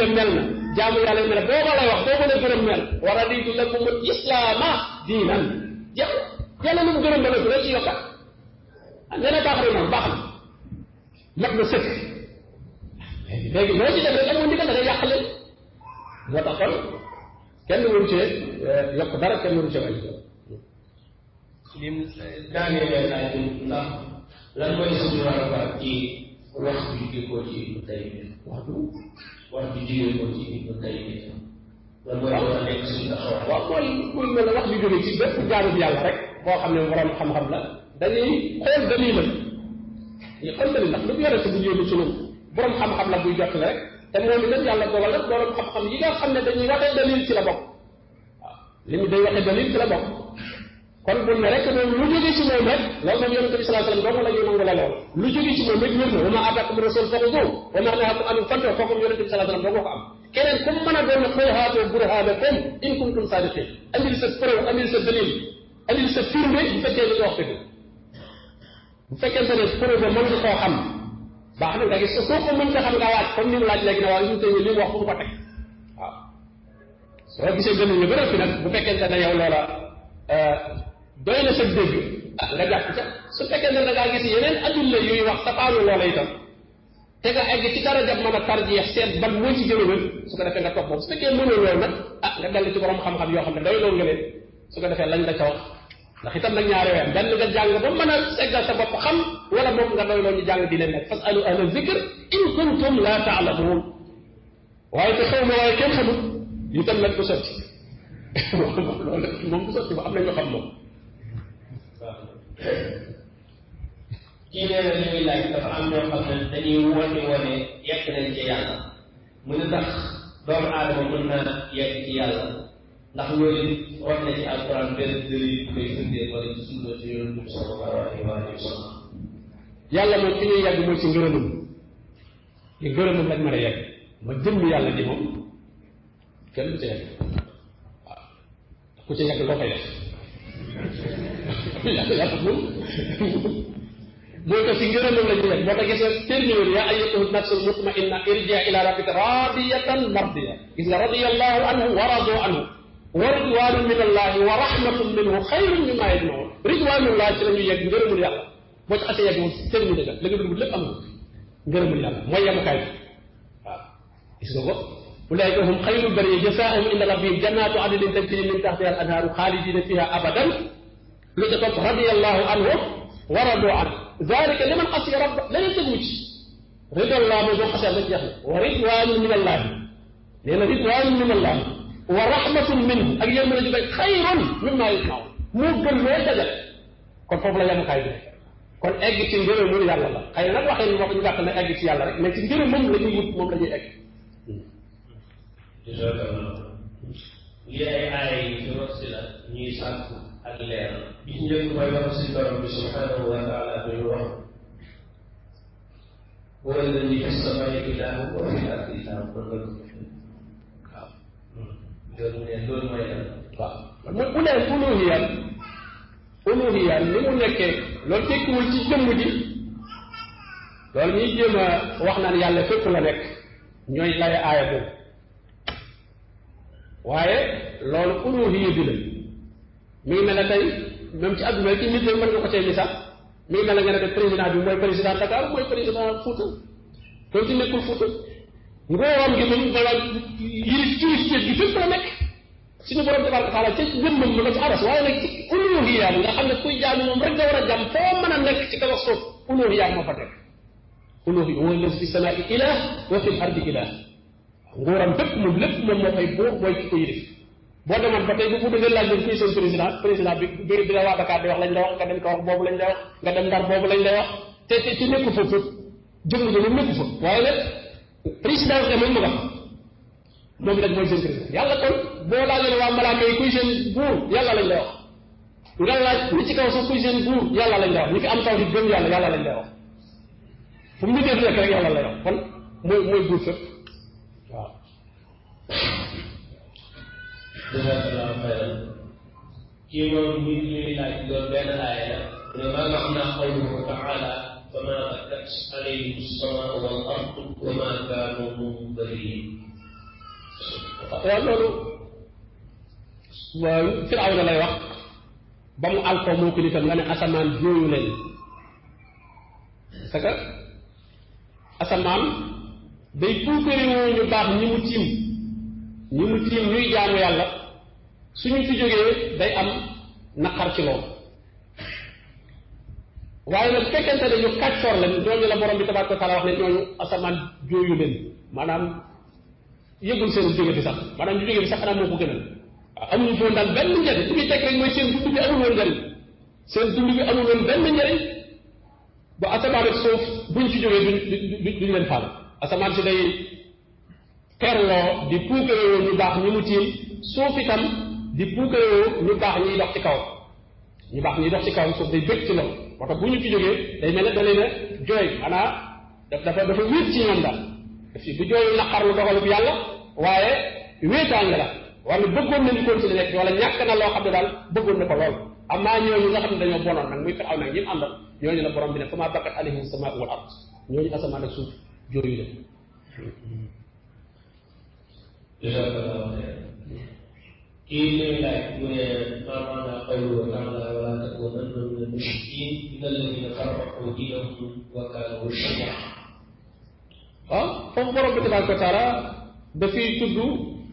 ya mel na jaamu yàlla mel na booba lay wax booba lee gërëm mel wa raditu lakum al islaama diinan jeex yàlla lu mu gërëm ba noppi rek ci ah, baax mat na sëkk léegi loo ci def rek amoo ndigal da ngay yàq leen moo tax kon kenn waru cee yokk dara kenn waru cee wàññi lim daanee laaj bi ndax lan mooy suñu war ci wax bi di ko ci ibnu taymiya wax du wax bi jógee ko ci ibnu taymiya lan mooy war a nekk suñu taxawaay waaw mooy kuy mel ne wax bi jógee ci bépp jaarub yàlla rek boo xam ne borom xam-xam la dañuy xool dañuy mën ñu xamtali ndax lu mu yore te bu ñëwee ci noonu borom xam-xam la buy jottali rek te moom itam yàlla dogal la borom xam-xam yi nga xam ne dañuy waxee dalil ci la bokk li mu day waxee dalil ci la bokk kon buñ ne rek lu jóge ci moom rek loolu moom yonente bi sallallahu alayhi la ñuy lu jóge ci moom rek wa ma ataakum rasul faxudu wa ma nahaakum anhu fantahu kooku yonente bi sallallahu alayhi wasallam dong ko am keneen comme mën a doon xul haatu burhaanakum in kuntum saadiqin andil sa preuve andil sa dalil bu fekkente ne projet mën nga koo xam baax na nga gis soo ko mën nga xam nga laaj comme ni mu laaj léegi ne waaye suñu mu wax fu mu ko teg waaw soo gisee gënuñ la ba rëpp nag bu fekkente ne yow loola euh, doy na sa dégg ah nga jàpp ca su fekkente ne da ngaa gis yeneen adduna yuy wax tapaanu loola itam te nga egg ci dara jàpp mën a tarjeex seet ban moo ci jëloon su ko defee nga topp moom su fekkee mënoo loolu nag ah nga dellu ci borom xam-xam yoo xam ne doy loolu nga leen su ko defee lañ la ca wax ndax itam nag ñaari weer benn nga jàng ba mën a seggal sa bopp xam wala moom nga doy loo ñu jàng di leen nag fasalu ahla zikr in kuntum la taalamuun waaye te xaw ma waaye kenn xamul itam nag du sotti loolu moom du sotti ba am na ñu xam moom. kii nee na li muy laaj dafa am ñoo xam ne dañuy woote woote yegg nañ ci yàlla mu ne ndax doomu aadama mën na yegg ci yàlla. ndax loolu war na ci alquran benn dëri koy firndee wala ci sunna ci yonent bi sallallahu alayhi wa sallam yàlla moom fi ñuy yàgg mooy ci ngërëmam ci ngërëmam lañ mën a yàgg ma jëmm yàlla di moom kenn du ci yàgg waaw ku ci yàgg loo koy def yàlla yàlla moom mooy que ci ngërëmam la ñuy yàgg moo tax gisee terminér yaa ayyatuha nafsul mutmainna irji ila rabbika radiyatan mardiya gis nga radiyallahu anhu wa radu anhu wa ridwanun min allahi wa rahmatun minhu xayrun mimma yajmaun ridwanullah ci la ñuy yegg ngërëmul yàlla boo ci xasee yegg moom seen mu dëggal la nga dugg lépp am ngërëmul yàlla mooy yemukaay bi waaw gis nga ko ulaika hum xayrul bariya jasaahum inda rabbihim jannatu adnin tajri min tahtiha al anhaaru xaalidina fiha abadan lu ca topp radiallahu anhu wa radu an zalika liman xasiya rabba leneen tëggu ci ridallah moom boo xasee rek jeex na wa ridwanun min allahi nee na ridwanun min allahi wa rahmatun minhu ak yërmande ju bay xayrun mimma yajmaun moo gën loo dajale kon foofu la yamukaay bi kon egg ci ngërëmul yàlla la xëy na nag waxee ni moo ko ñu gàttal ne egg ci yàlla rek mais ci ngërëmam la ñuy wut moom la ñuy egg. lii ay aaya yi ci rox si la ñuy sàkk ak leer bi ci njëkk mooy wax si borom bi subhanahu wa taala bi ñu wax huwa alladi fi samaai ilaahu wa fi l ardi ilaahu ruuxiya ni mu nekkee loolu tekkiwul ci jëmm ji loolu ñuy jéem a wax naan yàlla fépp la nekk ñooy lay aaya boobu waaye loolu uruuxiya bi la mi ngi mel ne tey même ci adduna ci nit mën nga ko cee misaal mi ngi mel ne nga ne président bi mooy président Dakar mooy président Fouta loolu ci nekkul Fouta ngóoram gi moom wala yiri ci gi fépp la nekk suñu borom tabaraka taala ca jëmmam la ci aras waaye nag ci uluhiya nga xam ne kuy jaamu moom rek nga war a jàmm foo mën a nekk ci kaw suuf uluhiya moo fa nekk uluhiya mooy la fi samaai ilah wa fi ardi ilah nguuram bépp moom lépp moom moo koy buur mooy ki ko yilif boo demoon ba tey bu bu dëgg laaj leen kuy seen président président bi bi dina waa Dakar di wax lañ la wax nga dem ko wax boobu lañ la wax nga dem Ndar boobu lañ la wax te te ci nekku fa foofu jëmm ji moom nekku fa waaye nag président te moom mu nga moom nag mooy seen président yàlla kon boo laajoon waa malaaka yi kuy seen buur yàlla lañ la wax nga laaj li ci kaw sax kuy seen buur yàlla lañ lay wax ñi fi am taw di gëm yàlla yàlla lañ lay wax fu mu def nekk rek yàlla lay wax kon mooy mooy buur fépp waaw jazakallahu xayran kii moom muy muy laaj loolu benn laaj la mu ne maa nga xam naa qawluhu taala fama bakat alayhim as-samaau wal ardu wa ma kaanu munzirin waaw loolu waaw Firawna lay wax ba mu alko moo ko nitam nga ne asamaan jooyu leen parce que asamaan day puukarewoo ñu baax ñi mu tiim ñi mu tiim ñuy jaamu yàlla suñu fi jógee day am naqar ci loolu waaye nag fekkente ne ñu kàccoor lañ ñooñu la borom bi tabaaraka wa taala wax ne ñooñu asamaan jooyu leen maanaam yëgul seen jóge fi sax maanaam ñu jóge fi sax xanaa moo ko gënal amuñu foon daal benn njariñ li muy teg rek mooy seen dund bi amul woon njariñ seen dund bi amul benn njariñ ba asamaan ak suuf buñ ci jógee duñ leen faal asamaan si day kerloo di puukarewoo ñu baax ñi mu tiim suuf di ñu baax ñiy dox ci kaw ñu baax ñiy dox ci kawam suuf day bëgg ci loolu moo tax bu day mel ne da leen a jooy xanaa dafa dafa wéet ci ñoom daal daf jooyu naqar lu dogalub yàlla waaye wéetaan nga la wala bëggoon nañu continuer nekk wala ñàkk na loo xam ne daal bëggoon na ko lool amaa ñooñu nga xam ne dañoo bonoon nag muy firaw nag ñëpp àndal ñooñu la borom bi ne fama bakat alayhim samaau wal ard ñooñu asamaan ak suuf jooyu la kii muy laaj mu ne maanaam naa koy woo taala wa takunanna min al-mushrikiin illa alladina farraqu diinahum wa kaanu shiyaa ah, waaw foofu borom bi tabaaraka wa taala dafay tudd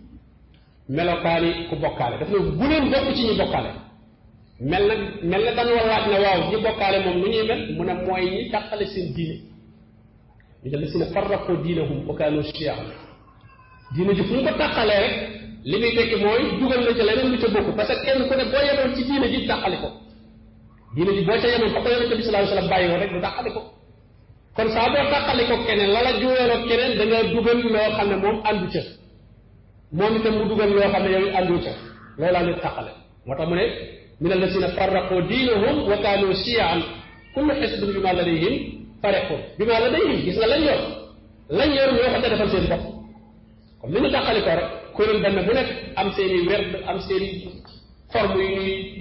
melokaani ku bokkaale daf ne bu leen bokk ci ñi bokkaale mel nag mel na dañu war laaj ne waaw ñi bokkaale moom nu ñuy mel mu ne mooy ñi tàqale seen diine ñu def si ne farraqoo diinahum wa kaanu shiya'an diine ji fu ñu ko rek li muy tekki mooy dugal na ci leneen lu ca bokk parce que kenn ku ne boo yemoon ci diine ji tàqali ko diine ji boo ca yemoon fa ko yonente bi sallallahu alayhi wasallam bàyyi woon rek du ko kon saa boo keneen la la juweeloo keneen da nga dugal loo xam ne moom àndu ca moom itam mu dugal loo xam ne yow it àndu ca loolaa ñu moo tax mu ne min allasina farraqu diinahum wa kaanu siyaan kullu xisbin bi ma ladayhim farixun bi ma ladayhim gis la lañ yor lañ yor ñoo ko ca defal seen bopp comme ni ko rek kuréel benn am seen i werd am seen i forme yu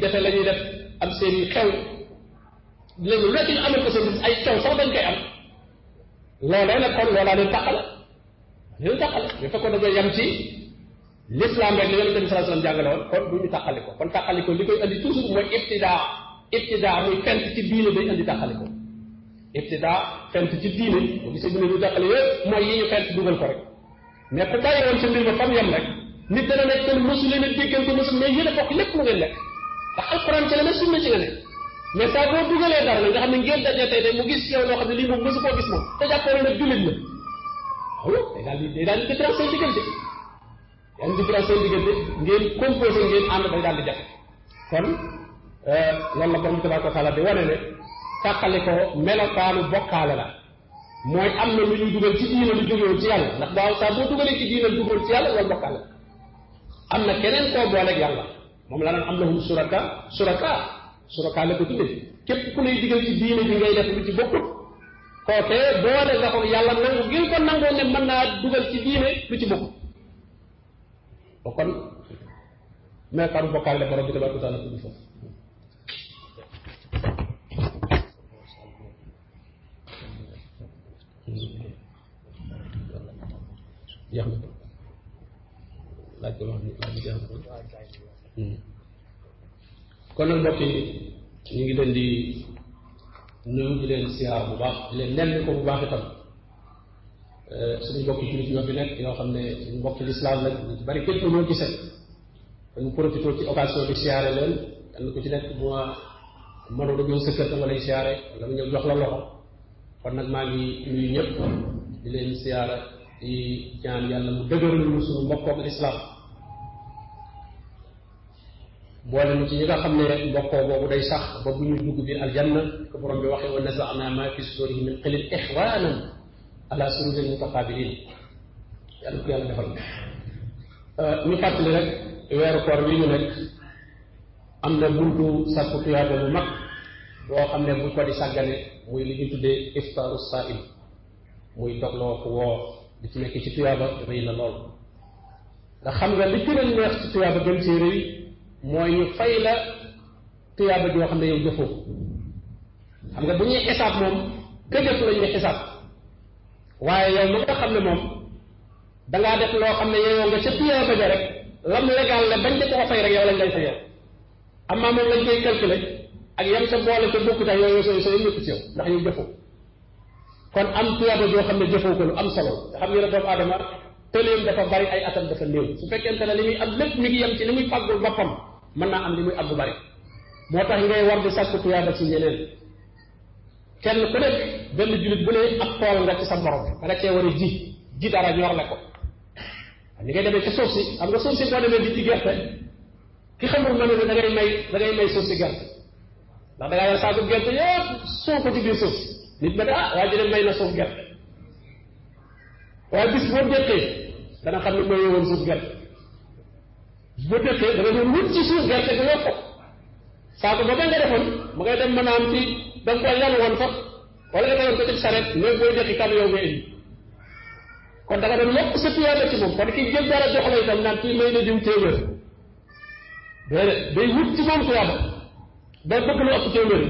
defe la def am seen i xew léegi lu nekk ñu amal ko seen ay xew sax dañ koy ci l'islam rek li yonente bi sallallahu alayhi wasallam jàngale woon kon du ñu tàqaliko kon tàqaliko li koy andi toujours mooy ibtidaa ibtidaa muy fent ci diine day andi tàqaliko ibtidaa fent ci diine bu gisee dina ñu tàqali yëpp mooy yi ñu fent dugal ko rek mais ku bàyyi woon ci mbir ma fam yem rek nit dana nekk kon mosu leen a déggal ko mosu mais yéen a bokk lépp lu ngeen nekk ndax alquran ci la ne sunna ci la ne mais saa boo dugalee dara la nga xam ne ngeen dajee tey tey mu gis yow loo xam ne lii moom mosu koo gis moom te jàppoo ne nag jullit la xolo day daal di day daal di différence seen diggante yan différence seen diggante ngeen composé ngeen ànd day daal di jafe kon euh, loolu la borom tabaraka wa taala melokaanu bokkaale la mooy am na lu ñuy dugal ci diina lu jógewoon ci yàlla ndax daaw saa boo dugalee ci diina lu jógewoon ci yàlla loolu bokkaale la am na keneen koo booleeg yàlla moom la naan am lahum suraka suraka suraka la ko tuddee képp ku lay digal ci diina ji ngay def lu ci bokkut kookee boole nga ko yàlla nangu ngeen ko nangoo ne mën naa dugal ci diine lu ba kon meekaaru bokkaale borom bi tabaaraka wa taala tudd foofu laaj ko wax bi jeex na hmm. kon nag mbokk ñu ngi leen di nuyu di leen siyaar bu baax di leen nenn ko bu baax itam Euh, suñu mbokki jullit ñoo fi nekk yoo xam ne suñu mbokki lislaam nag ñu bari képp ñoo gis ak dañu profité ci occasion bi siyaare leen kenn ku ci nekk mu mënoo da ñëw sa kër dama lay siyaare wala mu ñëw jox la loxo kon nag maa ngi nuyu ñëpp di leen siyaara di ñaan yàlla mu dëgëral ñu suñu mbokkoog lislaam boole ñu ci ñi nga xam ne rek mbokkoo boobu day sax ba bu ñu dugg biir aljanna ko borom bi waxee wa nasaana ma fi sudurihim min xilin ixwanan ala sururin mutaqabilin yàlla ko yàlla euh, rek weeru koor wi ñu nekk am na buntu sàkku tuyaaba bu mag boo xam ne buñ ko di sàggane muy li ñu tuddee iftaaru saim muy togloo ku woor di ci nekk ci tuyaaba rëy na lool nga xam nga li gën neex ci tuyaaba gën ci rëy mooy ñu fay la tuyaaba joo xam ne yow jëfoo xam nga bu ñuy xisaab moom ka jëf xisaab waaye yow mi nga xam ne moom dangaa def loo xam ne yow nga ca tiyaa ba rek lam légal la bañ di ko fay rek yow lañ lay fayal amaa moom lañ koy calculer ak yam sa boole ca bokku tax yow sa sa yëpp ci yow ndax yow jëfoo kon am tuyaaba joo xam ne jëfoo ko lu am solo nga xam ne te aadama tëleem dafa bari ay atam dafa néew su fekkente ne li muy am lépp mi ngi yem ci li muy fàggul boppam mën naa am li muy am bu bari moo tax ngay war di sàkku tuyaaba ci ñeneen kenn ku nekk benn jullit bu ne ab tool nga ci sa morom da nga ji ji dara ñor la ko ni ngay demee ci suuf si xam nga suuf si boo demee di ci gerte ki xamul ma ne da ngay may suuf si gerte ndax da ngaa yor saako gerte yëpp suuf ko ci biir suuf si nit ma ne ah waa ji ne may na suuf gerte waaye bis boo gerte boo déqee da nga doon wut ci dem mën a am da nga ko yan woon sax wala nga tegoon ko ci saret mais booy deqi camion nga indi kon da dem doon yokk sa tuyaaba ci moom kon ki jël a jox la itam naan kii may na diw téeméer déedéet day wut ci moom tuyaaba day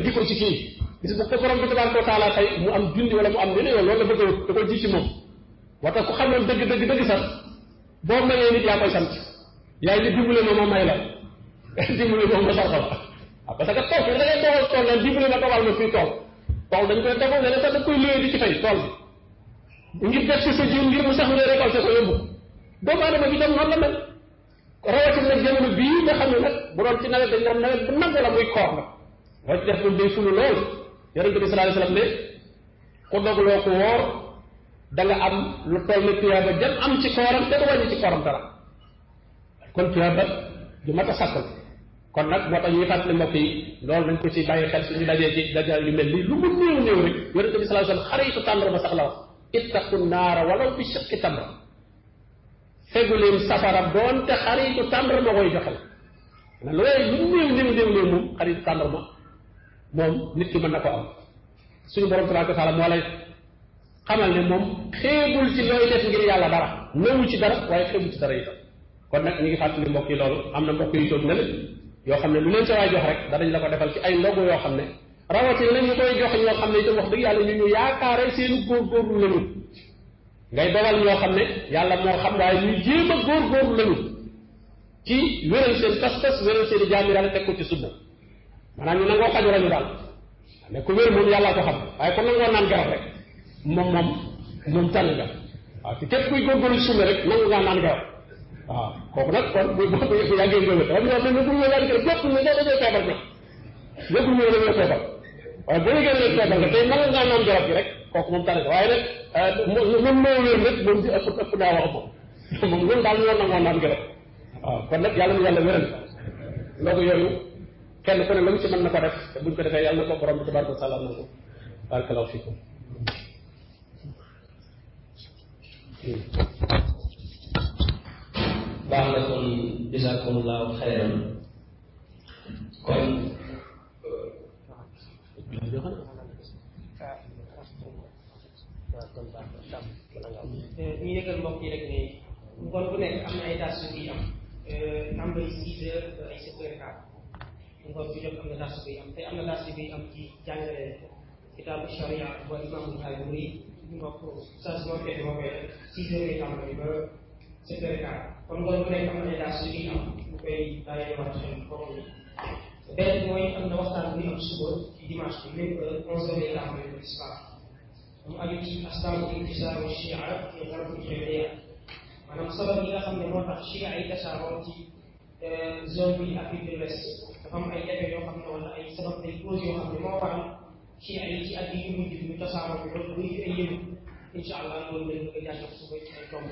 di ko ci kii bi tabaaraka wa mu am junni wala mu am leneen yow loolu da ko moom moo tax ku xam ne dëgg dëgg dëgg sax boo mayee nit yaa koy sant yaay li dimbale ma ma may la dimbale ma ma sarxal ah parce que tool bi da ngay toogal tool naan dimbali ma toogal ma fii tool tool dañ koy defal ne la di ci fay tool bi ngir def sa jiw ngir mu sax mu ne récolté ko yóbbu doomu aadama bi tam noonu nag jamono bii nga xam ne nag bu doon ci nawet dañ doon nawet bu nangu la muy koor nag loo ci def loolu day sunu lool yonente bi sallallahu alayhi wasallam ko woor da am lu toll ne tuyaaba jëm am ci kooram te du wàññi ci kooram dara kon tuyaaba ju a sàkkal kon nag moo tax ñuy fàttali mbokk yi loolu dañ ko ci bàyyi xel suñu dajee ci dajal yu mel nii lu mu néew néew rek yonente bi sallallahu alayhi wasallam xaritu la wax ittaqu naara walaw bi shiqqi safara doonte xaritu tàmbara ma koy joxal loolee lu néew néew néew néew moom xaritu tàmbara moom na ko am suñu borom tabaraka taala moom xeebul ci looy def ngir yàlla dara néewu ci dara waaye xeebul ci dara itam kon nag ñu ngi fàttali mbokk yi loolu am na mbokk yu toog na yoo xam ne lu leen ca jox rek danañ la ko defal ci ay ndogu yoo xam ne rawatina nag ñu koy joxe ñoo xam ne itam wax dëgg yàlla ñu ñu yaakaare seenu góorgóorlu lañu ngay dogal ñoo xam ne yàlla moo xam waaye ñuy jéem a góorgóorlu lañu ci wéral seen tas-tas wéral seen i jaami daal teg ko ci sunna maanaam ñu nangoo xaju rañu daal mais ku wér moom yàllaa ko xam waaye kon nangoo naan garab rek moom moom moom tànn nga waaw te képp kuy góorgóorlu naan garab waaw kooku nag kon bu bopp yëpp yàggee ñëw xam nga xam ne bu ñu daal di jot ne da ngay feebar nga nekkul ñëw da ngay feebar waaye bu ñu génnee feebar nga tey mën ngaa naan garab gi rek kooku moom tane waaye nag moom moo wér nag moom ci ëpp ëpp naa wax moom moom loolu daal ñoo nangoo naan garab waaw kon nag yàlla na yàlla wéral ndogu yooyu kenn ku ne la mu ci mën na ko def te buñ ko defee yàlla na ko borom bi tabaraka taala nangu barakallahu fikum hmm. baax na kon jazakumullahu xayran kon euh, ñu yëgal mbokk yi rek ne ngoon bu nekk am na ay tas yu am euh, tàmbali six heures ba euh, ay sept heures quart ngoon bu jot am na tas yu am te am na tas yu am ci jàngale kitaabu sharia bu imam Buxaari muy mbokk saa su ma fekk ma koy six heures yi ba secteur cadre kon loolu ku nekk am na étage yu ñuy am ñu koy bàyyi waat seen bopp yi benn mooy am na waxtaan bu ñu am suba ci dimanche bi lépp onze heures la amee le soir mu aju ci asbaabu intisaaru chia fi xarbu xeweya maanaam sabab yi nga xam ne moo tax chia yi tasaaroo ci zone bi Afrique de l'Ouest dafa am ay effet yoo xam ne wala ay sabab day cause yoo xam ne moo waral chia yi ci at yi ñu mujj ñu tasaaroo bi loolu buy ay yëngu incha allah loolu dañ ko jàngal suba ci ay tomb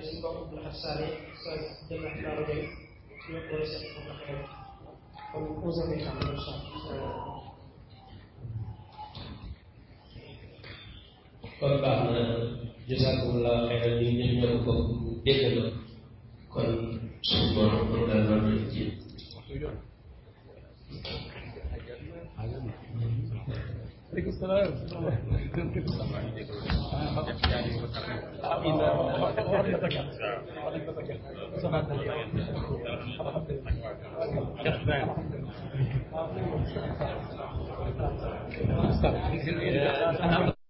suñu mbokk Abdoulaye Sall sa jëmmat Daara Gueye suñu projet si xam nga xew kon on se fait xam nga incha kon baax na jazakumullah xeyran ñu ñëpp ñoo ko déggandoo kon suñu borom programme ci aleykum salaam wax na ko